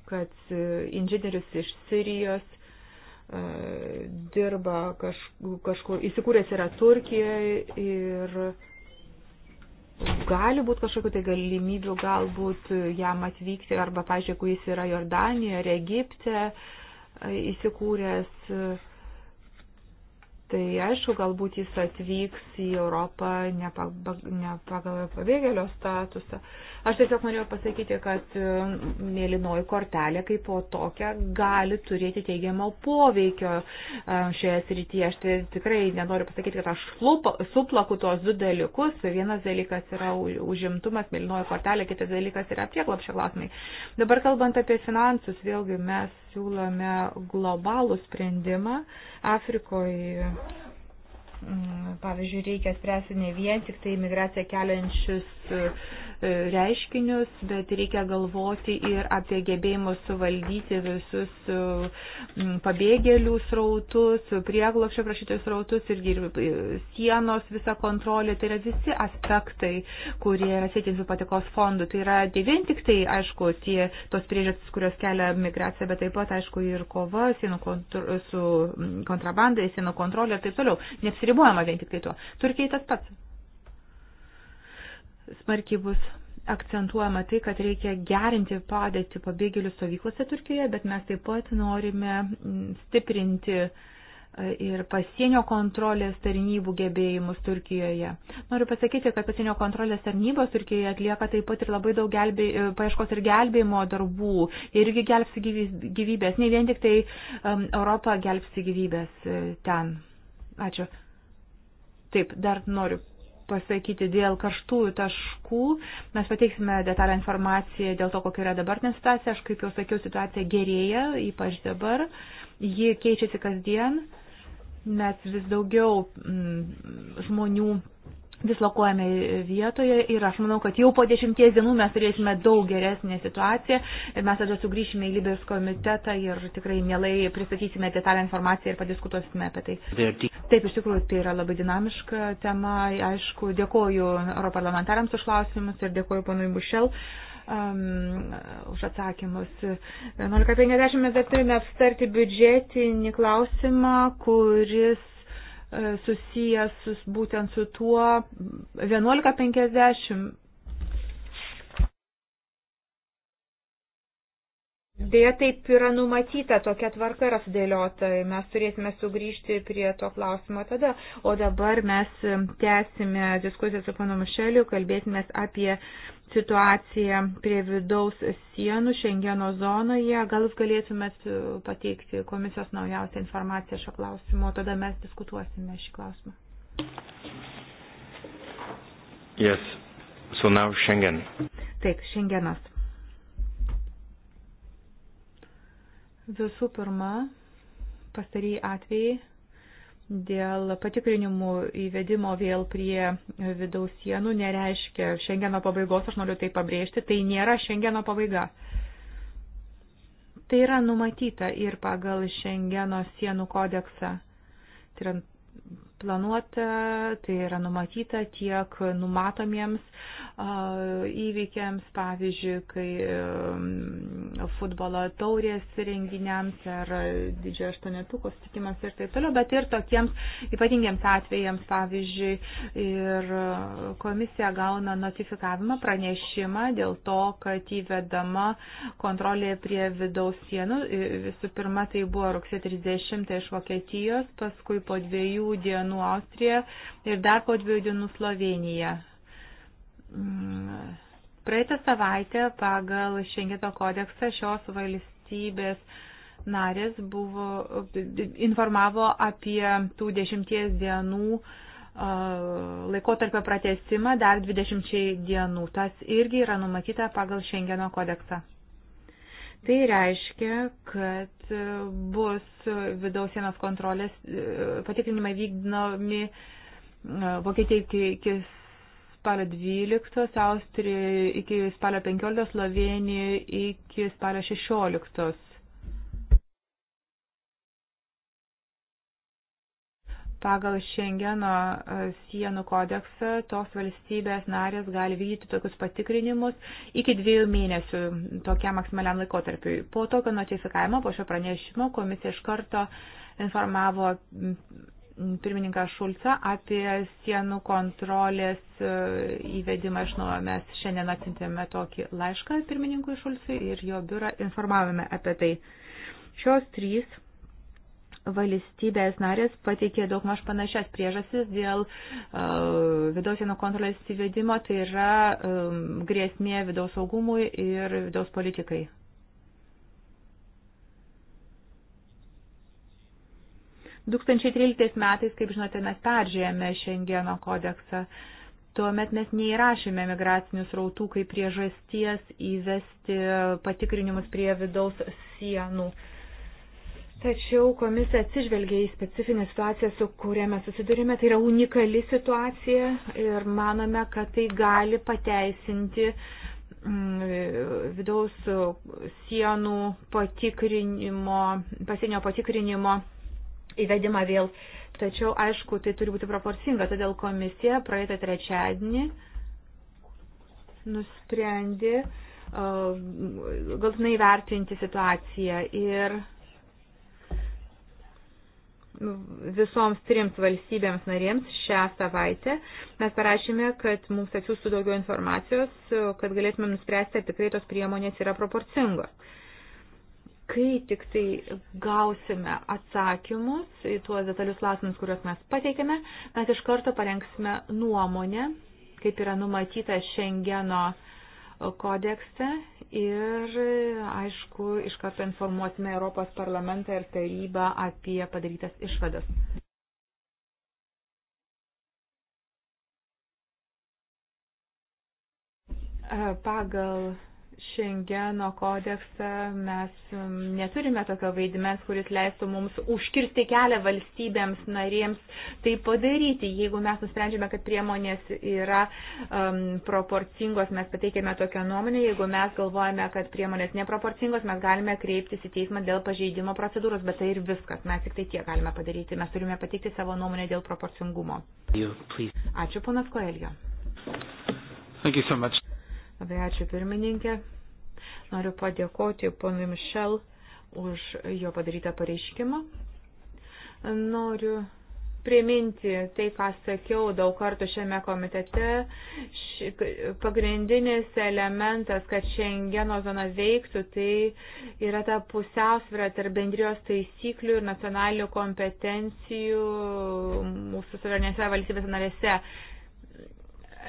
kad e, inžinierius iš Sirijos e, dirba kažkur, kažkur įsikūręs yra Turkijoje ir gali būti kažkokiu tai galimybių galbūt jam atvykti, arba, pažiūrėjau, jeigu jis yra Jordanijoje ar Egipte e, įsikūręs, tai aišku, galbūt jis atvyks į Europą ne pagal pabėgėlio statusą. Aš tiesiog norėjau pasakyti, kad e, mėlynoji kortelė kaip po tokia gali turėti teigiamą poveikio e, šioje srityje. Aš tai tikrai nenoriu pasakyti, kad aš flupa, suplaku tuos du dalykus. Vienas dalykas yra užimtumas, mėlynoji kortelė, kitas dalykas yra prieglapšio klausimai. Dabar kalbant apie finansus, vėlgi mes siūlome globalų sprendimą Afrikoje pavyzdžiui, reikia spręsti ne vien tik tai imigraciją keliančius e, E, reiškinius, bet reikia galvoti ir apie gebėjimus suvaldyti visus e, pabėgėlių srautus, prieglopšio prašytojų srautus ir e, sienos visą kontrolę. Tai yra visi aspektai, kurie yra sėtini su patikos fondu. Tai yra ne vien tik tai, aišku, tie, tos priežastys, kurios kelia migraciją, bet taip pat, aišku, ir kova sienų kontr su kontrabandai, sienų kontrolė ir taip toliau. Neapsiribuojama vien tik tai tuo. Turkijai tas pats smarkiai bus akcentuojama tai, kad reikia gerinti padėtį pabėgėlių stovyklose Turkijoje, bet mes taip pat norime stiprinti e, ir pasienio kontrolės tarnybų gebėjimus Turkijoje. Noriu pasakyti, kad pasienio kontrolės tarnybos Turkijoje atlieka taip pat ir labai daug gelbė, e, paieškos ir gelbėjimo darbų. Jie irgi gelbsi gyvybės, ne vien tik tai um, Europą gelbsi gyvybės e, ten. Ačiū. Taip, dar noriu pasakyti dėl karštųjų taškų. Mes pateiksime detalę informaciją dėl to, kokia yra dabartinė situacija. Aš kaip jau sakiau, situacija gerėja, ypač dabar. Ji keičiasi kasdien. Mes vis daugiau mm, žmonių dislokuojame vietoje ir aš manau, kad jau po dešimties dienų mes turėsime daug geresnę situaciją. Mes tada sugrįšime į Libijos komitetą ir tikrai mielai pristatysime detalę informaciją ir padiskutuosime apie tai. Taip, iš tikrųjų, tai yra labai dinamiška tema. Aišku, dėkoju europarlamentarams už klausimus ir dėkoju ponui Bušel um, už atsakymus. 11.50 mes dar turime apstarti biudžetinį klausimą, kuris E, susijęs būtent su tuo 1150. Dėja, taip yra numatyta, tokia tvarka yra sudėliota, mes turėsime sugrįžti prie to klausimo tada, o dabar mes tęsime diskusiją su panu Mišeliu, kalbėsime apie uh, situacija prie vidaus sienų Šengeno zonoje. Gal jūs galėtumėt e, pateikti komisijos naujausią informaciją šio klausimo, tada mes diskutuosime šį klausimą. Yes. So now Schengen. Taip, Šengenas. Visų pirma, pastarėjai atvejai dėl patikrinimų įvedimo vėl prie vidaus sienų nereiškia Šengeno pabaigos, aš noriu tai pabrėžti, tai nėra Šengeno pabaiga. Tai yra numatyta ir pagal Šengeno sienų kodeksą. Tai yra planuota, tai yra numatyta tiek numatomiems įvykiams, pavyzdžiui, kai futbolo taurės renginiams ar didžiojo aštuonetuko sutikimas ir taip toliau, bet ir tokiems ypatingiems atvejams, pavyzdžiui, ir komisija gauna notifikavimą, pranešimą dėl to, kad įvedama kontrolė prie vidaus sienų. Visų pirma, tai buvo rugsė 30 iš Vokietijos, paskui po dviejų dienų dienų Austrija ir dar po dviejų dienų Slovenija. Mm, praeitą savaitę pagal Šengito kodeksą šios valstybės narės buvo, informavo apie tų dešimties dienų laikotarpio pratesimą dar 20 dienų. Tas irgi yra numatyta pagal Šengeno kodeksą. Tai reiškia, kad bus vidaus sienos kontrolės e, patikrinimai vykdomi e, Vokietijai iki spalio 12, Austrijoje iki spalio 15, Slovenijoje iki spalio 16. Pagal Šengeno e, sienų kodeksą tos valstybės narės gali vykdyti tokius patikrinimus iki dviejų mėnesių tokiam maksimaliam laikotarpiui. Po tokio notifikavimo, po šio pranešimo, komisija iš karto informavo pirmininką Šulcą apie sienų kontrolės e, įvedimą iš naujo. Mes šiandien atsintėme tokį laišką pirmininkui Šulcui ir jo biurą informavome apie tai. Šios trys valstybės narės pateikė daugmaž panašias priežastis dėl uh, vidaus sienų kontrolės įvedimo, tai yra um, grėsmė vidaus saugumui ir vidaus politikai. Du 2013 metais, kaip žinote, mes peržiūrėjome Šengeno kodeksą. Tuomet mes neįrašėme migracinių srautų kaip priežasties įvesti patikrinimus prie vidaus sienų. Uh, Tačiau komisija atsižvelgia į specifinę situaciją, su kuria mes susidurime. Tai yra unikali situacija ir manome, kad tai gali pateisinti mm, vidaus sienų patikrinimo, pasienio patikrinimo įvedimą vėl. Tačiau, aišku, tai turi būti proporcinga, todėl komisija praeitą trečiadienį nusprendė uh, galtinai vertinti situaciją ir visoms trims valstybėms narėms šią savaitę. Mes parašėme, kad mums atsiųstų daugiau informacijos, kad galėtume nuspręsti, ar tikrai tos priemonės yra proporcingos. Kai tik tai gausime atsakymus į tuos detalius klausimus, kuriuos mes pateikėme, mes iš karto parengsime nuomonę, kaip yra numatyta Šengeno uh, kodekse ir, aišku, iš karto informuosime Europos parlamentą ir tarybą apie padarytas išvadas. Pagal Šengeno kodeksą mes mm, neturime tokio vaidmens, kuris leistų mums užkirsti kelią valstybėms narėms tai padaryti. Jeigu mes nusprendžiame, kad priemonės yra um, proporcingos, mes pateikėme tokią nuomonę. Jeigu mes galvojame, kad priemonės neproporcingos, mes galime kreiptis į teismą dėl pažeidimo procedūros, bet tai ir viskas. Mes tik tai tiek galime padaryti. Mes turime pateikti savo nuomonę dėl proporcingumo. Ačiū, ponas Koelio. Thank you so much. Labai ačiū pirmininkė. Noriu padėkoti ponui Mišel už jo padarytą pareiškimą. Noriu priminti tai, ką sakiau daug kartų šiame komitete. Ši, pagrindinis elementas, kad Schengeno zona veiktų, tai yra ta pusiausvėra tarp bendrijos taisyklių ir nacionalinių kompetencijų mūsų suverenėse valstybės narėse.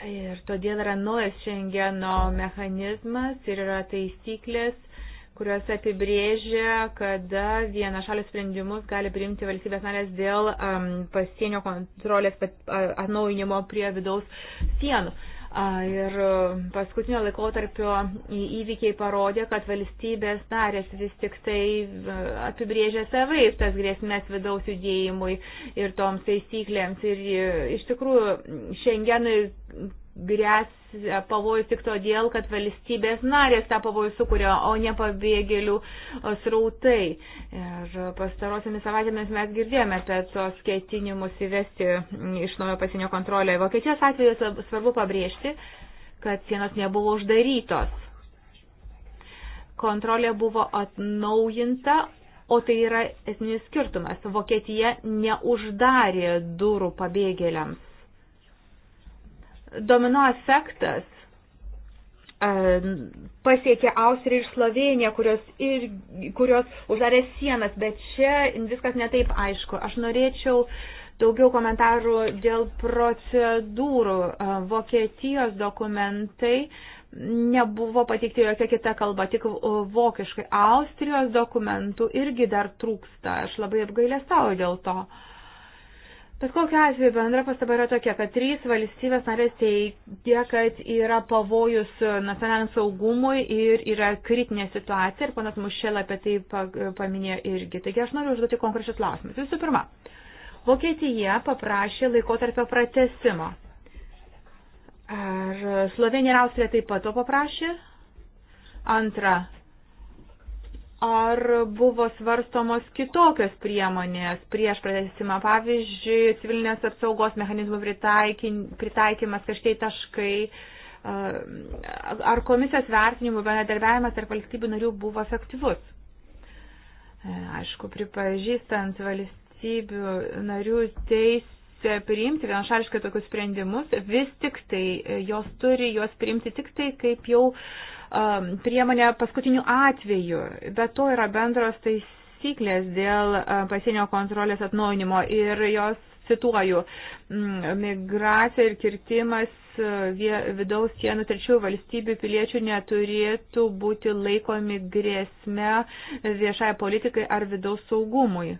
Ir todėl yra naujas šengeno mechanizmas ir yra taisyklės, kurios apibrėžia, kada viena šalis sprendimus gali priimti valstybės narės dėl um, pasienio kontrolės pat, atnaujinimo prie vidaus sienų. Ir e, paskutinio laikotarpio įvykiai parodė, kad valstybės narės vis tik tai e, apibrėžė savaip tas grėsmės vidaus judėjimui ir toms taisyklėms. Ir e, iš tikrųjų, šiandienai grėsia pavojus tik todėl, kad valstybės narės tą pavojų sukuria, o ne pabėgėlių srautai. Ir pastarosiamis savaitėmis mes girdėjome apie tos ketinimus įvesti iš naujo pasienio kontrolę. Vokietijos atveju svarbu pabrėžti, kad sienos nebuvo uždarytos. Kontrolė buvo atnaujinta, o tai yra esminis skirtumas. Vokietija neuždarė durų pabėgėliams domino efektas e, pasiekė Austriją ir Sloveniją, kurios, ir, kurios uždarė sienas, bet čia viskas netaip aišku. Aš norėčiau daugiau komentarų dėl procedūrų. E, Vokietijos dokumentai nebuvo pateikti jokia kita kalba, tik vokiškai. Austrijos dokumentų irgi dar trūksta. Aš labai apgailestauju dėl to. Uh, Bet kokiu atveju bendra pastaba yra tokia, kad trys valstybės narės teigia, kad yra pavojus nacionaliniam saugumui ir yra kritinė situacija ir ponas Mušel apie tai paminėjo irgi. Taigi aš noriu užduoti konkrečius klausimus. Visų pirma, Vokietija paprašė laikotarpio pratesimo. Ar Slovenija ir Austrija taip pat to paprašė? Antra, ar buvo svarstomos kitokios priemonės prieš pratesimą, pavyzdžiui, civilinės apsaugos mechanizmų pritaikymas kažkiai taškai, ar komisijos vertinimų bendradarbiavimas tarp valstybių narių buvo efektyvus. E, aišku, pripažįstant valstybių narių teisę priimti vienašališkai tokius sprendimus, vis tik tai jos turi juos priimti tik tai kaip jau uh, Um, priemonę paskutiniu atveju. Be to yra bendros taisyklės dėl uh, pasienio kontrolės atnaujinimo ir jos cituoju, mm, migracija ir kirtimas uh, vidaus sienų trečiųjų valstybių piliečių neturėtų būti laikomi grėsme viešai politikai ar vidaus saugumui.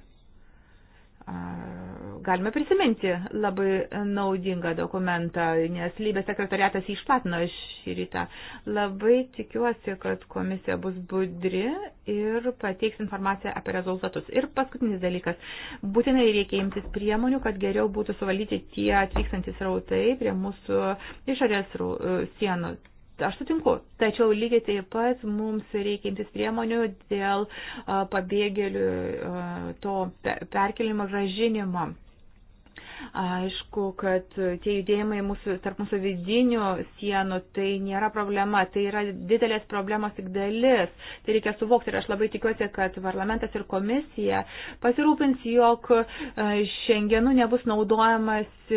Galime prisiminti labai naudingą dokumentą, nes lybės sekretariatas jį išplatino šį rytą. Labai tikiuosi, kad komisija bus budri ir pateiks informaciją apie rezultatus. Ir paskutinis dalykas. Būtinai reikia imtis priemonių, kad geriau būtų suvaldyti tie atvykstantys rautai prie mūsų išorės sienų. Aš sutinku, tačiau lygiai taip pat mums reikintis priemonių dėl pabėgėlių to perkelimo gražinimo. Aišku, kad tie judėjimai mūsų, tarp mūsų vidinių sienų tai nėra problema, tai yra didelės problemos tik dalis. Tai reikia suvokti ir aš labai tikiuosi, kad parlamentas ir komisija pasirūpins, jog šiandienų nebus naudojamas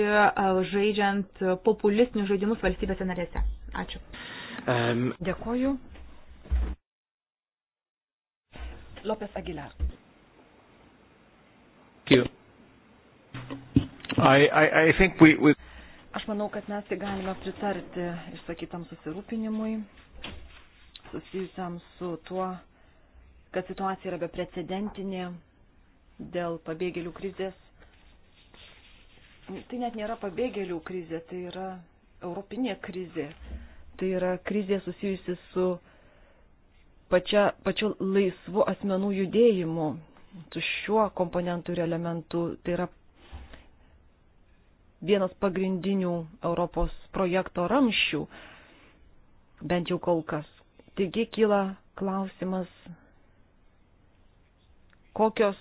žaidžiant populistinius žaidimus valstybėse narėse. Ačiū. Um, Dėkoju. Lopes Aguilar. I, I, I think we, we... Aš manau, kad mes tai galime pritarti išsakytam susirūpinimui, susijusiam su tuo, kad situacija yra beprecedentinė dėl pabėgėlių krizės. Tai net nėra pabėgėlių krizė, tai yra europinė krizė. Tai yra krizė susijusi su pačia, pačiu laisvu asmenų judėjimu, su šiuo komponentu ir elementu. Tai yra vienas pagrindinių Europos projekto ramščių, bent jau kol kas. Taigi kyla klausimas, kokios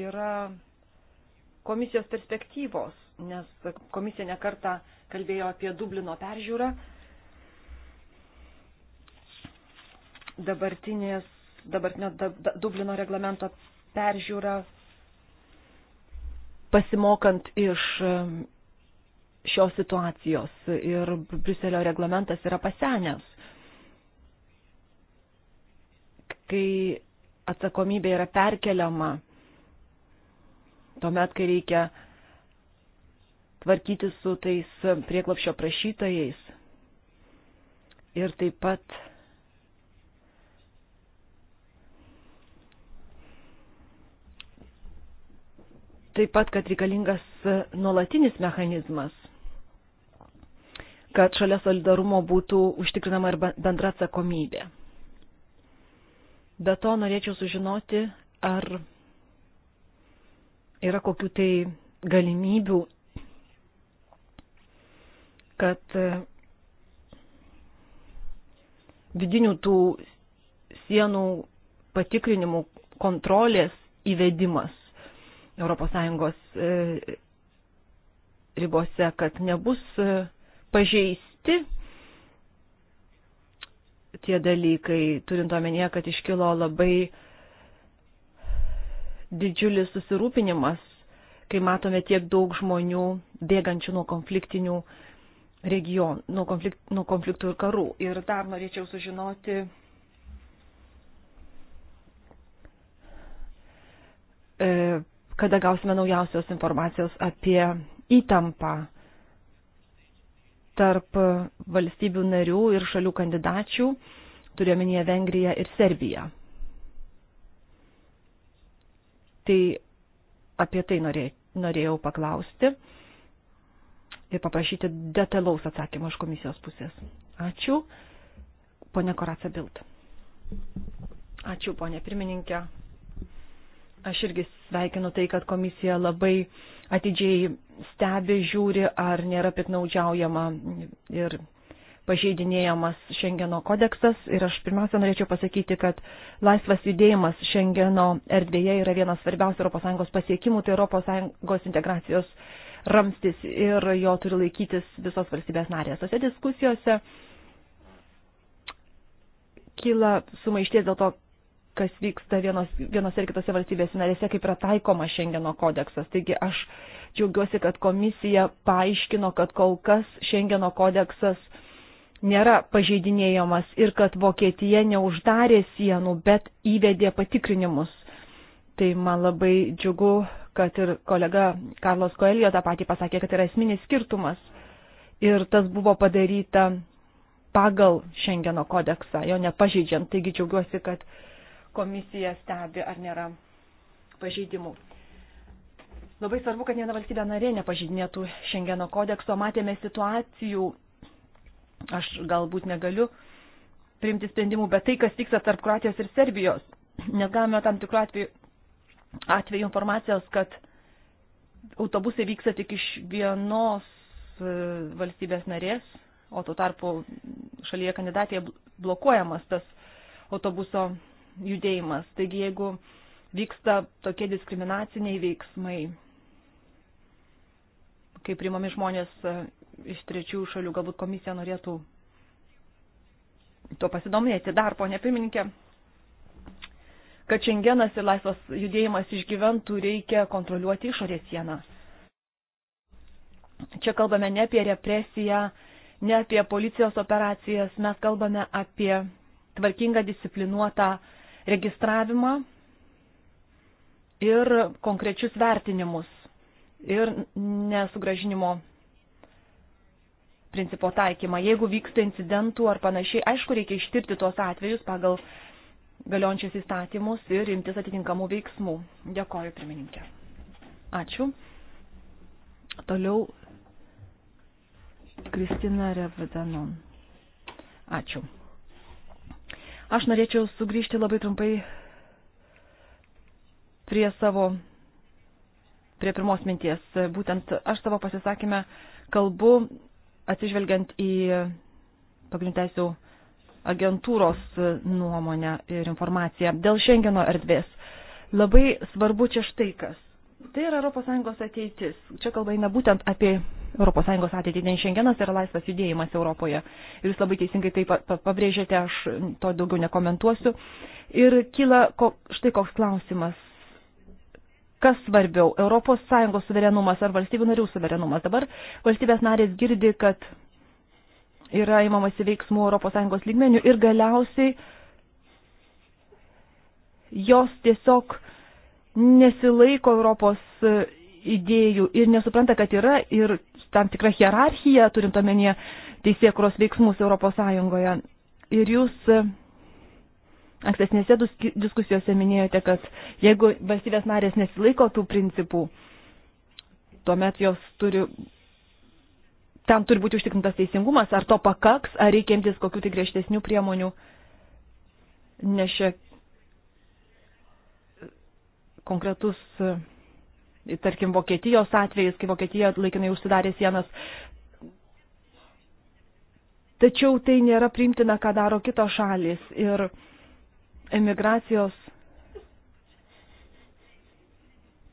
yra komisijos perspektyvos, nes komisija nekarta kalbėjo apie Dublino peržiūrą. Dabartinės, dabartinio da, da, Dublino reglamento peržiūra pasimokant iš um, šios situacijos ir Briuselio reglamentas yra pasenęs. Kai atsakomybė yra perkeliama tuomet, kai reikia tvarkyti su tais prieklapšio prašytojais. Ir taip pat taip pat, kad reikalingas nuolatinis mechanizmas, kad šalia solidarumo būtų užtikrinama ir bendra atsakomybė. Be to norėčiau sužinoti, ar yra kokių tai galimybių, kad e, vidinių tų sienų patikrinimų kontrolės įvedimas ES e, ribose, kad nebus e, pažeisti tie dalykai, turint omenyje, kad iškilo labai uh, didžiulis susirūpinimas, kai matome tiek daug žmonių bėgančių nuo konfliktinių regionų, nuo, konflikt, nuo konfliktų ir karų. Ir dar norėčiau sužinoti, e, kada gausime naujausios informacijos apie įtampą tarp valstybių narių ir šalių kandidačių, turiuomenėje Vengriją ir Serbiją. Tai apie tai norėjau paklausti ir paprašyti detalaus atsakymo iš komisijos pusės. Ačiū. Pone Koraca Bilt. Ačiū, ponė pirmininkė. Aš irgi sveikinu tai, kad komisija labai atidžiai stebi, žiūri, ar nėra piknaudžiaujama ir pažeidinėjamas Šengeno kodeksas. Ir aš pirmiausia norėčiau pasakyti, kad laisvas judėjimas Šengeno erdvėje yra vienas svarbiausių ES pasiekimų, tai ES integracijos ramstis ir jo turi laikytis visos valstybės narės. Tose diskusijose kyla sumaišties dėl to, kas vyksta vienos, vienos ir kitose valstybės narėse, kaip yra taikoma Šengeno kodeksas. Taigi aš džiaugiuosi, kad komisija paaiškino, kad kol kas Šengeno kodeksas nėra pažeidinėjamas ir kad Vokietija neuždarė sienų, bet įvedė patikrinimus. Tai man labai džiugu, kad ir kolega Karlos Koelio tą patį pasakė, kad yra esminis skirtumas. Ir tas buvo padaryta pagal Šengeno kodeksą, jo nepažeidžiant. Taigi džiaugiuosi, kad komisija stebi, ar nėra pažeidimų. Labai svarbu, kad viena valstybė narė nepažydinėtų Šengeno kodekso. Matėme situacijų Aš galbūt negaliu priimti sprendimų, bet tai, kas vyksta tarp Kroatijos ir Serbijos, nes gavome tam tikrų atvejų, atvejų informacijos, kad autobusai vyksta tik iš vienos e, valstybės narės, o tuo tarpu šalyje kandidatėje blokuojamas tas autobuso judėjimas. Taigi, jeigu vyksta tokie diskriminaciniai veiksmai, kai primami žmonės e, iš trečių šalių. Galbūt komisija norėtų tuo pasidomėti dar, ponė pirmininkė. Kad šengenas ir laisvas judėjimas išgyventų, reikia kontroliuoti išorės sieną. Čia kalbame ne apie represiją, ne apie policijos operacijas, mes kalbame apie tvarkingą disciplinuotą registravimą ir konkrečius vertinimus ir nesugražinimo principo taikymą. Jeigu vyksta incidentų ar panašiai, aišku, reikia ištirti tuos atvejus pagal galiončius įstatymus ir imtis atitinkamų veiksmų. Dėkoju, pirmininkė. Ačiū. Toliau Kristina Revedanon. Ačiū. Aš norėčiau sugrįžti labai trumpai prie savo, prie pirmos minties. Būtent aš savo pasisakymę kalbu atsižvelgiant į pagrindteisių agentūros nuomonę ir informaciją dėl Šengeno erdvės. Labai svarbu čia štai kas. Tai yra ES ateitis. Čia kalba eina būtent apie ES ateitį, nes Šengenas yra laisvas judėjimas Europoje. Ir jūs labai teisingai tai pabrėžėte, aš to daugiau nekomentuosiu. Ir kyla ko, štai koks klausimas kas svarbiau - ES suverenumas ar valstybių narių suverenumas. Dabar valstybės narės girdi, kad yra įmamasi veiksmų ES lygmenių ir galiausiai jos tiesiog nesilaiko Europos idėjų ir nesupranta, kad yra ir tam tikra hierarchija, turint omenyje teisėkuros veiksmus ES. Ir jūs Ankstesnėse diskusijose minėjote, kad jeigu valstybės narės nesilaiko tų principų, tuomet jos turi, tam turi būti užtikrintas teisingumas, ar to pakaks, ar reikia imtis kokių tai griežtesnių priemonių, nes čia konkretus, e, tarkim, Vokietijos atvejais, kai Vokietija laikinai užsidarė sienas. Tačiau tai nėra priimtina, ką daro kitos šalis. Ir emigracijos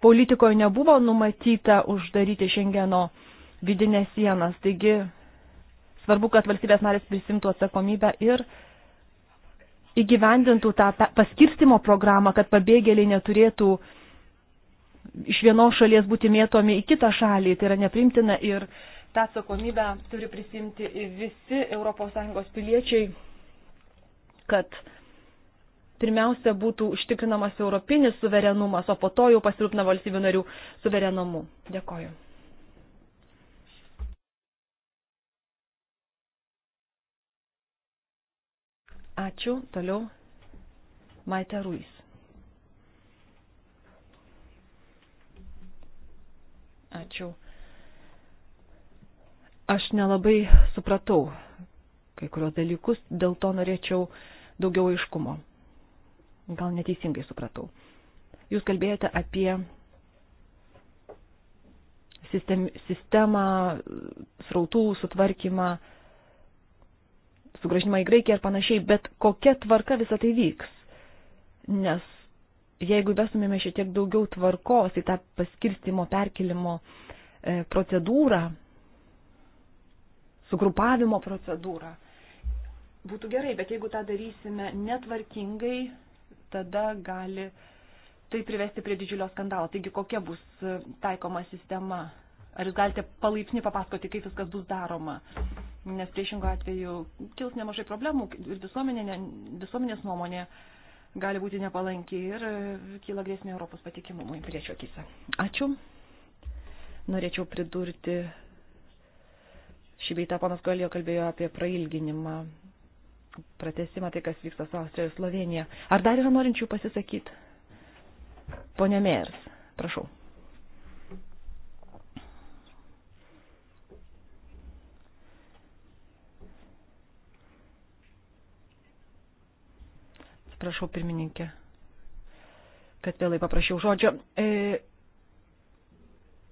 politikoje nebuvo numatyta uždaryti Šengeno vidinės sienas. Taigi svarbu, kad valstybės narės prisimtų atsakomybę ir įgyvendintų tą paskirstimo programą, kad pabėgėliai neturėtų iš vienos šalies būti mėtomi į kitą šalį. Tai yra neprimtina ir tą atsakomybę turi prisimti visi ES piliečiai, kad pirmiausia būtų užtikrinamas europinis suverenumas, o po to jau pasirūpina valstybių narių suverenumu. Dėkoju. Ačiū. Toliau Maite Ruiz. Ačiū. Aš nelabai supratau kai kurios dalykus, dėl to norėčiau daugiau aiškumo gal neteisingai supratau. Jūs kalbėjote apie sistem, sistemą, srautų sutvarkymą, sugražinimą į Graikiją ir panašiai, bet kokia tvarka visą tai vyks? Nes jeigu vestumėme šiek tiek daugiau tvarkos į tą paskirstimo, perkelimo e, procedūrą, sugrupavimo procedūrą, būtų gerai, bet jeigu tą darysime netvarkingai, tada gali tai privesti prie didžiulio skandalo. Taigi, kokia bus e, taikoma sistema? Ar jūs galite palaipsniui papasakoti, kaip viskas bus daroma? Nes priešingų atveju kils nemažai problemų ir visuomenė, visuomenės nuomonė gali būti nepalanki ir e, kyla grėsmė Europos patikimumui priečio akise. Ačiū. Norėčiau pridurti šį beitą, panas Galėjo kalbėjo apie prailginimą pratesimą tai, kas vyksta su Austrija ir Slovenija. Ar dar yra norinčių pasisakyti? Pone Mėrs, prašau. Prašau, pirmininkė, kad vėlai paprašiau žodžio. E,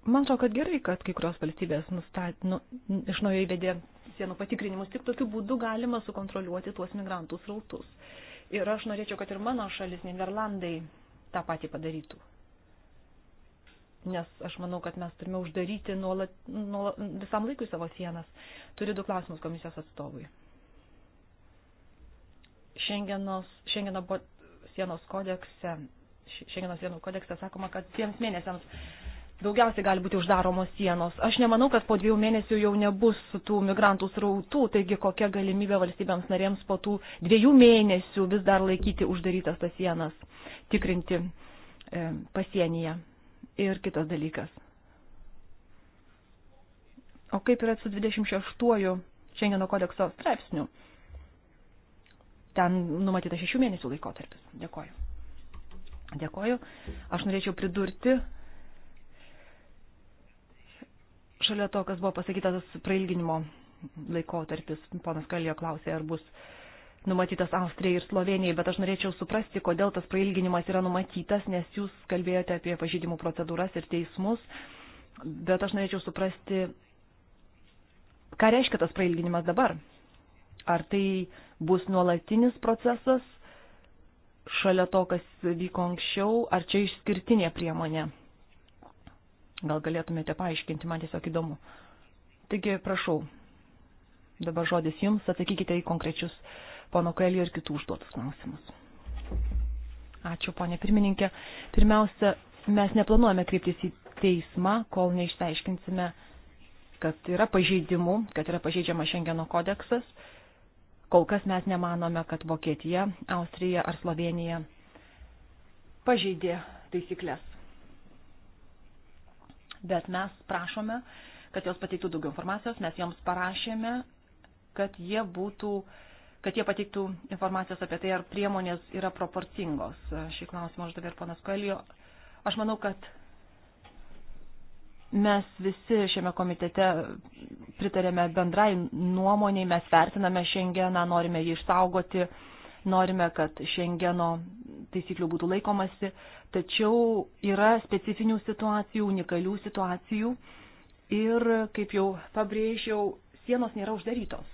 Man atrodo, kad gerai, kad kai kurios valstybės nustat, nu, iš naujo įvedė sienų patikrinimus, tik tokiu būdu galima sukontroliuoti tuos migrantų srautus. Ir aš norėčiau, kad ir mano šalis, Niderlandai, tą patį padarytų. Nes aš manau, kad mes turime uždaryti nuolat, nuolat, visam laikui savo sienas. Turiu du klausimus komisijos atstovui. Šengenos, Šengeno sienos kodekse, Šengeno sienų kodekse sakoma, kad tiems mėnesiams daugiausiai gali būti uždaromos sienos. Aš nemanau, kad po dviejų mėnesių jau nebus tų migrantų srautų, taigi kokia galimybė valstybėms narėms po tų dviejų mėnesių vis dar laikyti uždarytas tas sienas, tikrinti e, pasienyje. Ir kitas dalykas. O kaip yra su 26-uoju Šengeno kodekso straipsniu? Ten numatyta šešių mėnesių laikotarpis. Dėkoju. Dėkoju. Aš norėčiau pridurti šalia to, kas buvo pasakytas prailginimo laikotarpis, ponas Kalio klausė, ar bus numatytas Austrijai ir Slovenijai, bet aš norėčiau suprasti, kodėl tas prailginimas yra numatytas, nes jūs kalbėjote apie pažydimų procedūras ir teismus, bet aš norėčiau suprasti, ką reiškia tas prailginimas dabar. Ar tai bus nuolatinis procesas šalia to, kas vyko anksčiau, ar čia išskirtinė priemonė? Gal galėtumėte paaiškinti, man tiesiog įdomu. Taigi, prašau, dabar žodis jums, atsakykite į konkrečius pono Koelio ir kitų užduotus klausimus. Ačiū, ponė pirmininkė. Pirmiausia, mes neplanuojame kreiptis į teismą, kol neišteiškinsime, kad yra pažeidimų, kad yra pažeidžiama Šengeno kodeksas. Kol kas mes nemanome, kad Vokietija, Austrija ar Slovenija pažeidė taisyklės bet mes prašome, kad jos pateiktų daugiau informacijos, mes joms parašėme, kad jie būtų kad jie pateiktų informacijos apie tai, ar priemonės yra proporcingos. Šį klausimą uždavė ir ponas Koelio. Aš manau, kad mes visi šiame komitete pritarėme bendrai nuomoniai, mes vertiname Šengeną, norime jį išsaugoti, norime, kad Šengeno taisyklių būtų laikomasi, tačiau yra specifinių situacijų, unikalių situacijų ir, kaip jau pabrėžiau, sienos nėra uždarytos.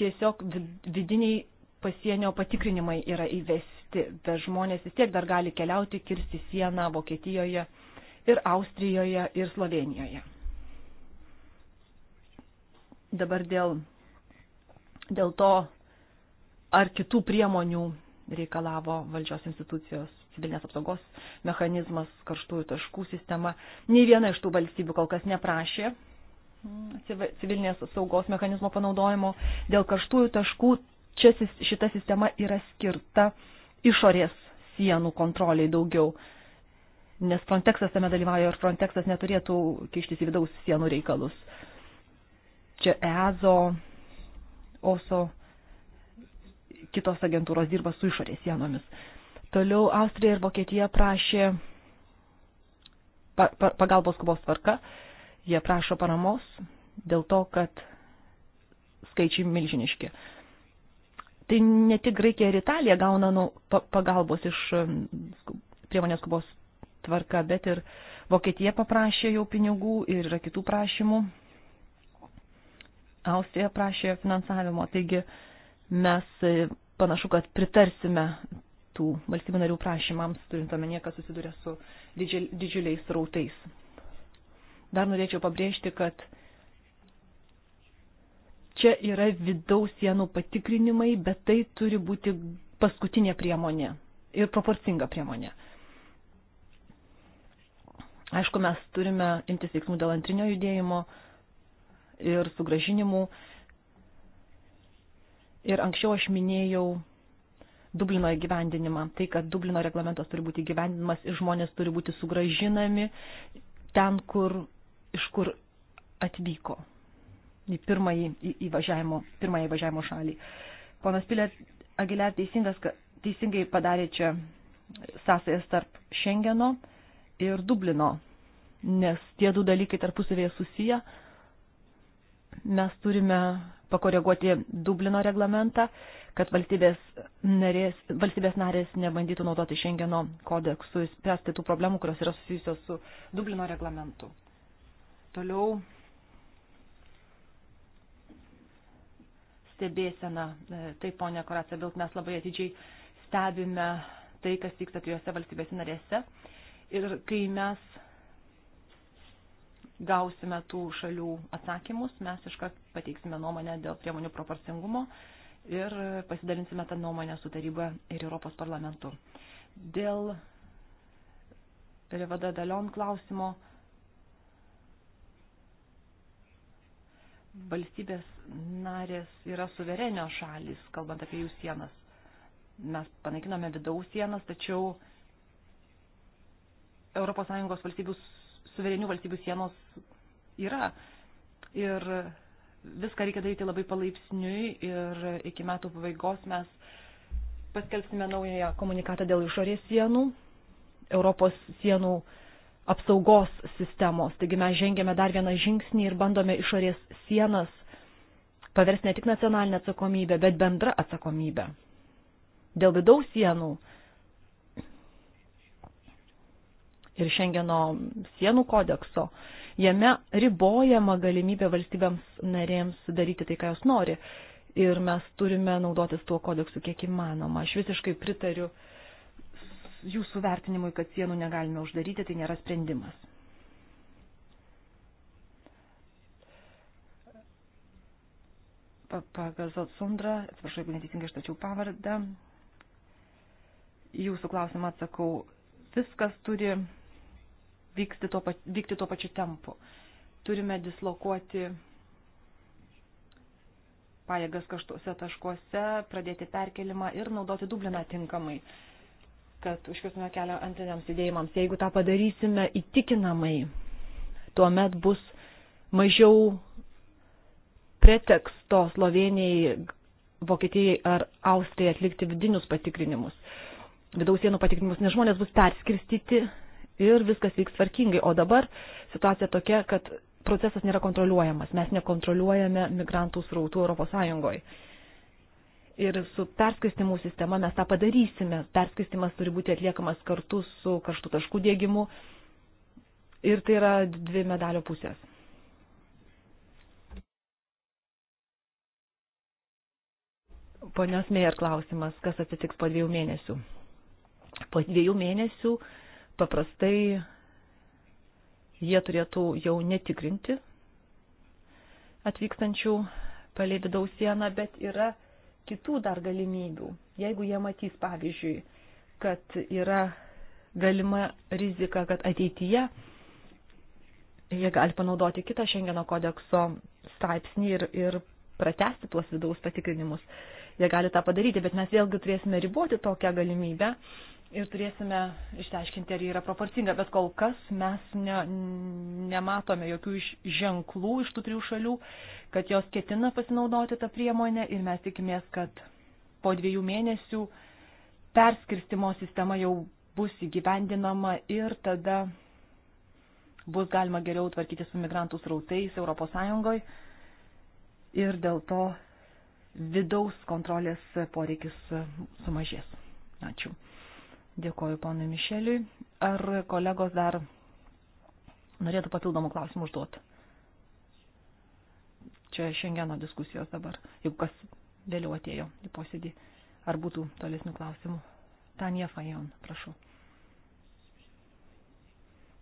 Tiesiog vidiniai pasienio patikrinimai yra įvesti, bet žmonės vis tiek dar gali keliauti, kirsti sieną Vokietijoje ir Austrijoje ir Slovenijoje. Dabar dėl, dėl to, ar kitų priemonių reikalavo valdžios institucijos civilinės apsaugos mechanizmas, karštųjų taškų sistema. Nei viena iš tų valstybių kol kas neprašė mm, civilinės apsaugos mechanizmo panaudojimo. Dėl karštųjų taškų čia šita sistema yra skirta išorės sienų kontroliai daugiau, nes Frontexas tame dalyvauja ir Frontexas neturėtų kištis į vidaus sienų reikalus. Čia EASO, OSO kitos agentūros dirba su išorės sienomis. Toliau Austrija ir Vokietija prašė pa, pa, pagalbos skubos tvarka, jie prašo paramos dėl to, kad skaičiai milžiniški. Tai ne tik Graikija ir Italija gauna nu, pa, pagalbos iš um, priemonės skubos tvarka, bet ir Vokietija paprašė jau pinigų ir yra kitų prašymų. Austrija prašė finansavimo. Taigi, uh, mes e, panašu, kad pritarsime tų valstybių narių prašymams, turint omenyje, kad susiduria su didžiuliais rautais. Dar norėčiau pabrėžti, kad čia yra vidaus sienų patikrinimai, bet tai turi būti paskutinė priemonė ir proporcinga priemonė. Aišku, mes turime imtis veiksmų dėl antrinio judėjimo ir sugražinimų Ir anksčiau aš minėjau Dublino įgyvendinimą. Tai, kad Dublino reglamentas turi būti įgyvendinamas ir žmonės turi būti sugražinami ten, kur, iš kur atvyko į pirmąjį įvažiavimo, pirmąjį įvažiavimo šalį. Ponas Pilė Agilė teisingas, kad teisingai padarė čia sąsajas tarp Šengeno ir Dublino, nes tie du dalykai tarpusavėje susiję. Mes turime pakoreguoti Dublino reglamentą, kad valstybės, narės, valstybės narės nebandytų naudoti Šengeno kodeksų, spręsti tų problemų, kurios yra susijusios su Dublino reglamentu. Toliau stebėsena. E, taip, ponia Koracija Bilt, mes labai atidžiai stebime tai, kas vyksta trijose valstybėse narėse. Ir kai mes gausime tų šalių atsakymus, mes iškart pateiksime nuomonę dėl priemonių proporcingumo ir pasidalinsime tą nuomonę su taryba ir Europos parlamentu. Dėl Revada Dalion klausimo valstybės narės yra suverenio šalis, kalbant apie jų sienas. Mes panaikinome vidaus sienas, tačiau ES valstybių suverenių valstybių sienos yra. Ir viską reikia daryti labai palaipsniui ir iki metų pabaigos mes paskelbsime naująją komunikatą dėl išorės sienų, Europos sienų apsaugos sistemos. Taigi mes žengėme dar vieną žingsnį ir bandome išorės sienas paversti ne tik nacionalinę atsakomybę, bet bendrą atsakomybę. Dėl vidaus sienų ir Šengeno sienų kodekso. Jame ribojama galimybė valstybėms narėms daryti tai, ką jos nori. Ir mes turime naudotis tuo kodeksu kiek įmanoma. Aš visiškai pritariu jūsų vertinimui, kad sienų negalime uždaryti, tai nėra sprendimas. Pagazot Sundra, atsiprašau, jeigu neteisingai ištačiau pavardę. Jūsų klausimą atsakau, viskas turi vykti tuo, vykti tuo pačiu tempu. Turime dislokuoti pajėgas kažtuose taškuose, pradėti perkelimą ir naudoti Dubliną tinkamai, kad užkirstume kelią antriniams judėjimams. Jeigu tą padarysime įtikinamai, tuomet bus mažiau preteksto Slovenijai, Vokietijai ar Austrijai atlikti vidinius patikrinimus, vidaus sienų patikrinimus, nes žmonės bus perskirstyti ir viskas vyks tvarkingai. O dabar situacija tokia, kad procesas nėra kontroliuojamas. Mes nekontroliuojame migrantų srautų ES. Ir su perskaistimu sistema mes tą padarysime. Perskaistimas turi būti atliekamas kartu su karštų taškų dėgymu. Ir tai yra dvi medalio pusės. Ponios Mėjer klausimas, kas atsitiks po dviejų mėnesių. Po dviejų mėnesių uh, paprastai jie turėtų jau netikrinti atvykstančių palei vidaus sieną, bet yra kitų dar galimybių. Jeigu jie matys, pavyzdžiui, kad yra galima rizika, kad ateityje jie gali panaudoti kitą Šengeno kodekso straipsnį ir, ir pratesti tuos vidaus patikrinimus. Jie gali tą padaryti, bet mes vėlgi turėsime riboti tokią galimybę, ir turėsime išteiškinti, ar yra proporcinga, bet kol kas mes ne, nematome jokių iš, ženklų iš tų trijų šalių, kad jos ketina pasinaudoti tą priemonę ir mes tikimės, kad po dviejų mėnesių perskirstimo sistema jau bus įgyvendinama ir tada bus galima geriau tvarkyti su migrantų srautais ES ir dėl to vidaus kontrolės poreikis sumažės. Ačiū. Dėkoju ponui Mišeliui. Ar kolegos dar norėtų papildomų klausimų užduoti? Čia šiandieno diskusijos dabar, jeigu kas vėliau atėjo į posėdį. Ar būtų tolesnių klausimų? Tanja Fajon, prašau.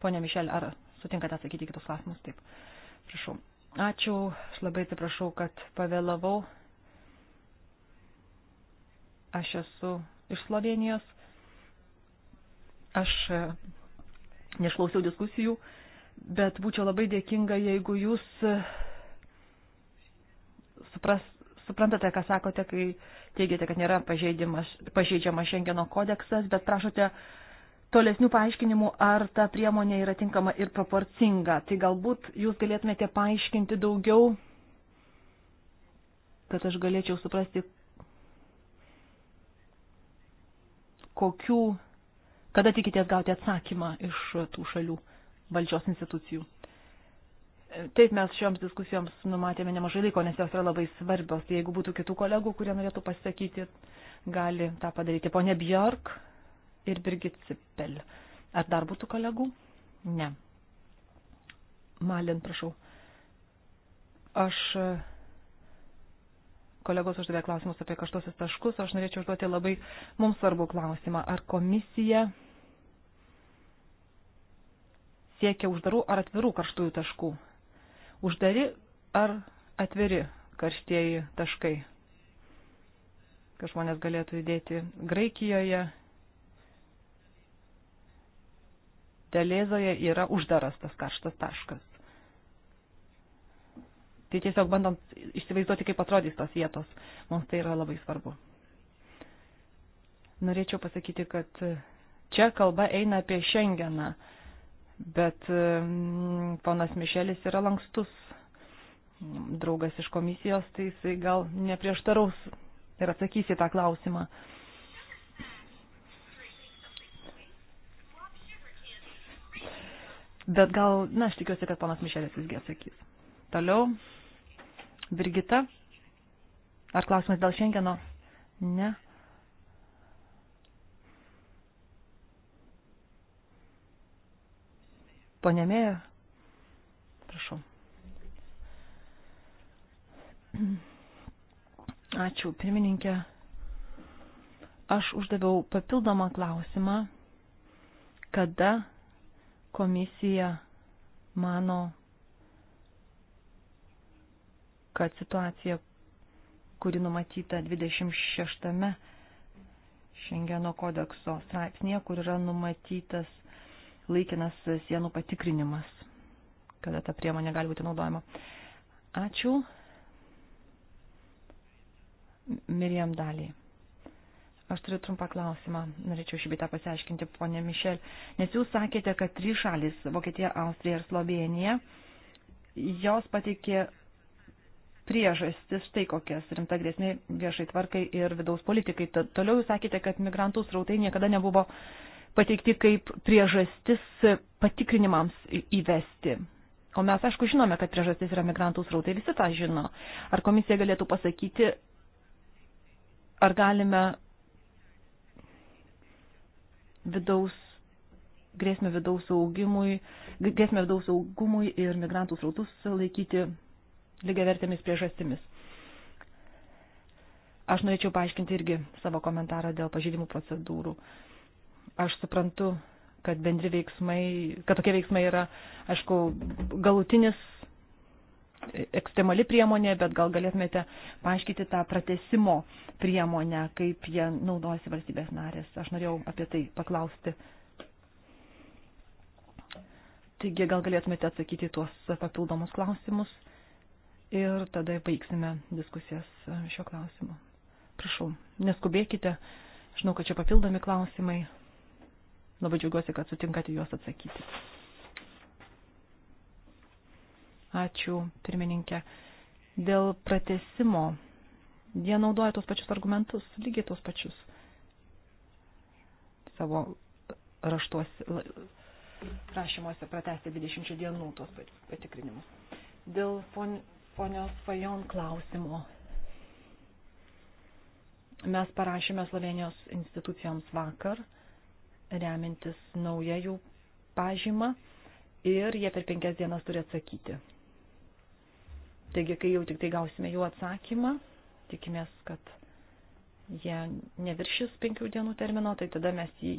Pone Mišel, ar sutinkate atsakyti kitus klausimus? Taip. Prašau. Ačiū, aš labai atsiprašau, kad pavėlavau. Aš esu iš Slovenijos Aš e, nešlausiau diskusijų, bet būčiau labai dėkinga, jeigu jūs e, supras, suprantate, ką sakote, kai teigiate, kad nėra pažeidžiamas Šengeno kodeksas, bet prašote tolesnių paaiškinimų, ar ta priemonė yra tinkama ir proporcinga. Tai galbūt jūs galėtumėte paaiškinti daugiau, kad aš galėčiau suprasti, kokių Kada tikitės gauti atsakymą iš tų šalių valdžios institucijų? Taip, mes šioms diskusijoms numatėme nemažai laiko, nes jos yra labai svarbios. Tai jeigu būtų kitų kolegų, kurie norėtų pasakyti, gali tą padaryti. Pone Bjork ir Birgit Cipel. Ar dar būtų kolegų? Ne. Malin, prašau. Aš kolegos uždavė klausimus apie kaštosius taškus, aš norėčiau užduoti labai mums svarbų klausimą. Ar komisija siekia uždarų ar atvirų karštųjų taškų? Uždari ar atviri karštieji taškai? Kad žmonės galėtų judėti Graikijoje. Telėzoje yra uždaras tas karštas taškas. Tai tiesiog bandom įsivaizduoti, kaip atrodys tos vietos. Mums tai yra labai svarbu. Norėčiau pasakyti, kad e, čia kalba eina apie Šengeną, bet e, ponas Mišelis yra lankstus draugas iš komisijos, tai jisai gal neprieštaraus ir atsakys į tą klausimą. Bet gal, na, aš tikiuosi, kad panas Mišelis visgi atsakys. Toliau. Birgita, ar klausimas dėl šiandieno? Ne. Pone Mėja, prašau. Ačiū, pirmininkė. Aš uždaviau papildomą klausimą, kada komisija mano, kad situacija, kuri numatyta 26 Šengeno kodekso straipsnėje, kur yra numatytas laikinas sienų patikrinimas, kada ta priemonė gali būti naudojama. Ačiū. Miriam daliai. Aš turiu trumpą klausimą, norėčiau šį bitą pasiaiškinti, ponė Mišel, nes jūs sakėte, kad trys šalis - Vokietija, Austrija ir Slovenija - jos pateikė priežastis, štai kokias rimta grėsmė viešai tvarkai ir vidaus politikai. Tad toliau jūs sakėte, kad migrantų srautai niekada nebuvo pateikti kaip priežastis patikrinimams įvesti. O mes, aišku, žinome, kad priežastis yra migrantų srautai, visi tą žino. Ar komisija galėtų pasakyti, ar galime vidaus grėsmę vidaus saugimui, grėsmę vidaus saugumui ir migrantų srautus laikyti lygiavertėmis priežastimis. Aš norėčiau paaiškinti irgi savo komentarą dėl pažydimų procedūrų. Aš suprantu, kad bendri veiksmai, kad tokie veiksmai yra, aišku, galutinis ekstremali priemonė, bet gal galėtumėte paaiškinti tą pratesimo priemonę, kaip jie naudojasi valstybės narės. Aš norėjau apie tai paklausti. Taigi gal galėtumėte atsakyti tuos papildomus klausimus ir tada baigsime diskusijas e, šio klausimu. Prašau, neskubėkite, žinau, kad čia papildomi klausimai. Labai džiaugiuosi, kad sutinkate juos atsakyti. Ačiū, pirmininkė. Dėl pratesimo. Jie naudoja tos pačius argumentus, lygiai tos pačius savo raštuos, rašymuose pratesti 20 dienų tos patikrinimus. Dėl fon, ponios Fajon klausimo. Mes parašėme Slovenijos institucijoms vakar, remintis naują jų pažymą ir jie per penkias dienas turi atsakyti. Taigi, kai jau tik tai gausime jų atsakymą, tikimės, kad jie neviršys penkių dienų termino, tai tada mes jį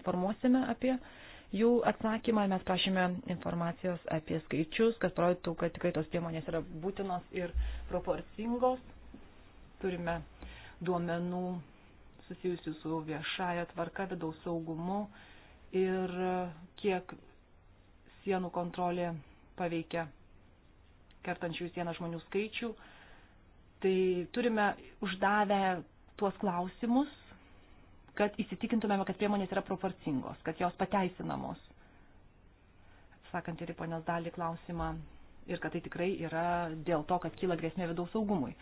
informuosime apie jų atsakymą. Mes prašėme informacijos apie skaičius, kad parodytų, kad tikrai tos priemonės yra būtinos ir proporcingos. Turime duomenų susijusių su viešaja tvarka, vidaus saugumu ir kiek sienų kontrolė paveikia kertančių sieną žmonių skaičių. Tai turime uždavę tuos klausimus kad įsitikintumėme, kad priemonės yra proporcingos, kad jos pateisinamos. Sakant ir į ponios dalį klausimą ir kad tai tikrai yra dėl to, kad kyla grėsmė vidaus saugumui.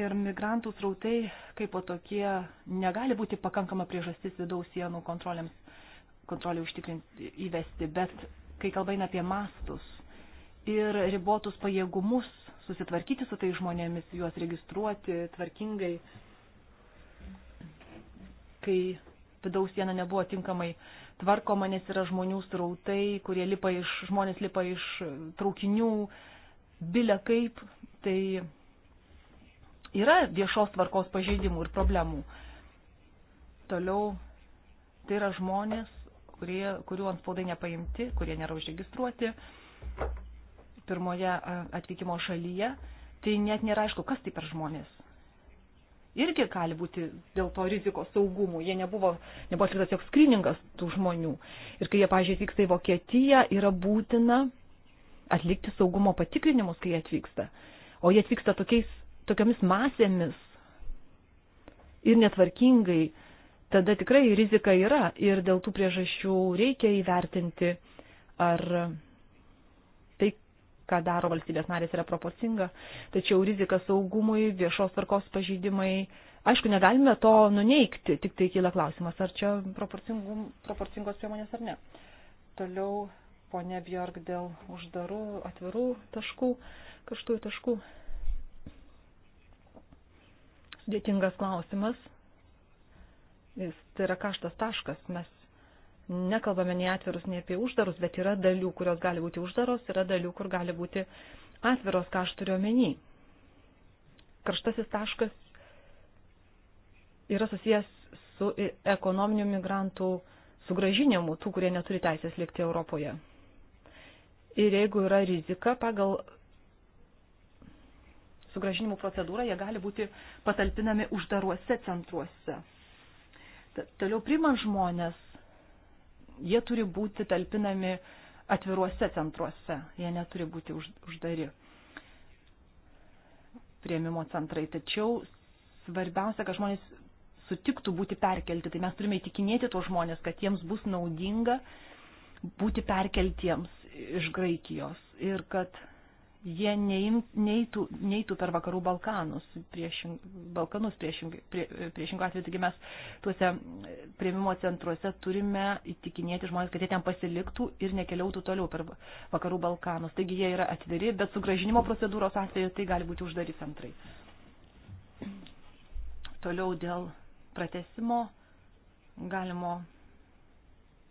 Ir migrantų srautai kaip po tokie negali būti pakankama priežastis vidaus sienų kontrolėms, kontrolė užtikrinti įvesti, bet kai kalba eina apie mastus ir ribotus pajėgumus susitvarkyti su tai žmonėmis, juos registruoti tvarkingai, kai vidaus siena nebuvo tinkamai tvarkoma, nes yra žmonių srautai, kurie lipa iš, žmonės lipa iš traukinių, bilia kaip, tai yra viešos tvarkos pažeidimų ir problemų. Toliau tai yra žmonės, kurie, kurių ant spaudai nepaimti, kurie nėra užregistruoti pirmoje atvykimo šalyje. Tai net nėra aišku, kas tai per žmonės irgi gali būti dėl to rizikos saugumų. Jie nebuvo, nebuvo atliktas joks skriningas tų žmonių. Ir kai jie, pažiūrėjau, atvyksta į Vokietiją, yra būtina atlikti saugumo patikrinimus, kai jie atvyksta. O jie atvyksta tokiais, tokiamis masėmis ir netvarkingai, tada tikrai rizika yra ir dėl tų priežasčių reikia įvertinti, ar ką daro valstybės narės, yra proporcinga. Tačiau rizika saugumui, viešos tvarkos pažydimai, aišku, negalime to nuneikti, tik tai kyla klausimas, ar čia proporcingos priemonės ar ne. Toliau ponė Bjork dėl uždarų, atvirų taškų, kažtųjų taškų. Sudėtingas klausimas. Jis tai yra kaštas taškas, mes nekalbame nei atvirus, nei apie uždarus, bet yra dalių, kurios gali būti uždaros, yra dalių, kur gali būti atviros, ką aš turiu omeny. Karštasis taškas yra susijęs su ekonominių migrantų sugražinimu, tų, kurie neturi teisės likti Europoje. Ir jeigu yra rizika pagal sugražinimų procedūrą, jie gali būti patalpinami uždaruose centruose. Toliau primant žmonės jie turi būti talpinami atviruose centruose, jie neturi būti uždari prieimimo centrai. Tačiau svarbiausia, kad žmonės sutiktų būti perkelti, tai mes turime įtikinėti tuos žmonės, kad jiems bus naudinga būti perkeltiems iš Graikijos ir kad jie neim, neitų, neitų per vakarų Balkanus, priešing, Balkanus priešing, prie, priešingų atveju. Taigi mes tuose prieimimo centruose turime įtikinėti žmonės, kad jie ten pasiliktų ir nekeliautų toliau per vakarų Balkanus. Taigi jie yra atviri, bet sugražinimo procedūros atveju tai gali būti uždari centrai. Toliau dėl pratesimo galimo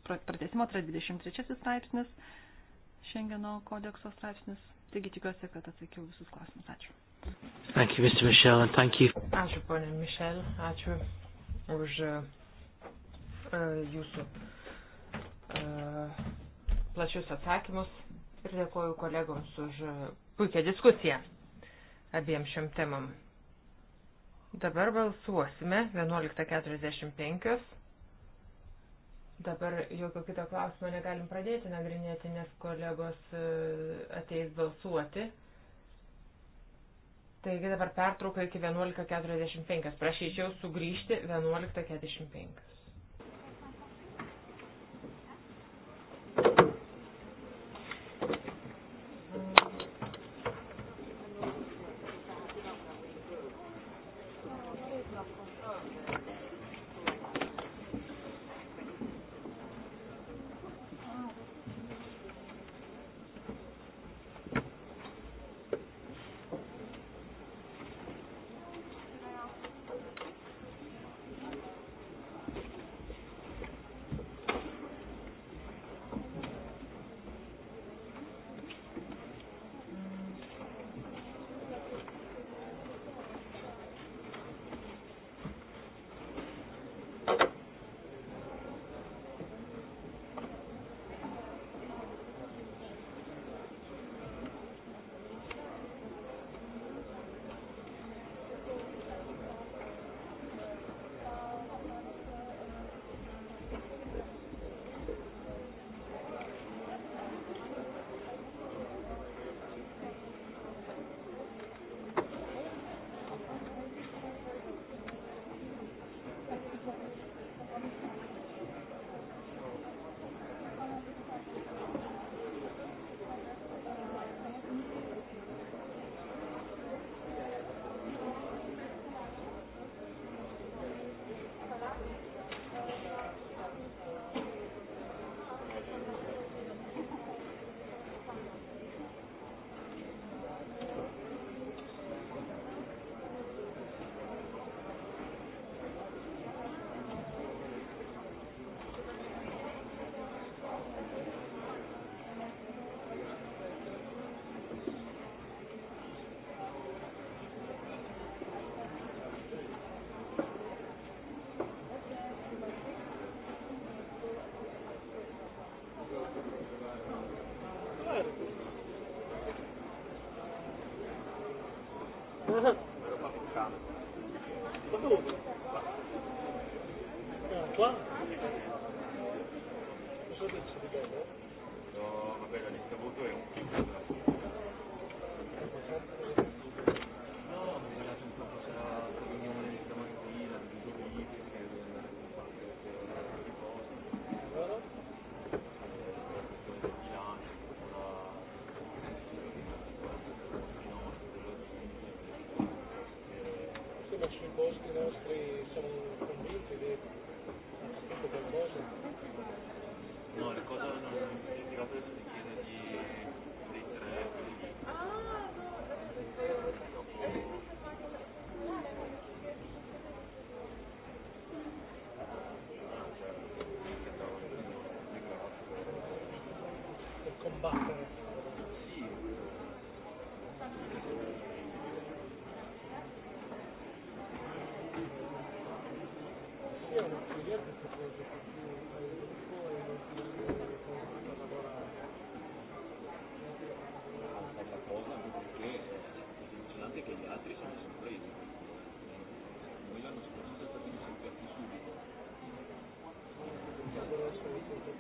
pratesimo, tai 23 straipsnis, Šengeno kodekso straipsnis Taigi tikiuosi, kad atsakiau visus klausimus. Ačiū. Thank you, Mr. Michel, and thank you. Ačiū, ponė Michel, ačiū už uh, jūsų uh, plačius atsakymus ir dėkoju kolegoms už puikią diskusiją abiem šiom temam. Dabar balsuosime 11.45. Dabar jokio kito klausimo negalim pradėti nagrinėti, nes kolegos e, ateis balsuoti. Taigi dabar pertrauka iki 11.45. Prašyčiau sugrįžti 11.45. samen. Dat bedoel ik. Ja, klaar. Dus dat is het idee, hè? No, vabbè, la lista voto è un eh.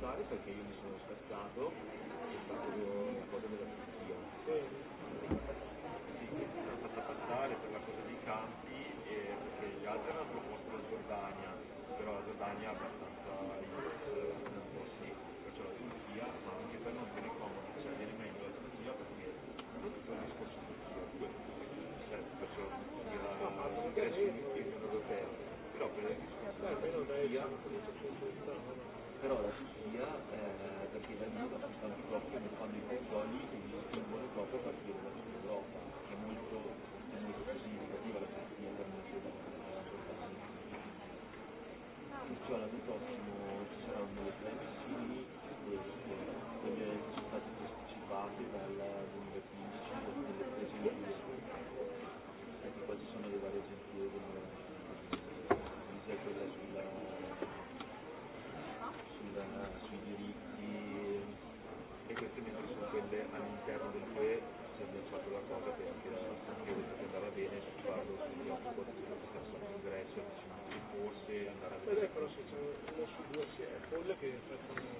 ascoltare perché io mi sono spezzato e fatto una cosa della Turchia. Sì. L'Italia è stata passare per la cosa dei campi e perché gli altri hanno proposto la Giordania, però la Giordania è abbastanza libera un po' sì, perciò la Turchia, ma anche per non tenere comodo, cioè viene meglio la Turchia perché non è tutto il discorso turco, cioè, perciò l'ingresso in Unione Europea, però per il discorso della Turchia però la Turchia, eh, perché da lì appunto alcune fanno i controlli, quindi io sono proprio a partire da Ed ecco la situazione, lo su due si è folle che effettivamente...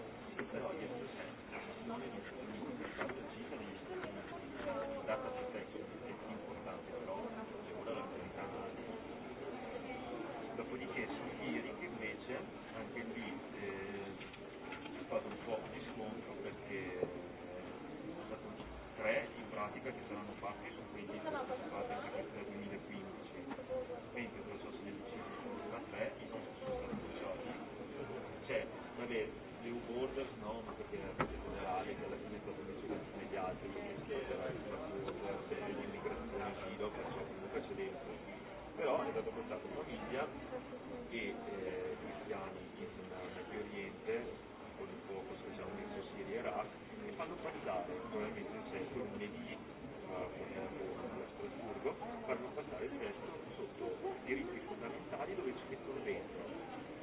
occasioni precedenti, però è stato portato in famiglia e eh, cristiani in Medio Oriente, con il fuoco specialmente Siria e Iraq, e fanno passare probabilmente il sesto lunedì portato a Strasburgo, fanno passare il testo sotto diritti fondamentali dove ci mettono dentro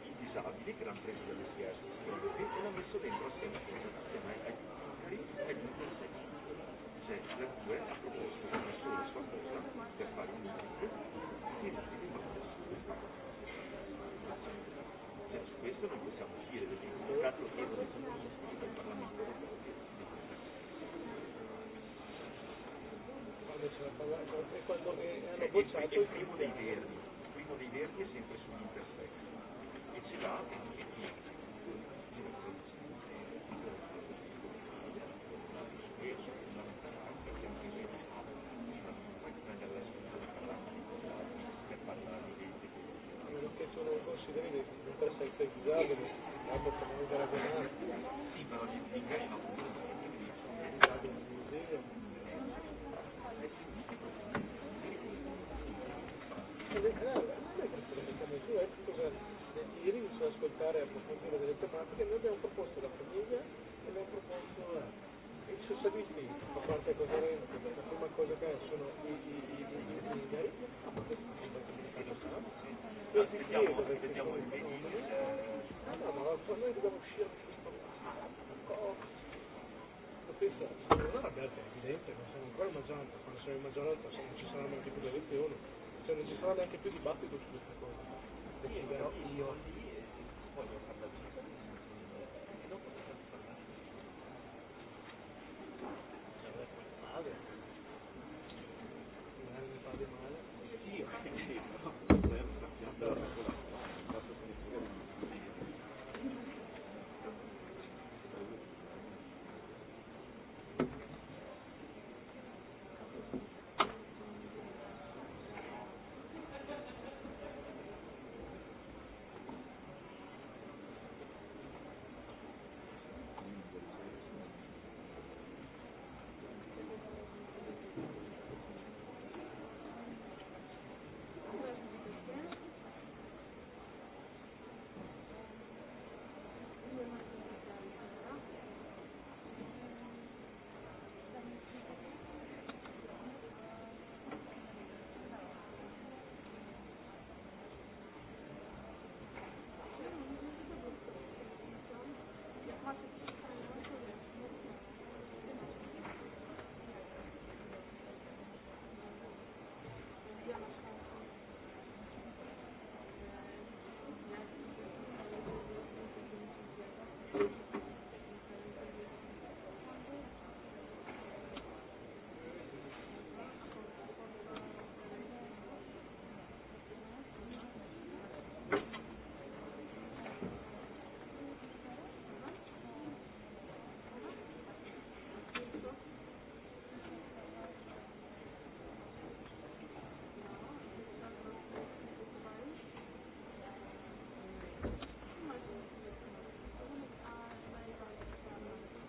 i disabili che l'hanno preso dalle scherze e l'hanno messo dentro assieme, assieme ai, ai, ai, ai, ai, ai, ai, ai, ai cioè la 2 ha questo non possiamo uscire perché in questo caso chiedo di tutto il Parlamento quando hanno bocciato il primo dei verdi il primo dei verdi è sempre sull'intersex e ce l'ha e Ieri mi sono ascoltare e approfondire delle tematiche, noi abbiamo proposto la famiglia e abbiamo proposto i socialisti, a parte cosa rende, la prima cosa che sono i bulgari, ma questo è il fatto che facciamo. Aspettiamo, aspettiamo il venire. No, no, ma noi dobbiamo uscire da questo Lo penso, non Roberto, è evidente, non siamo ancora in maggioranza, quando siamo in maggioranza non ci saranno anche più le elezioni, cioè non ci sarà neanche più dibattito su queste cose. Perché però io voglio parlare di questo. Dopo che parlare.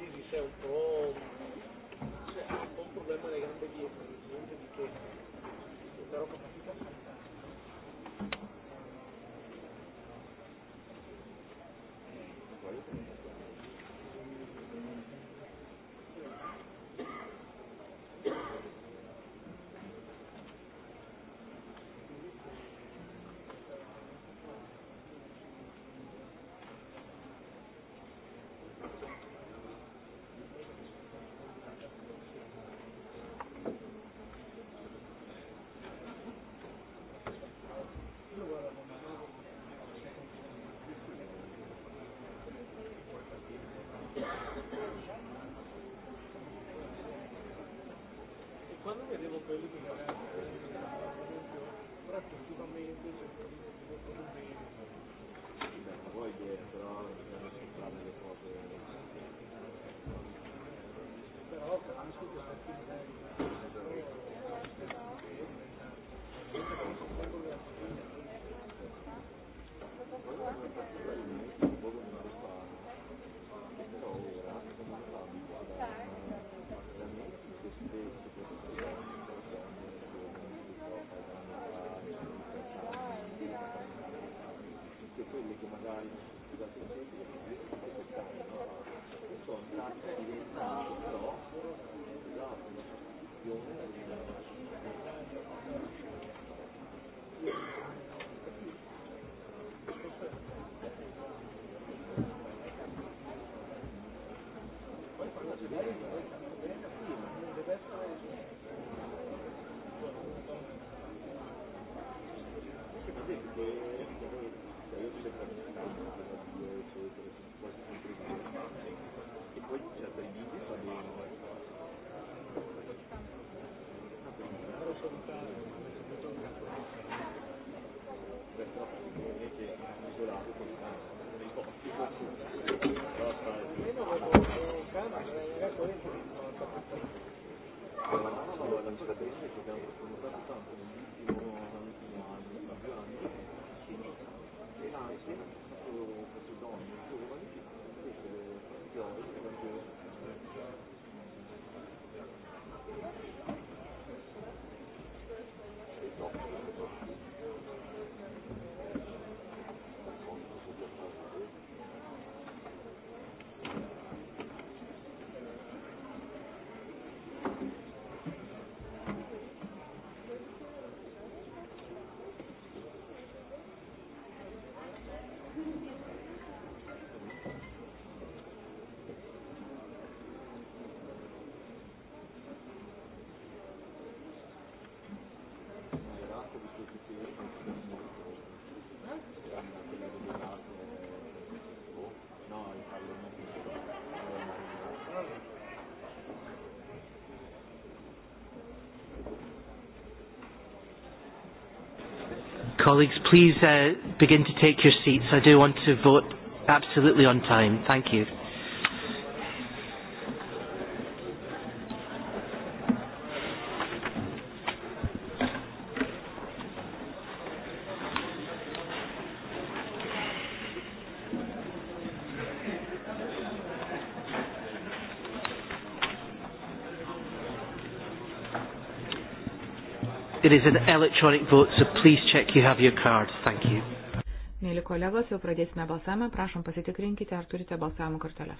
Iris è un po', cioè, un po' un problema alle gambe dietro, nel senso di che la roba fatica Quando vedevo quelli che erano gratuitamente poi dietro bisogna ascoltare le cose però anche questi magari Thank you. diventa però la Colleagues, please uh, begin to take your seats. I do want to vote absolutely on time. Thank you. It is an electronic vote, so please check you have your card. Thank you. Mėly kolegos, jau pradėsime balsavimą. Prašom pasitikrinkite, ar turite balsavimo korteles.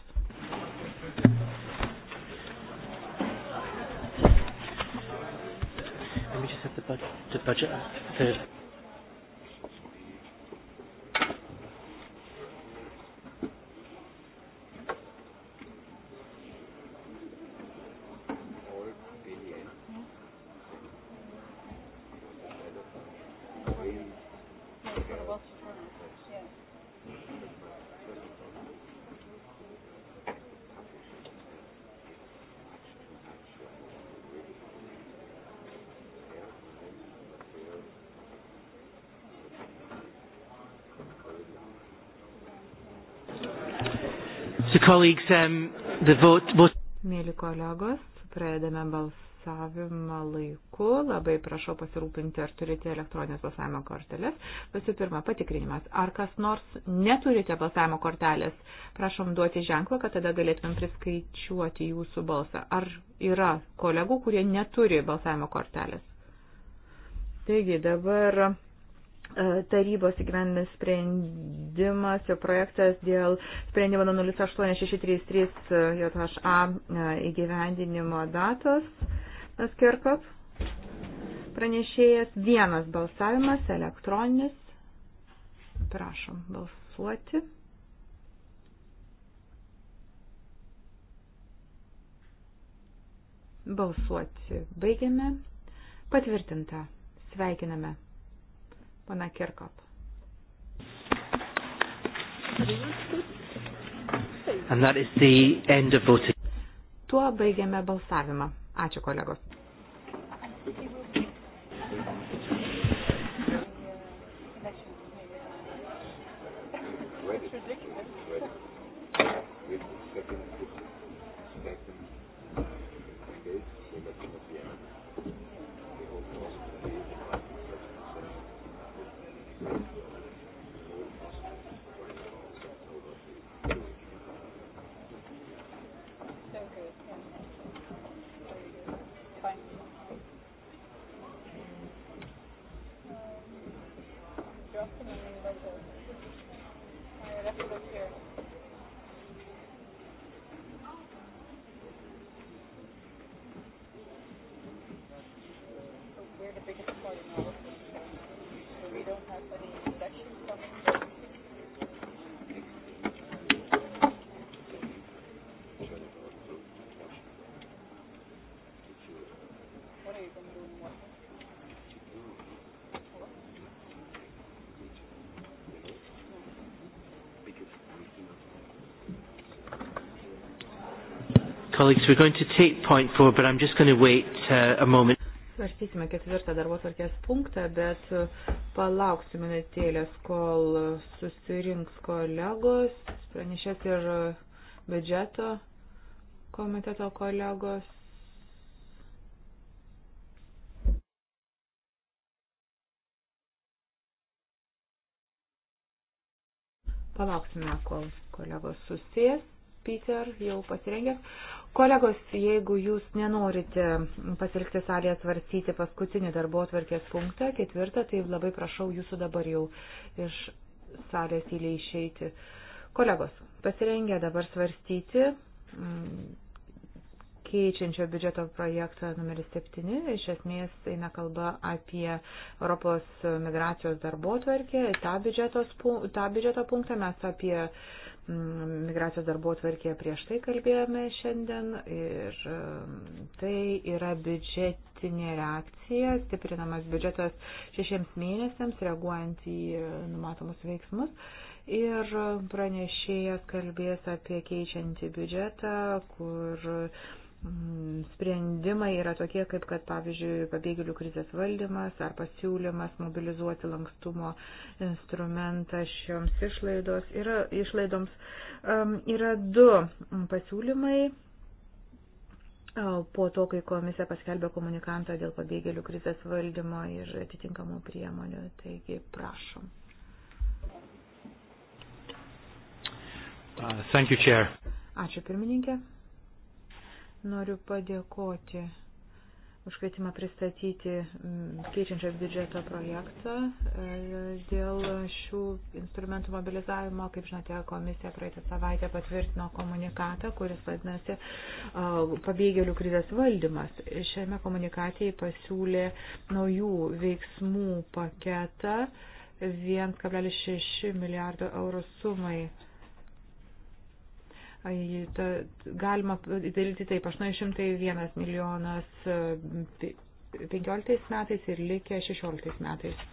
Let me just have the budget. The budget. The Colleagues, um, the vote, vote... Mėly kolegos, pradedame balsavimą laiku. Labai prašau pasirūpinti, ar turite elektroninės balsavimo kortelės. Visų pirma, patikrinimas. Ar kas nors neturite balsavimo kortelės? Prašom duoti ženklą, kad tada galėtumėm priskaičiuoti jūsų balsą. Ar yra kolegų, kurie neturi balsavimo kortelės? Taigi dabar e, tarybos įgyvendinis sprendimas ir projektas dėl sprendimo 08633 JHA įgyvendinimo datos. Skirkop pranešėjas vienas balsavimas elektroninis. Prašom balsuoti. Balsuoti baigiame. Patvirtinta. Sveikiname. Pana Kirkop. Thank you. Tuo baigiame balsavimą. Ačiū kolegos. Thank you. colleagues, we're going to take point four, but I'm just going to wait uh, a moment. Svarstysime ketvirtą darbo tvarkės punktą, bet uh, palauksime minutėlės, kol uh, susirinks kolegos, pranešės ir uh, biudžeto komiteto kolegos. Palauksime, kol kolegos susės. Peter jau pasirengęs. Kolegos, jeigu jūs nenorite pasirinkti salėje svarstyti paskutinį darbo atvarkės punktą, ketvirtą, tai labai prašau jūsų dabar jau iš salės įliai išeiti. Kolegos, pasirengę dabar svarstyti mm, keičiančio biudžeto projektą numeris 7. Iš esmės eina kalba apie Europos migracijos darbo tvarkę. Ta, biudžetos, tą biudžeto punktą mes apie uh, Mm, migracijos darbo atvarkėje prieš tai kalbėjome šiandien ir mm, tai yra biudžetinė reakcija, stiprinamas biudžetas šešiems mėnesiams, reaguojant į numatomus veiksmus. Ir pranešėjas kalbės apie keičiantį biudžetą, kur uh, Mm, sprendimai yra tokie, kaip kad, pavyzdžiui, pabėgėlių krizės valdymas ar pasiūlymas mobilizuoti lankstumo instrumentą šioms išlaidos. Yra, išlaidoms um, yra du pasiūlymai. Po to, kai komisija paskelbė komunikantą dėl pabėgėlių krizės valdymo ir atitinkamų priemonių, taigi prašom. Uh, thank you, Chair. Ačiū pirmininkė. Noriu padėkoti už kvietimą pristatyti mm, keičiančio biudžeto projektą e, dėl šių instrumentų mobilizavimo. Kaip žinote, komisija praeitą savaitę patvirtino komunikatą, kuris vadinasi e, pabėgėlių krizės valdymas. Šiame komunikatėje pasiūlė naujų veiksmų paketą 1,6 milijardo eurų sumai Galima daryti taip, 801 milijonas 15 e, metais ir likę 16 metais.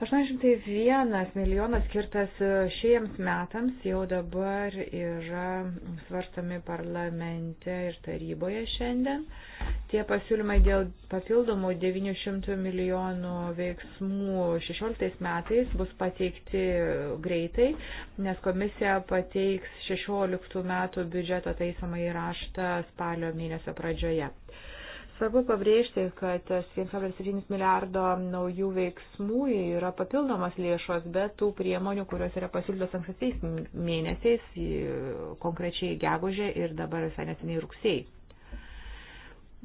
801 milijonas skirtas e, šiems metams jau dabar yra svarstami parlamente ir taryboje šiandien. Tie pasiūlymai dėl papildomų 900 milijonų veiksmų 16 metais bus pateikti greitai, nes komisija pateiks 16 metų biudžeto taisomą įraštą spalio mėnesio pradžioje. Svarbu pabrėžti, kad 1,7 milijardo naujų veiksmų yra papildomas lėšos, bet tų priemonių, kurios yra pasiūlytos ankstesiais mėnesiais, konkrečiai gegužė ir dabar visai neseniai rugsėjai.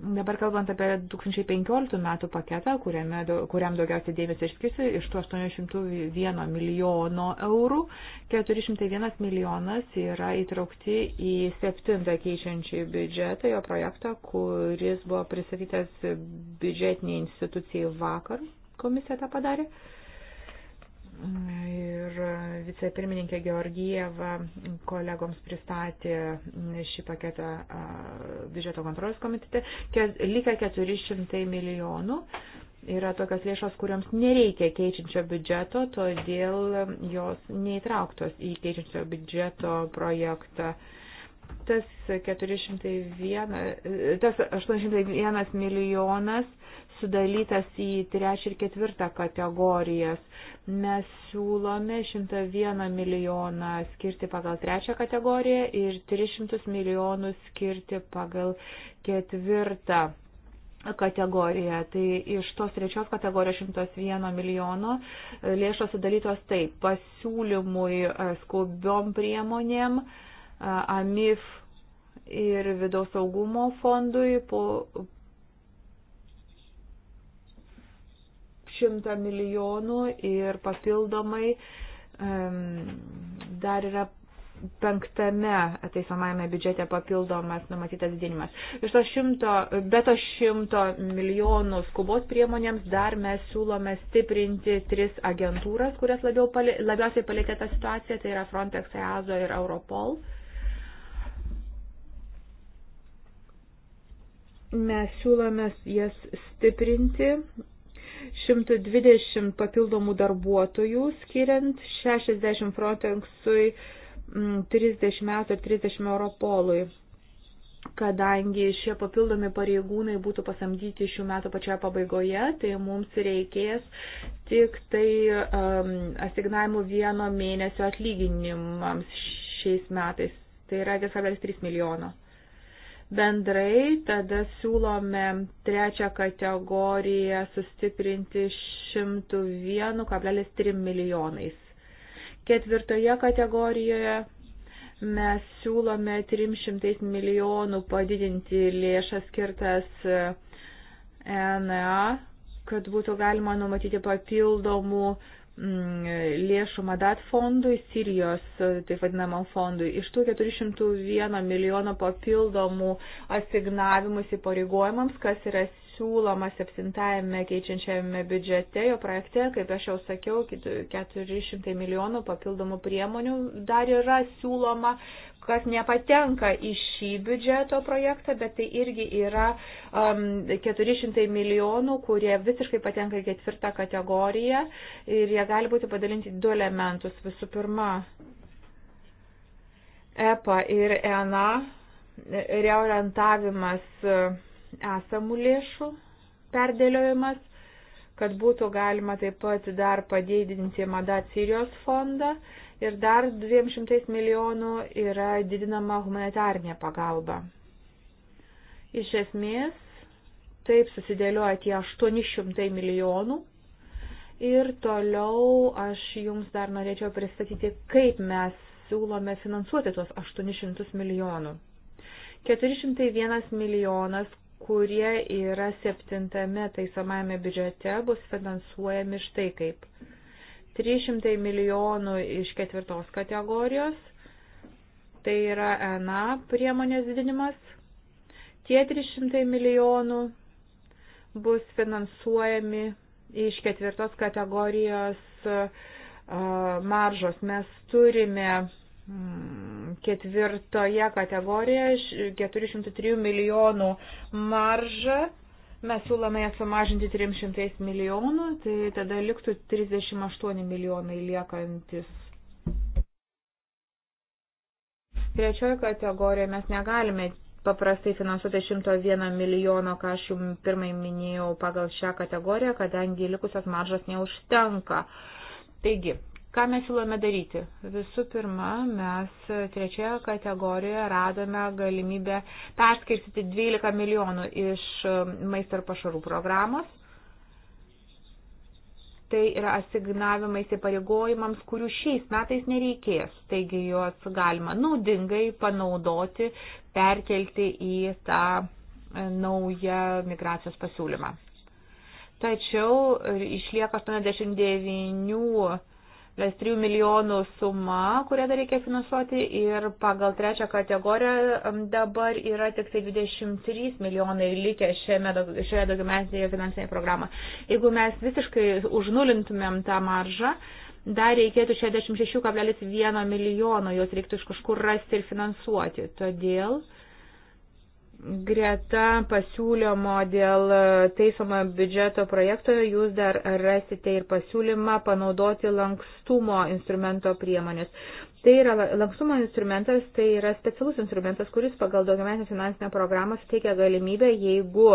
Dabar kalbant apie 2015 metų paketą, kuriame, kuriam daugiausiai dėmesio išskirsiu, iš tų 801 milijono eurų, 401 milijonas yra įtraukti į septintą keičiančią biudžetą, jo projektą, kuris buvo pristatytas biudžetiniai institucijai vakar, komisija tą padarė. Uh, Ir vicepirmininkė Georgieva kolegoms pristatė šį paketą biudžeto kontrolės komitete. Likę 400 milijonų yra tokios lėšos, kuriams nereikia keičiančio biudžeto, todėl jos neįtrauktos į keičiančio biudžeto projektą. Uh, tas 401, tas 801 milijonas sudalytas į trečią ir ketvirtą kategorijas. Mes siūlome 101 milijoną skirti pagal trečią kategoriją ir 300 milijonų skirti pagal ketvirtą kategoriją. Tai iš tos trečios kategorijos 101 milijono e, lėšos sudalytos taip pasiūlymui e, skubiom priemonėm AMIF ir vidaus saugumo fondui po 100 milijonų ir papildomai dar yra penktame taisomajame biudžete papildomas numatytas didinimas. Iš to šimto, be to šimto milijonų skubos priemonėms dar mes siūlome stiprinti tris agentūras, kurias labiau, labiausiai palėtė tą situaciją, tai yra Frontex, EASO ir Europol. Uh, mes siūlome jas stiprinti 120 papildomų darbuotojų, skiriant 60 Frontexui, 30 metų ir 30 Europolui, kadangi šie papildomi pareigūnai būtų pasamdyti šių metų pačioje pabaigoje, tai mums reikės tik tai um, asignavimų vieno mėnesio atlyginimams šiais metais, tai yra 1,3 milijono. Bendrai tada siūlome trečią kategoriją sustiprinti 101,3 milijonais. Ketvirtoje kategorijoje mes siūlome 300 milijonų padidinti lėšas skirtas ENA, kad būtų galima numatyti papildomų Mm, lėšų Madat fondui, Sirijos, e, taip vadinamam fondui. Iš tų 401 milijono papildomų asignavimus įpareigojimams, kas yra siūloma septintajame keičiančiame biudžete, jo projekte, kaip aš jau sakiau, 400 milijonų papildomų priemonių dar yra siūloma kas nepatenka į šį biudžeto projektą, bet tai irgi yra um, 400 milijonų, kurie visiškai patenka į ketvirtą kategoriją ir jie gali būti padalinti du elementus. Visų pirma, EPA ir ENA reorientavimas e, esamų lėšų perdėliojimas, kad būtų galima taip pat dar padėdinti Madat Sirijos fondą. Uh, ir dar 200 milijonų yra didinama humanitarnė pagalba. Iš esmės, taip susidėlioja tie 800 milijonų. Ir toliau aš jums dar norėčiau pristatyti, kaip mes siūlome finansuoti tuos 800 milijonų. 401 milijonas, kurie yra septintame taisomajame biudžete, bus finansuojami štai kaip. 300 milijonų iš ketvirtos kategorijos, tai yra ENA priemonės didinimas. Tie 300 milijonų bus finansuojami iš ketvirtos kategorijos maržos. Mes turime mm, ketvirtoje kategorijoje 403 milijonų maržą Mes siūlome ją sumažinti 300 milijonų, tai tada liktų 38 milijonai liekantis. Trečioji kategorija mes negalime paprastai finansuoti 101 milijono, ką aš jums pirmai minėjau pagal šią kategoriją, kadangi likusios maržas neužtenka. Taigi, Ką mes siūlome daryti? Visų pirma, mes trečioje kategorijoje radome galimybę perskirstyti 12 milijonų iš maisto ir pašarų programos. Tai yra asignavimai įsipareigojimams, kurių šiais metais nereikės. Taigi juos galima naudingai panaudoti, perkelti į tą e, naują migracijos pasiūlymą. Tačiau išlieka 89 3 milijonų suma, kurią dar reikia finansuoti ir pagal trečią kategoriją dabar yra tik tai 23 milijonai likę šiame, šioje daugiametinėje finansinėje programoje. Jeigu mes visiškai užnulintumėm tą maržą, dar reikėtų 66,1 milijono, jos reiktų iš kažkur rasti ir finansuoti. Todėl greta pasiūlymo dėl teisomo biudžeto projekto jūs dar rasite ir pasiūlymą panaudoti lankstumo instrumento priemonės. Tai yra lankstumo instrumentas, tai yra specialus instrumentas, kuris pagal daugiametinę finansinę programą suteikia galimybę, jeigu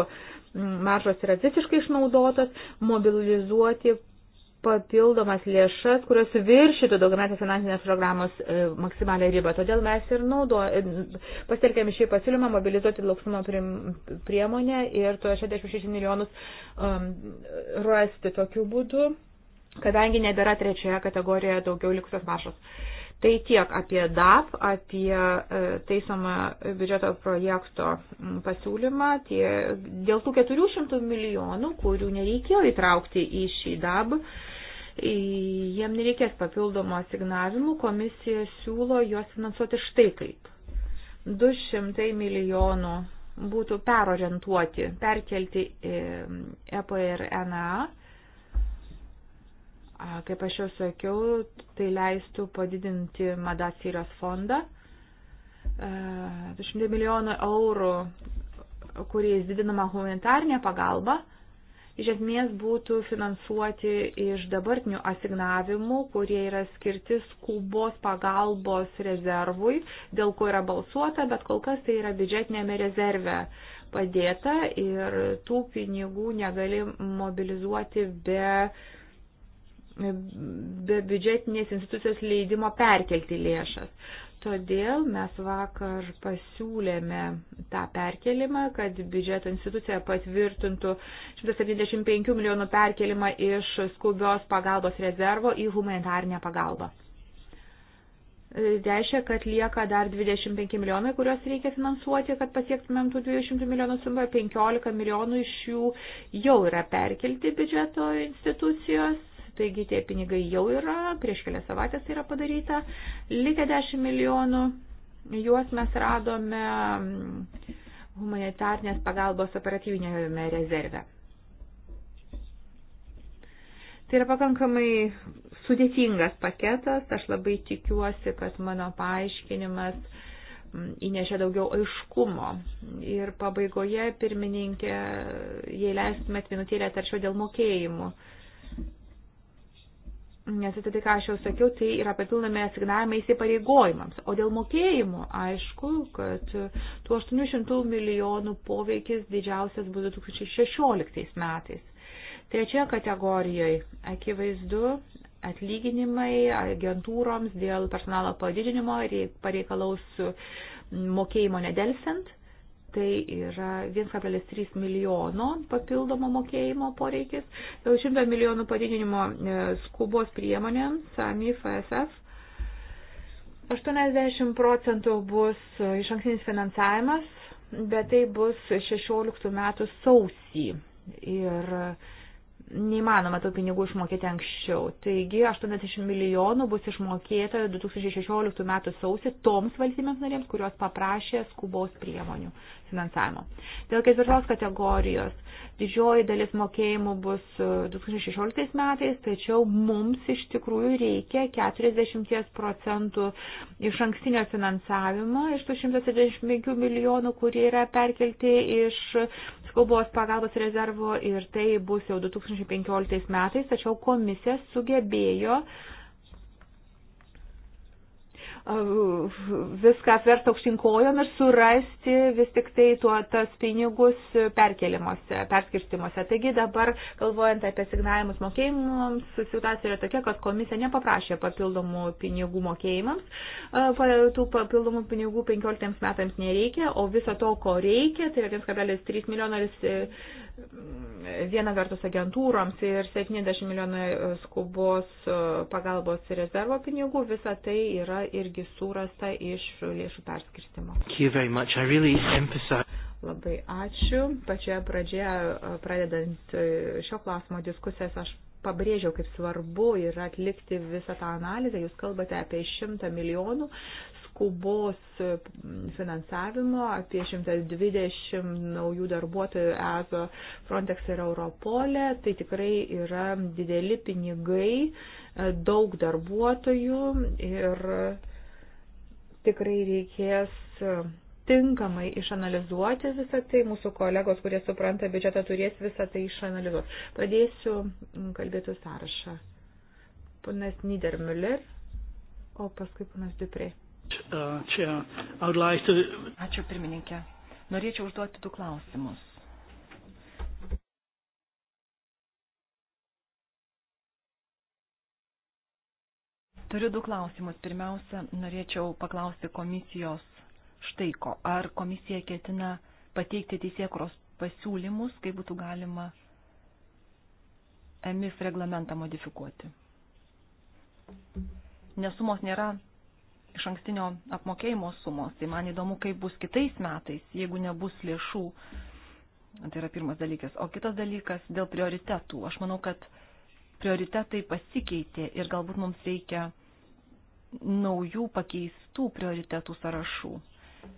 maržos yra visiškai išnaudotos, mobilizuoti papildomas lėšas, kurios viršytų daugiametės finansinės programos e, maksimalę ribą. Todėl mes ir naudo, e, pasitelkėme šį pasiūlymą mobilizuoti lauksumo priemonę ir tuo 66 milijonus um, rasti tokiu būdu, kadangi nebėra trečioje kategorijoje daugiau likusios maršos. Tai tiek apie DAP, apie e, teisomą biudžeto projekto pasiūlymą. Tie, dėl tų 400 milijonų, kurių nereikėjo įtraukti į šį DAB, jiem nereikės papildomo asignavimų, komisija siūlo juos finansuoti štai kaip. 200 milijonų būtų perorientuoti, perkelti EPA ir NA. Kaip aš jau sakiau, tai leistų padidinti Madasyrios fondą. 200 milijonų eurų, kuriais didinama humanitarnė pagalba iš esmės būtų finansuoti iš dabartinių asignavimų, kurie yra skirti skubos pagalbos rezervui, dėl ko yra balsuota, bet kol kas tai yra biudžetinėme rezerve padėta ir tų pinigų negali mobilizuoti be be biudžetinės institucijos leidimo perkelti lėšas. Todėl mes vakar pasiūlėme tą perkelimą, kad biudžeto institucija patvirtintų 175 milijonų perkelimą iš skubios pagalbos rezervo į humanitarnę pagalbą. Reiškia, kad lieka dar 25 milijonai, kuriuos reikia finansuoti, kad pasiektumėm tų 200 milijonų sumą, 15 milijonų iš jų jau yra perkelti biudžeto institucijos Taigi tie pinigai jau yra, prieš kelias savaitės tai yra padaryta. Likę 10 milijonų, juos mes radome mm, humanitarnės pagalbos operatyvinėme rezerve. Tai yra pakankamai sudėtingas paketas, aš labai tikiuosi, kad mano paaiškinimas mm, įnešė daugiau aiškumo. Ir pabaigoje, pirmininkė, jei leistumėt minutėlę tarčiau dėl mokėjimų. Nes tai, ką aš jau sakiau, tai yra papildomi asignavimai įsipareigojimams. O dėl mokėjimų, aišku, kad tų 800 milijonų poveikis didžiausias bus 2016 metais. Trečioje kategorijoje akivaizdu atlyginimai agentūroms dėl personalo padidinimo pareikalaus mokėjimo nedelsint tai yra 1,3 milijono papildomo mokėjimo poreikis, 100 milijonų padidinimo e, skubos priemonėms, AMIF, ASF. 80 procentų bus e, iš ankstinis finansavimas, bet tai bus 16 metų sausį. Ir uh, neįmanoma tų pinigų išmokėti anksčiau. Taigi 80 milijonų bus išmokėta 2016 m. sausį toms valstybėms narėms, kurios paprašė skubaus priemonių finansavimo. Dėl ketvirtos kategorijos didžioji dalis mokėjimų bus 2016 metais, tačiau mums iš tikrųjų reikia 40 procentų iš ankstinio finansavimo iš tų 175 milijonų, kurie yra perkelti iš skubos pagalbos rezervo ir tai bus jau 2016 2015 metais, tačiau komisija sugebėjo viską apverst aukštinkojom ir surasti vis tik tai tuo tas pinigus perkelimuose, perskirstimuose. Taigi dabar, galvojant apie signavimus mokėjimams, situacija yra tokia, kad komisija nepaprašė papildomų pinigų mokėjimams, tų papildomų pinigų 15 metams nereikia, o viso to, ko reikia, tai yra 1,3 milijonas viena vertus agentūroms ir 70 milijonai skubos e, pagalbos rezervo pinigų, visa tai yra irgi surasta iš lėšų perskirstimo. Really emphasize... Labai ačiū. Pačioje pradžioje, e, pradedant e, šio klausimo diskusijas, aš pabrėžiau, kaip svarbu yra atlikti visą tą analizę. Jūs kalbate apie 100 milijonų skubos mm, finansavimo, apie 120 naujų darbuotojų EZO, Frontex ir Europolė. Tai tikrai yra dideli pinigai, e, daug darbuotojų ir tikrai reikės e, tinkamai išanalizuoti visą tai, mūsų kolegos, kurie supranta biudžetą, turės visą tai išanalizuoti. Pradėsiu mm, kalbėti sąrašą. Ponas Niedermüller, o paskui ponas Duprė. Uh, Ačiū pirmininkė. Norėčiau užduoti du klausimus. Turiu du klausimus. Pirmiausia, norėčiau paklausti komisijos štai ko. Ar komisija ketina pateikti teisėkros pasiūlymus, kaip būtų galima EMIF reglamentą modifikuoti? Nesumos nėra iš ankstinio apmokėjimo sumos. Tai man įdomu, kaip bus kitais metais, jeigu nebus lėšų. Tai yra pirmas dalykas. O kitas dalykas dėl prioritetų. Aš manau, kad prioritetai pasikeitė ir galbūt mums reikia naujų pakeistų prioritetų sąrašų.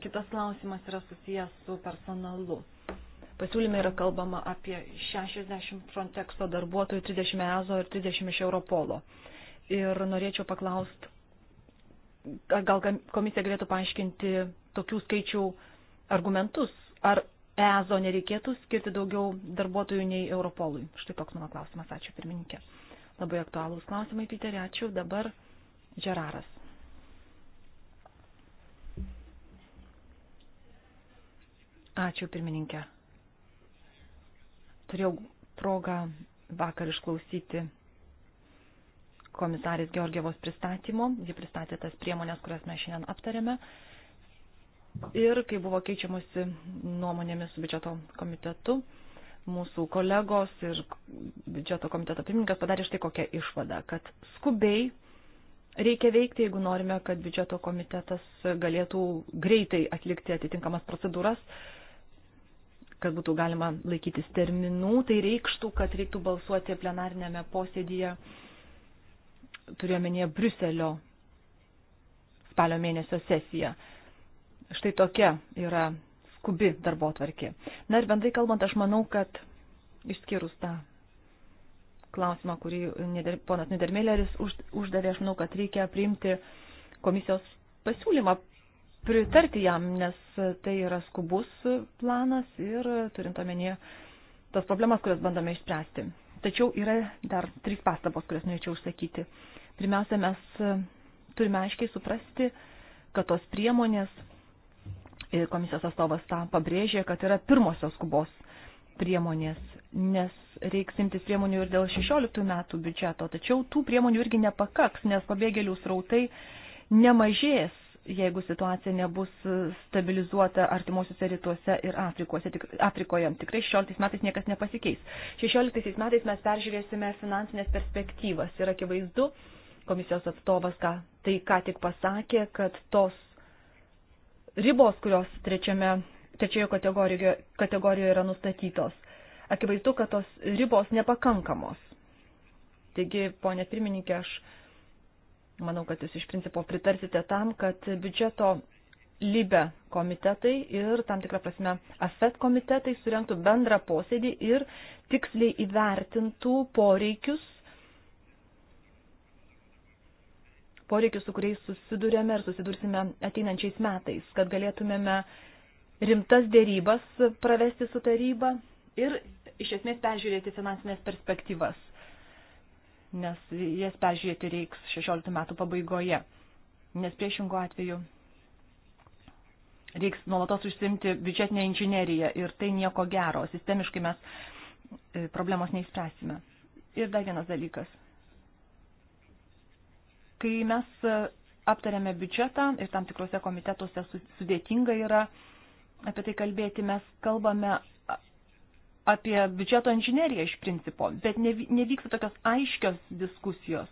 Kitas klausimas yra susijęs su personalu. Pasiūlyme yra kalbama apie 60 Frontexo darbuotojų, 30 EZO ir 30 iš Europolo. Ir norėčiau paklausti, gal komisija galėtų paaiškinti tokių skaičių argumentus, ar EZO nereikėtų skirti daugiau darbuotojų nei Europolui? Štai toks mano klausimas, ačiū pirmininkė. Labai aktualūs klausimai, Piterė, ačiū. Dabar Džeraras. Ačiū pirmininkė. Turėjau progą vakar išklausyti komisarės Georgievos pristatymo. Ji pristatė tas priemonės, kurias mes šiandien aptarėme. Ir kai buvo keičiamosi nuomonėmis su biudžeto komitetu, mūsų kolegos ir biudžeto komiteto pirmininkas padarė štai kokią išvadą, kad skubiai reikia veikti, jeigu norime, kad biudžeto komitetas galėtų greitai atlikti atitinkamas procedūras, kad būtų galima laikytis terminų, tai reikštų, kad reiktų balsuoti plenarinėme posėdyje turiuomenėje Briuselio spalio mėnesio sesiją. Štai tokia yra skubi darbo tvarkė. Na ir bendrai kalbant, aš manau, kad išskyrus tą klausimą, kurį neder, ponas Nidermėleris už, uždavė, aš manau, kad reikia priimti komisijos pasiūlymą, pritarti jam, nes tai yra skubus planas ir turint omenyje tas problemas, kurias bandome išspręsti. Tačiau yra dar trys pastabos, kurias norėčiau užsakyti. Pirmiausia, mes e, turime aiškiai suprasti, kad tos priemonės, e, komisijos atstovas tą pabrėžė, kad yra pirmosios skubos priemonės, nes reiks imtis priemonių ir dėl 16 metų biudžeto, tačiau tų priemonių irgi nepakaks, nes pabėgėlių srautai nemažės, jeigu situacija nebus e, stabilizuota artimuosiuose rytuose ir Afrikuose, tik, Afrikoje. Tikrai 16 metais niekas nepasikeis. 16 metais mes peržiūrėsime finansinės perspektyvas ir akivaizdu, komisijos atstovas ką, tai ką tik pasakė, kad tos ribos, kurios trečiame, trečiojo kategorijoje, kategorijoje yra nustatytos, akivaizdu, kad tos ribos nepakankamos. Taigi, ponė pirmininkė, aš manau, kad jūs iš principo pritarsite tam, kad biudžeto libe komitetai ir tam tikrą prasme AFET komitetai surentų bendrą posėdį ir tiksliai įvertintų poreikius poreikius, su kuriais susidurėme ir susidursime ateinančiais metais, kad galėtumėme rimtas dėrybas pravesti su taryba ir iš esmės peržiūrėti finansinės perspektyvas, nes jas peržiūrėti reiks 16 metų pabaigoje, nes priešingų atveju reiks nuolatos užsimti biudžetinę inžineriją ir tai nieko gero, sistemiškai mes e, problemos neįspręsime. Ir dar vienas dalykas – Kai mes e, aptarėme biudžetą ir tam tikrose komitetuose sudėtinga yra apie tai kalbėti, mes kalbame apie biudžeto inžineriją iš principo, bet nevyksta tokios aiškios diskusijos.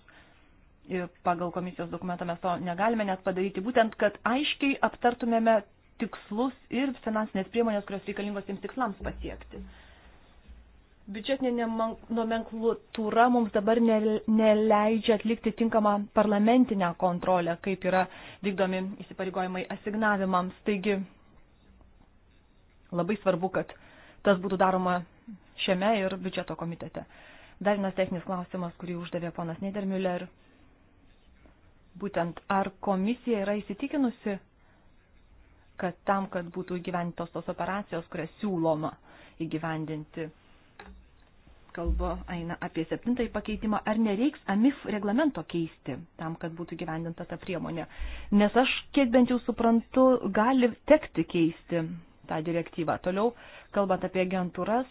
Ir pagal komisijos dokumentą mes to negalime net padaryti, būtent, kad aiškiai aptartumėme tikslus ir finansinės priemonės, kurios reikalingos tiems tikslams pasiekti. Mm biudžetinė nomenklatūra mums dabar neleidžia atlikti tinkamą parlamentinę kontrolę, kaip yra vykdomi įsipareigojimai asignavimams. Taigi labai svarbu, kad tas būtų daroma šiame ir biudžeto komitete. Dar vienas techninis klausimas, kurį uždavė ponas Nedermüller. Būtent ar komisija yra įsitikinusi, kad tam, kad būtų įgyventos tos operacijos, kurias siūloma įgyvendinti, kalba eina apie septintąjį pakeitimą, ar nereiks AMIF reglamento keisti tam, kad būtų gyvendinta ta priemonė. Nes aš, kiek bent jau suprantu, gali tekti keisti tą direktyvą. Toliau, kalbant apie agentūras,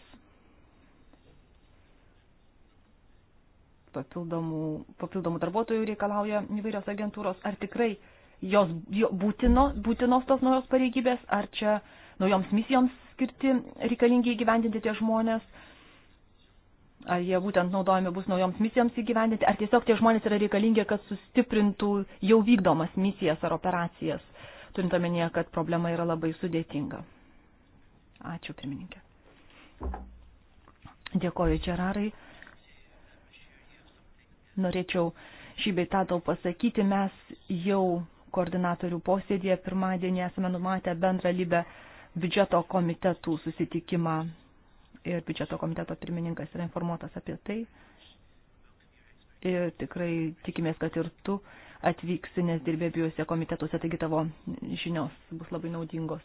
papildomų, papildomų darbuotojų reikalauja įvairios agentūros, ar tikrai jos jo, būtino, būtinos tos naujos pareigybės, ar čia naujoms misijoms skirti reikalingi įgyvendinti tie žmonės, ar jie būtent naudojami bus naujoms misijoms įgyvendinti, ar tiesiog tie žmonės yra reikalingi, kad sustiprintų jau vykdomas misijas ar operacijas, turint omenyje, kad problema yra labai sudėtinga. Ačiū, pirmininkė. Dėkoju, Čerarai. Norėčiau šį beitą tau pasakyti, mes jau koordinatorių posėdėje pirmadienį esame numatę bendrą lybę biudžeto komitetų susitikimą ir biudžeto komiteto pirmininkas yra informuotas apie tai. Ir tikrai tikimės, kad ir tu atvyksi, nes dirbė abiejose komitetuose, taigi tavo žinios bus labai naudingos.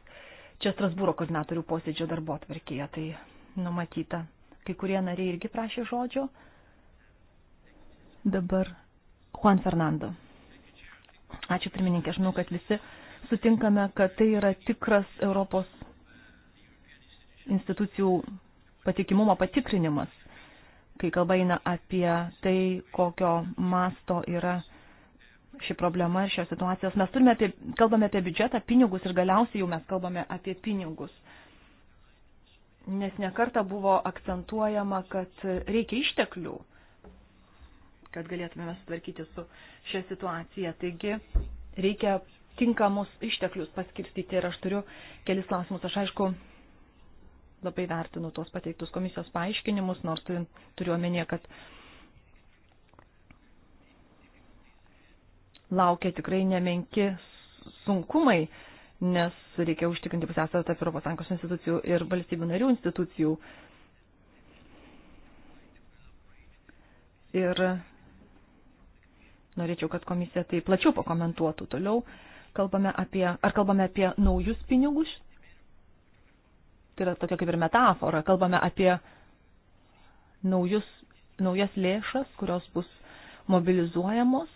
Čia Strasbūro koordinatorių posėdžio darbo atverkėje tai numatyta. Kai kurie nariai irgi prašė žodžio. Dabar Juan Fernando. Ačiū pirmininkė, aš manau, kad visi sutinkame, kad tai yra tikras Europos institucijų patikimumo patikrinimas, kai kalba eina apie tai, kokio masto yra ši problema ir šios situacijos. Mes turime apie, kalbame apie biudžetą, pinigus ir galiausiai jau mes kalbame apie pinigus. Nes nekarta buvo akcentuojama, kad reikia išteklių, kad galėtume sutvarkyti su šią situaciją. Taigi reikia tinkamus išteklius paskirstyti ir aš turiu kelis klausimus. Aš aišku labai vertinu tos pateiktus komisijos paaiškinimus, nors turiu omenyje, kad laukia tikrai nemenki sunkumai, nes reikia užtikrinti pusiausvyrą tarp Europos Sąjungos institucijų ir valstybių narių institucijų. Ir norėčiau, kad komisija tai plačiau pakomentuotų toliau. Kalbame apie, ar kalbame apie naujus pinigus tai yra tokia kaip ir metafora, kalbame apie naujus, naujas lėšas, kurios bus mobilizuojamos.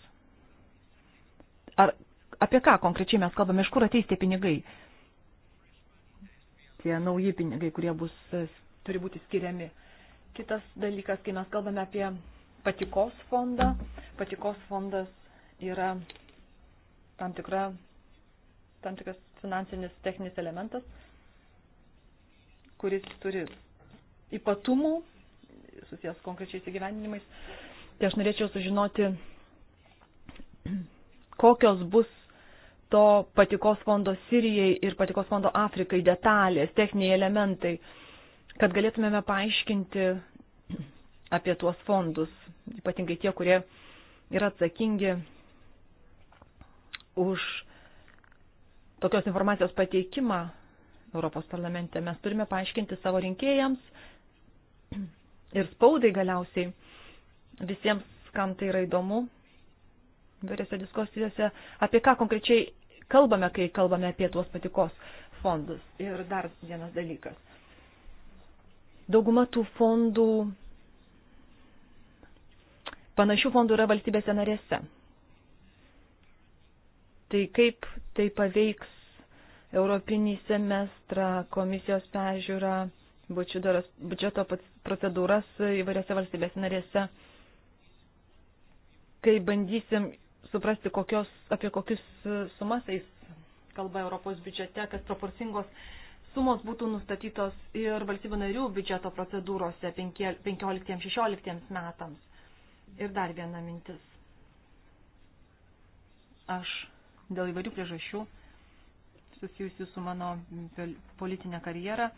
Ar apie ką konkrečiai mes kalbame, iš kur ateis tie pinigai? Tie nauji pinigai, kurie bus, turi būti skiriami. Kitas dalykas, kai mes kalbame apie patikos fondą, patikos fondas yra tam, tikra, tam tikras finansinis techninis elementas, kuris turi ypatumų susijęs konkrečiais įgyvenimais. Tai aš norėčiau sužinoti, kokios bus to patikos fondo Sirijai ir patikos fondo Afrikai detalės, techniniai elementai, kad galėtumėme paaiškinti apie tuos fondus, ypatingai tie, kurie yra atsakingi už tokios informacijos pateikimą Europos parlamente. Mes turime paaiškinti savo rinkėjams ir spaudai galiausiai visiems, kam tai yra įdomu, vėrėse diskusijose, apie ką konkrečiai kalbame, kai kalbame apie tuos patikos fondus. Ir dar vienas dalykas. Dauguma tų fondų, panašių fondų yra valstybėse narėse. Tai kaip tai paveiks Europinį semestrą, komisijos peržiūrą, biudžeto procedūras įvairiose valstybės narėse. Kai bandysim suprasti, kokios, apie kokius sumas eis kalba Europos biudžete, kad proporcingos sumos būtų nustatytos ir valstybių narių biudžeto procedūrose 15-16 metams. Ir dar viena mintis. Aš dėl įvairių priežasčių susijusių su mano politinė karjera.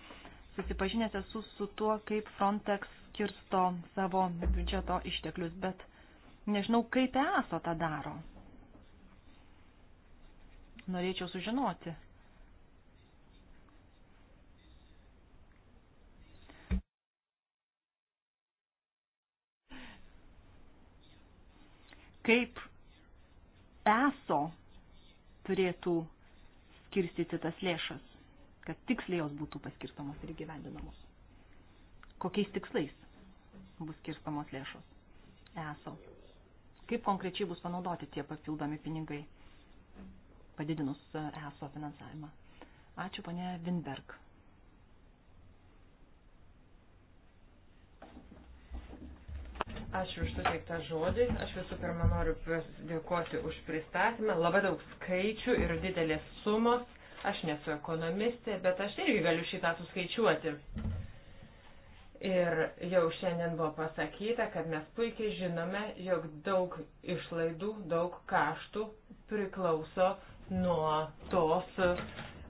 Susipažinęs esu su tuo, kaip Frontex kirsto savo biudžeto išteklius, bet nežinau, kaip ESO tą daro. Norėčiau sužinoti. Kaip ESO turėtų paskirstyti tas lėšas, kad tiksliai jos būtų paskirstamos ir gyvendinamos. Kokiais tikslais bus skirstamos lėšos ESO? Kaip konkrečiai bus panaudoti tie papildomi pinigai, padidinus e, ESO finansavimą? Ačiū, ponė Vinberg. Ačiū už suteiktą žodį. Aš visų pirma noriu dėkoti už pristatymą. Labai daug skaičių ir didelės sumos. Aš nesu ekonomistė, bet aš irgi galiu šitą suskaičiuoti. Ir jau šiandien buvo pasakyta, kad mes puikiai žinome, jog daug išlaidų, daug kaštų priklauso nuo tos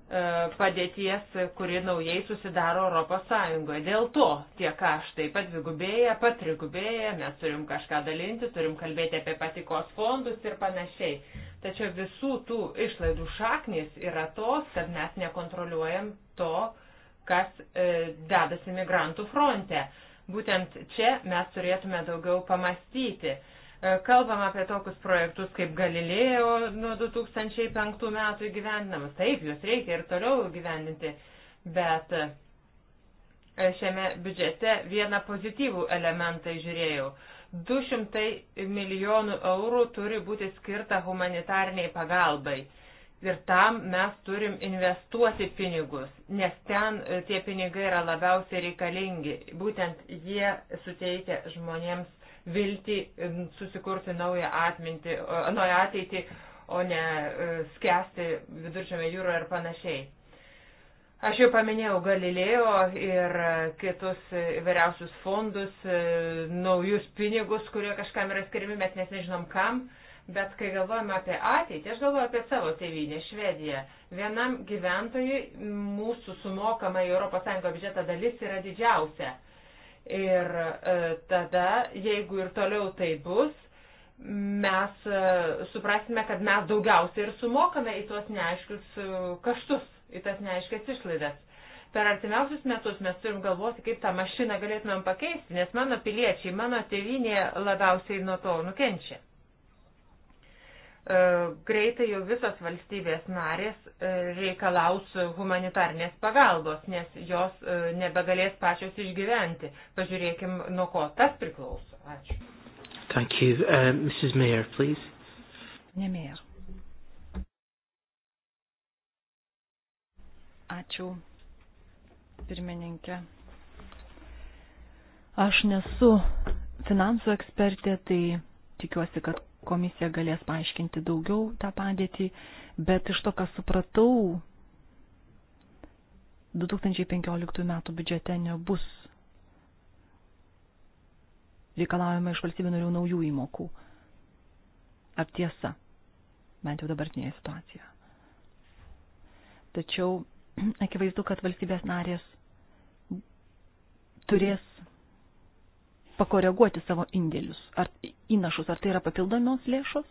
E, padėties, kuri naujai susidaro Europos Sąjungoje. Dėl to tie kaštai padvigubėja, patrigubėja, mes turim kažką dalinti, turim kalbėti apie patikos fondus ir panašiai. Tačiau visų tų išlaidų šaknis yra tos, kad mes nekontroliuojam to, kas e, dedasi migrantų fronte. Būtent čia mes turėtume daugiau pamastyti. E, E, kalbam apie tokius projektus kaip Galilėjo nuo 2005 metų įgyvendinamas. Taip, juos reikia ir toliau įgyvendinti, bet e, šiame biudžete vieną pozityvų elementą žiūrėjau. 200 milijonų eurų turi būti skirta humanitarniai pagalbai. Ir tam mes turim investuoti pinigus, nes ten e, tie pinigai yra labiausiai reikalingi. Būtent jie suteikia žmonėms viltį susikurti naują atmintį, naują ateitį, o ne e, skęsti viduržėme jūroje ir panašiai. Aš jau paminėjau Galilėjo ir e, kitus įvairiausius fondus, e, naujus pinigus, kurie kažkam yra skirimi, mes net nežinom kam. Bet kai galvojame apie ateitį, aš galvoju apie savo tėvynę, Švediją. Vienam gyventojui mūsų sumokama į ES biudžetą dalis yra didžiausia. Ir e, tada, jeigu ir toliau tai bus, mes e, suprasime, kad mes daugiausiai ir sumokame į tuos neaiškius e, kaštus, į tas neaiškias išlaidas. Per artimiausius metus mes turim galvoti, kaip tą mašiną galėtumėm pakeisti, nes mano piliečiai, mano tėvinė labiausiai nuo to nukenčia. E, greitai jau visos valstybės narės e, reikalaus humanitarnės pagalbos, nes jos e, nebegalės pačios išgyventi. Pažiūrėkim, nuo ko tas priklauso. Ačiū. Thank you. Uh, Mrs. Mayer, please. Ne Mayer. Ačiū, pirmininkė. Aš nesu finansų ekspertė, tai tikiuosi, kad komisija galės paaiškinti daugiau tą padėtį, bet iš to, ką supratau, 2015 metų biudžete nebus reikalavimai iš valstybių narių naujų įmokų. Ar tiesa? Bent jau dabartinėje situacijoje. Tačiau akivaizdu, kad valstybės narės turės pakoreguoti savo indėlius ar įnašus, ar tai yra papildomos lėšos,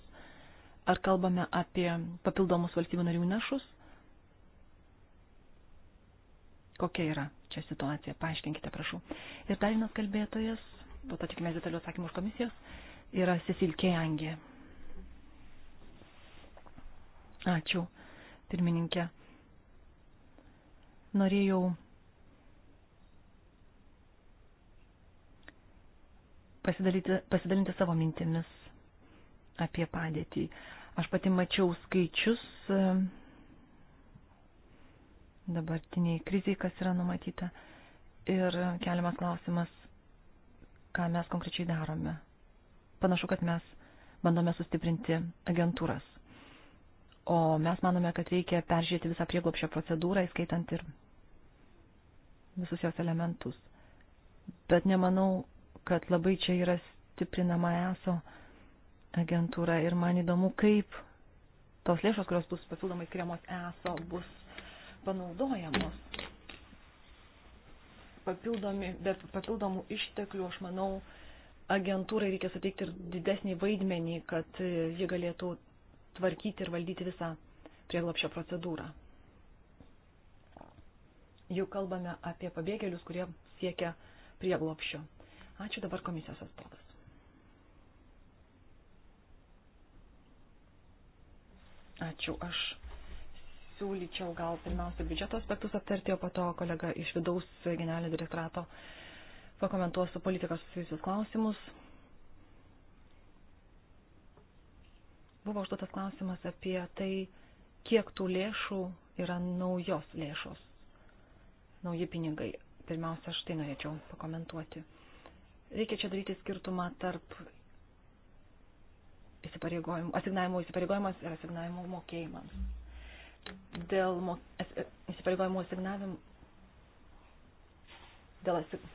ar kalbame apie papildomus valstybių narių įnašus. Kokia yra čia situacija? Paaiškinkite, prašau. Ir dar vienas kalbėtojas, po to tikimės detalių atsakymų iš komisijos, yra Cecil Kejangė. Ačiū, pirmininkė. Norėjau pasidalinti, pasidalinti savo mintimis apie padėtį. Aš pati mačiau skaičius e, dabartiniai kriziai, kas yra numatyta. Ir keliamas klausimas, ką mes konkrečiai darome. Panašu, kad mes bandome sustiprinti agentūras. O mes manome, kad reikia peržiūrėti visą prieglopšio procedūrą, įskaitant ir visus jos elementus. Bet nemanau, kad labai čia yra stiprinama ESO agentūra ir man įdomu, kaip tos lėšos, kurios bus papildomai skiriamos ESO, bus panaudojamos. Papildomi, bet papildomų išteklių, aš manau, agentūrai reikia suteikti ir didesnį vaidmenį, kad ji galėtų tvarkyti ir valdyti visą prieglapšio procedūrą. Jau kalbame apie pabėgėlius, kurie siekia prieglopščio. Ačiū dabar komisijos atstovas. Ačiū. Aš siūlyčiau gal pirmiausia biudžeto aspektus aptarti, o po to kolega iš vidaus generalinio direktorato pakomentuos su politikos susijusius klausimus. Buvo užduotas klausimas apie tai, kiek tų lėšų yra naujos lėšos, nauji pinigai. Pirmiausia, aš tai norėčiau pakomentuoti. Reikia čia daryti skirtumą tarp įsipareigojimų, asignavimų įsipareigojimas ir asignavimų mokėjimams. Dėl mo, as, e, įsipareigojimų asignavimų, dėl asig,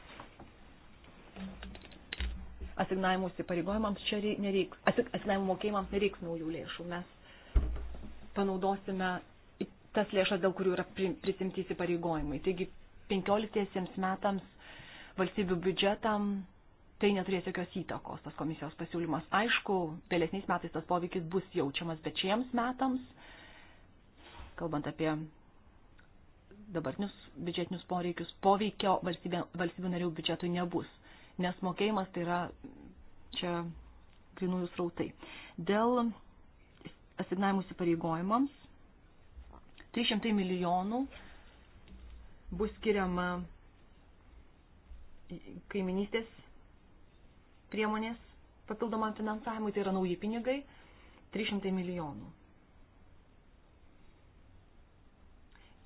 asignavimų įsipareigojimams čia nereiks, asig, asignavimų mokėjimams nereiks naujų lėšų. Mes panaudosime tas lėšas, dėl kurių yra prisimti įsipareigojimai. Taigi 15 metams valstybių biudžetam tai neturės jokios įtakos, tas komisijos pasiūlymas. Aišku, vėlesniais metais tas poveikis bus jaučiamas, bet šiems metams, kalbant apie dabartinius biudžetinius poreikius, poveikio valstybė, valstybių narių biudžetui nebus, nes mokėjimas tai yra čia grinųjų srautai. Dėl asignavimų įsipareigojimams 300 milijonų bus skiriama kaiminystės priemonės papildomam finansavimui, tai yra nauji pinigai, 300 milijonų.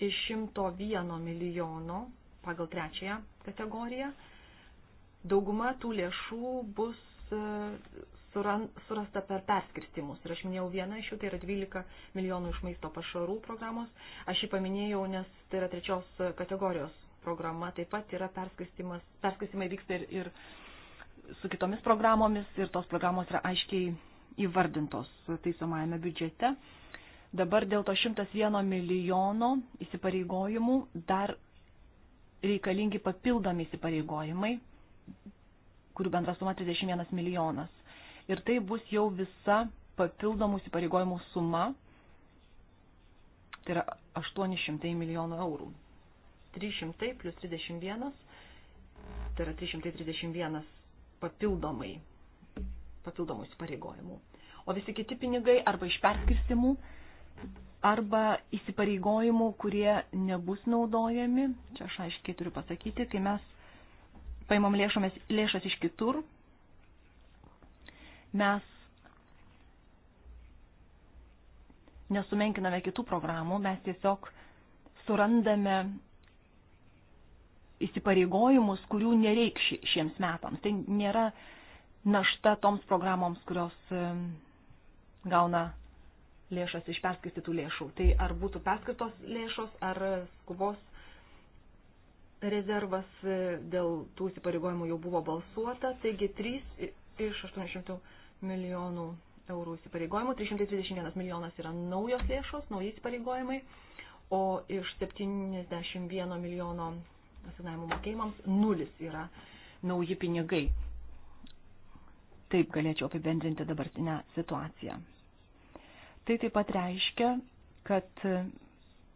Iš 101 milijono pagal trečiąją kategoriją dauguma tų lėšų bus e, surasta per perskirstimus. Ir aš minėjau vieną iš jų, tai yra 12 milijonų iš maisto pašarų programos. Aš jį paminėjau, nes tai yra trečios kategorijos programa. Taip pat yra perskirstimai vyksta ir, ir su kitomis programomis ir tos programos yra aiškiai įvardintos taisomajame biudžete. Dabar dėl to 101 milijono įsipareigojimų dar reikalingi papildomi įsipareigojimai, kurių bendra suma 31 milijonas. Ir tai bus jau visa papildomų įsipareigojimų suma, tai yra 800 milijonų eurų. 300 plus 31, tai yra 331 papildomai, papildomų įsipareigojimų. O visi kiti pinigai arba iš perskirstimų, arba įsipareigojimų, kurie nebus naudojami, čia aš aiškiai turiu pasakyti, kai mes paimam lėšomis, lėšas iš kitur, mes nesumenkiname kitų programų, mes tiesiog surandame įsipareigojimus, kurių nereikš šiems metams. Tai nėra našta toms programoms, kurios gauna lėšas iš perskaitytų lėšų. Tai ar būtų perskaitos lėšos, ar skubos rezervas e, dėl tų įsipareigojimų jau buvo balsuota, taigi 3 iš 800 milijonų eurų įsipareigojimų, 321 milijonas yra naujos lėšos, nauji įsipareigojimai, o iš 71 milijono asignavimų mokėjimams, nulis yra nauji pinigai. Taip galėčiau apibendrinti dabartinę situaciją. Tai taip pat reiškia, kad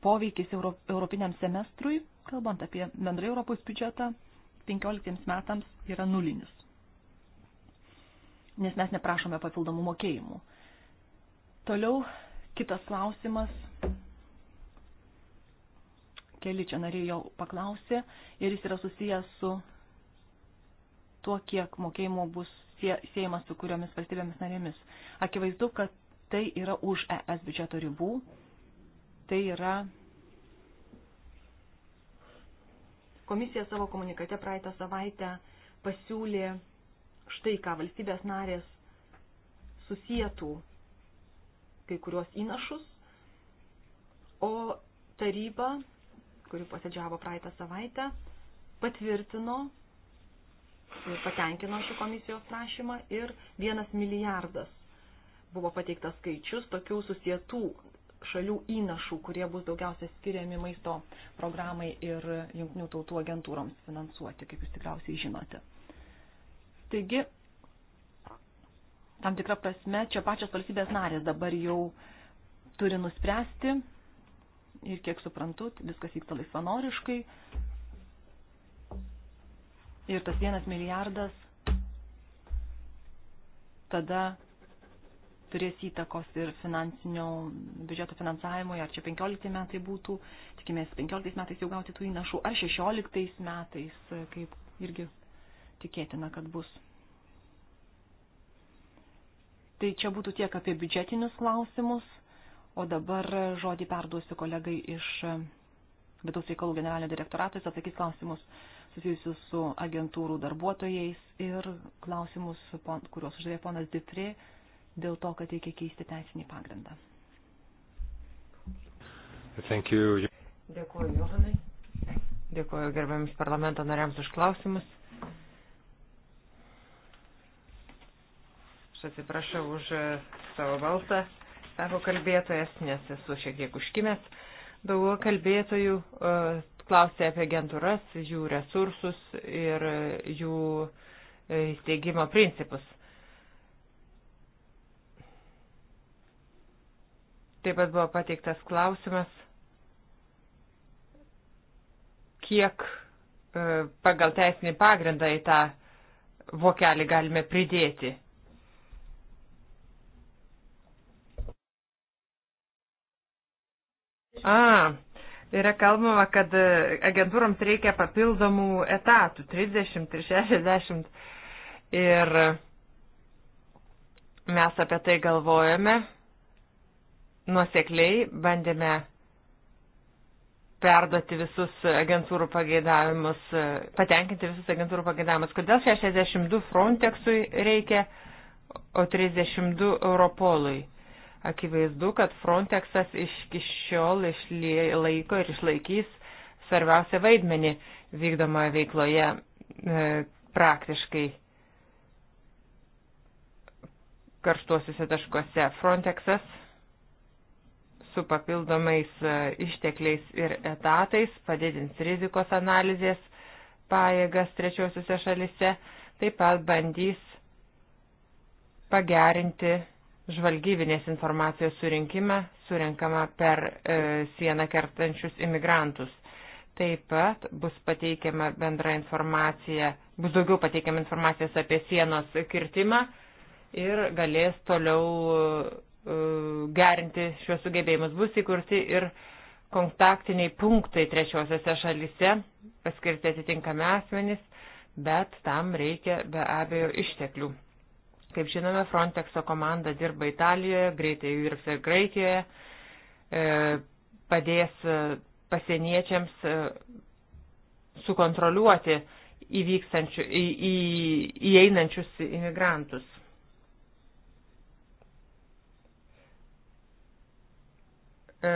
poveikis europiniam semestrui, kalbant apie bendrai Europos biudžetą, 15 metams yra nulinis. Nes mes neprašome papildomų mokėjimų. Toliau kitas klausimas keli čia nariai jau paklausė ir jis yra susijęs su tuo, kiek mokėjimo bus siejamas su kuriomis valstybėmis narėmis. Akivaizdu, kad tai yra už ES biudžeto ribų, tai yra komisija savo komunikate praeitą savaitę pasiūlė štai ką valstybės narės susietų kai kuriuos įnašus, o taryba kuri posėdžiavo praeitą savaitę, patvirtino ir patenkino šį komisijos prašymą ir vienas milijardas buvo pateiktas skaičius tokių susietų šalių įnašų, kurie bus daugiausia skiriami maisto programai ir jungtinių tautų agentūroms finansuoti, kaip jūs tikriausiai žinote. Taigi, tam tikrą prasme, čia pačios valstybės narės dabar jau turi nuspręsti, ir kiek suprantu, viskas vyksta laisvanoriškai. Ir tas vienas milijardas tada turės įtakos ir finansinio biudžeto finansavimui, ar čia 15 metai būtų, tikimės 15 metais jau gauti tų įnašų, ar 16 metais, kaip irgi tikėtina, kad bus. Tai čia būtų tiek apie biudžetinius klausimus. O dabar žodį perduosiu kolegai iš Vidaus reikalų generalinio direktorato, jis atsakys klausimus susijusius su agentūrų darbuotojais ir klausimus, kuriuos uždavė ponas Dipri, dėl to, kad reikia keisti teisinį pagrindą. Dėkuoju, Johanai. Dėkuoju gerbiamis parlamento nariams už klausimus. Aš atsiprašau už e, savo balsą sako kalbėtojas, nes esu šiek tiek užkimęs. Daugiau kalbėtojų e, klausė apie agentūras, jų resursus ir e, jų įsteigimo e, principus. Taip pat buvo pateiktas klausimas, kiek pagal teisinį pagrindą į tą vokelį galime pridėti A, yra kalbama, kad e, agentūroms reikia papildomų etatų, 30 ir 60. Ir mes apie tai galvojame, nuosekliai bandėme perduoti visus agentūrų pageidavimus, e, patenkinti visus agentūrų pageidavimus. Kodėl 62 Frontexui reikia, o 32 Europolui? Akivaizdu, kad Frontexas iki šiol išlaiko ir išlaikys svarbiausią vaidmenį vykdomoje veikloje e, praktiškai karštuosiuose taškuose. Frontexas su papildomais e, ištekliais ir etatais padidins rizikos analizės pajėgas trečiosiuose šalise, taip pat bandys pagerinti žvalgybinės informacijos surinkimą surinkama per e, sieną kertančius imigrantus. Taip pat bus pateikiama bendra informacija, bus daugiau pateikiama informacijos apie sienos kirtimą ir galės toliau e, gerinti šiuos sugebėjimus. Bus įkurti ir kontaktiniai punktai trečiosiose šalise, paskirti atitinkami asmenys, bet tam reikia be abejo išteklių. Kaip žinome, Frontexo komanda dirba Italijoje, greitai dirbs ir Graikijoje, e, padės e, pasieniečiams e, sukontroliuoti įvykstančių, į, į, įeinančius imigrantus. E,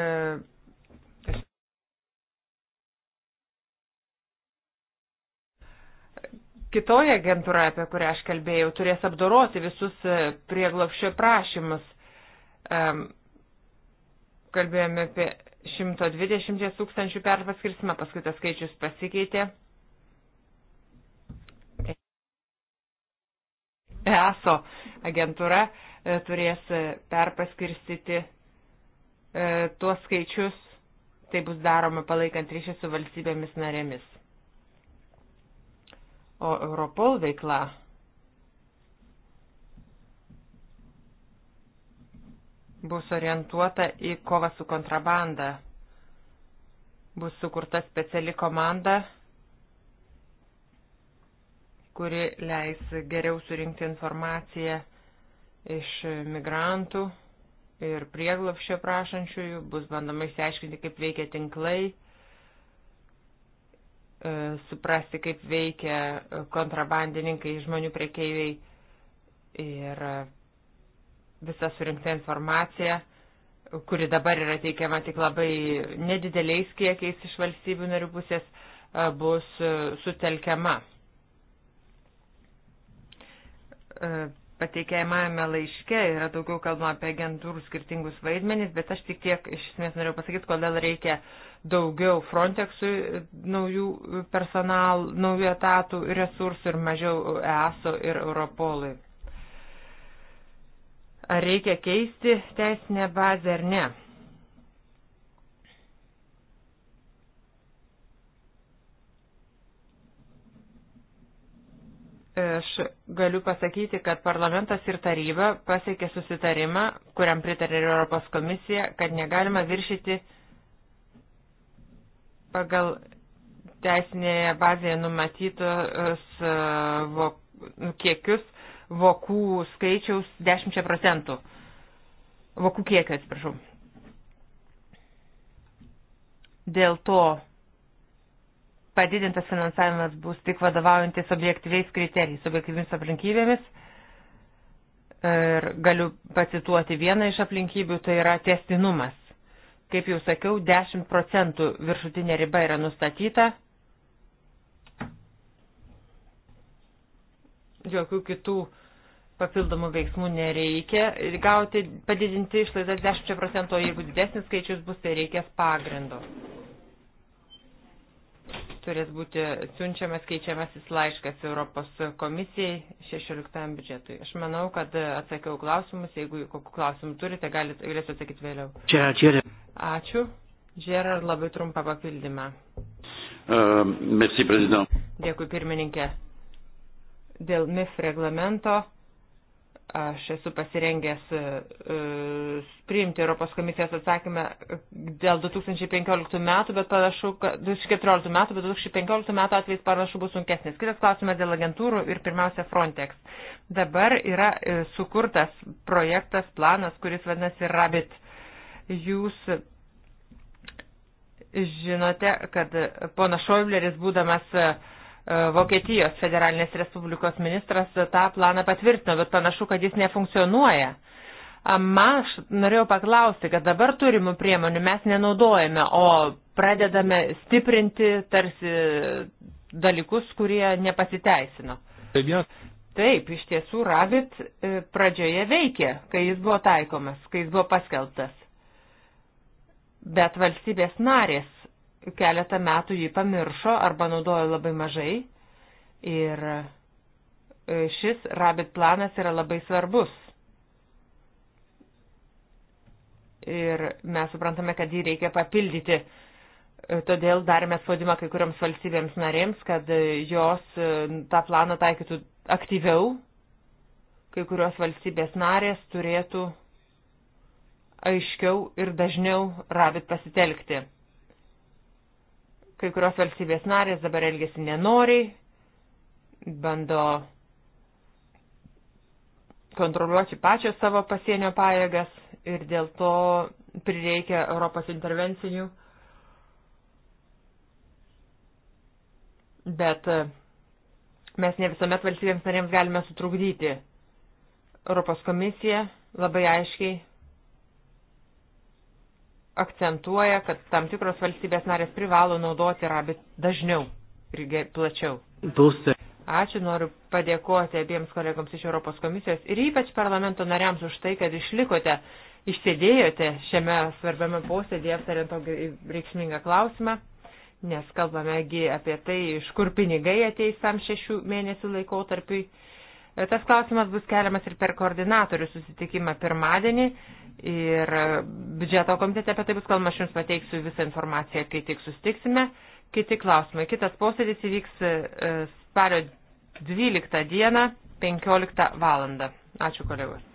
kitoji agentūra, apie kurią aš kalbėjau, turės apdoroti visus e, prieglopščio prašymus. Um, kalbėjome apie 120 tūkstančių perpaskirstimą, paskui tas skaičius pasikeitė. ESO agentūra e, turės e, perpaskirstyti tuos skaičius, tai bus daroma palaikant ryšį su valstybėmis narėmis. O Europol veikla bus orientuota į kovą su kontrabanda. Bus sukurta speciali komanda, kuri leis geriau surinkti informaciją iš migrantų ir prieglapščio prašančiųjų. Bus bandoma išsiaiškinti, kaip veikia tinklai E, suprasti, kaip veikia kontrabandininkai, žmonių priekeiviai ir e, visa surinkta informacija, kuri dabar yra teikiama tik labai nedideliais kiekiais iš valstybių narių pusės, e, bus sutelkiama. Pateikiamajame laiške yra daugiau kalbama apie agentūrų skirtingus vaidmenis, bet aš tik tiek iš esmės norėjau pasakyti, kodėl reikia uh, daugiau Frontexui e, naujų personal, naujų etatų ir resursų ir mažiau ESO ir Europolui. Ar reikia keisti teisinę bazę ar ne? Aš galiu pasakyti, kad parlamentas ir taryba pasiekė susitarimą, kuriam pritarė Europos komisija, kad negalima viršyti pagal teisinėje bazėje numatytus e, vok, nu, kiekius vokų skaičiaus 10 procentų. Vokų kiekio, atsiprašau. Dėl to padidintas finansavimas bus tik vadovaujantis objektyviais kriterijais, objektyvimis aplinkybėmis. Ir galiu pacituoti vieną iš aplinkybių, tai yra testinumas. Kaip jau sakiau, 10 procentų viršutinė riba yra nustatyta. Jokių kitų papildomų veiksmų nereikia. Gauti padidinti išlaidas 10 procentų, o jeigu didesnis skaičius bus, tai reikės pagrindo turės būti siunčiamas keičiamasis laiškas Europos komisijai 16 biudžetui. Aš manau, kad atsakiau klausimus, jeigu kokiu klausimu turite, galite, galėsiu atsakyti vėliau. Čia, čia. Ačiū. Gerard, labai trumpą papildymą. Uh, merci, prezident. Dėkui, pirmininkė. Dėl MIF reglamento Aš esu pasirengęs e, priimti Europos komisijos atsakymą dėl 2015 metų, bet panašu, kad 2014 metų, bet 2015 metų atvejs panašu bus sunkesnis. Kitas klausimas dėl agentūrų ir pirmiausia Frontex. Dabar yra e, sukurtas projektas, planas, kuris vadinasi Rabbit. Jūs žinote, kad ponas Šoibleris būdamas uh, E, Vokietijos federalinės respublikos ministras tą planą patvirtino, bet panašu, kad jis nefunkcionuoja. Man aš norėjau paklausti, kad dabar turimų priemonių mes nenaudojame, o pradedame stiprinti tarsi dalykus, kurie nepasiteisino. Taip, iš tiesų Rabit e, pradžioje veikė, kai jis buvo taikomas, kai jis buvo paskelbtas. Bet valstybės narės keletą metų jį pamiršo arba naudojo labai mažai. Ir e, šis rabit planas yra labai svarbus. Ir mes suprantame, kad jį reikia papildyti. E, todėl darėme spaudimą kai kuriams valstybėms narėms, kad e, jos tą planą taikytų aktyviau. Kai kurios valstybės narės turėtų aiškiau ir dažniau rabit pasitelkti. Kai kurios valstybės narės dabar elgesi nenoriai, bando kontroliuoti pačią savo pasienio pajėgas ir dėl to prireikia Europos intervencinių. Bet e, mes ne visuomet valstybėms narėms galime sutrukdyti. Europos komisija labai aiškiai akcentuoja, kad tam tikros valstybės narės privalo naudoti rabit dažniau ir plačiau. Dūsė. Ačiū, noriu padėkoti abiems kolegams iš Europos komisijos ir ypač parlamento nariams už tai, kad išlikote, išsėdėjote šiame svarbiame posėdėje aptariant tokį reikšmingą klausimą, nes kalbamegi apie tai, iš kur pinigai ateis tam šešių mėnesių laikotarpiui. Tas klausimas bus keliamas ir per koordinatorių susitikimą pirmadienį ir biudžeto komitete apie tai bus kalbama, aš jums pateiksiu visą informaciją, kai tik susitiksime. Kiti klausimai. Kitas posėdis įvyks e, spalio 12 dieną 15 valandą. Ačiū kolegos.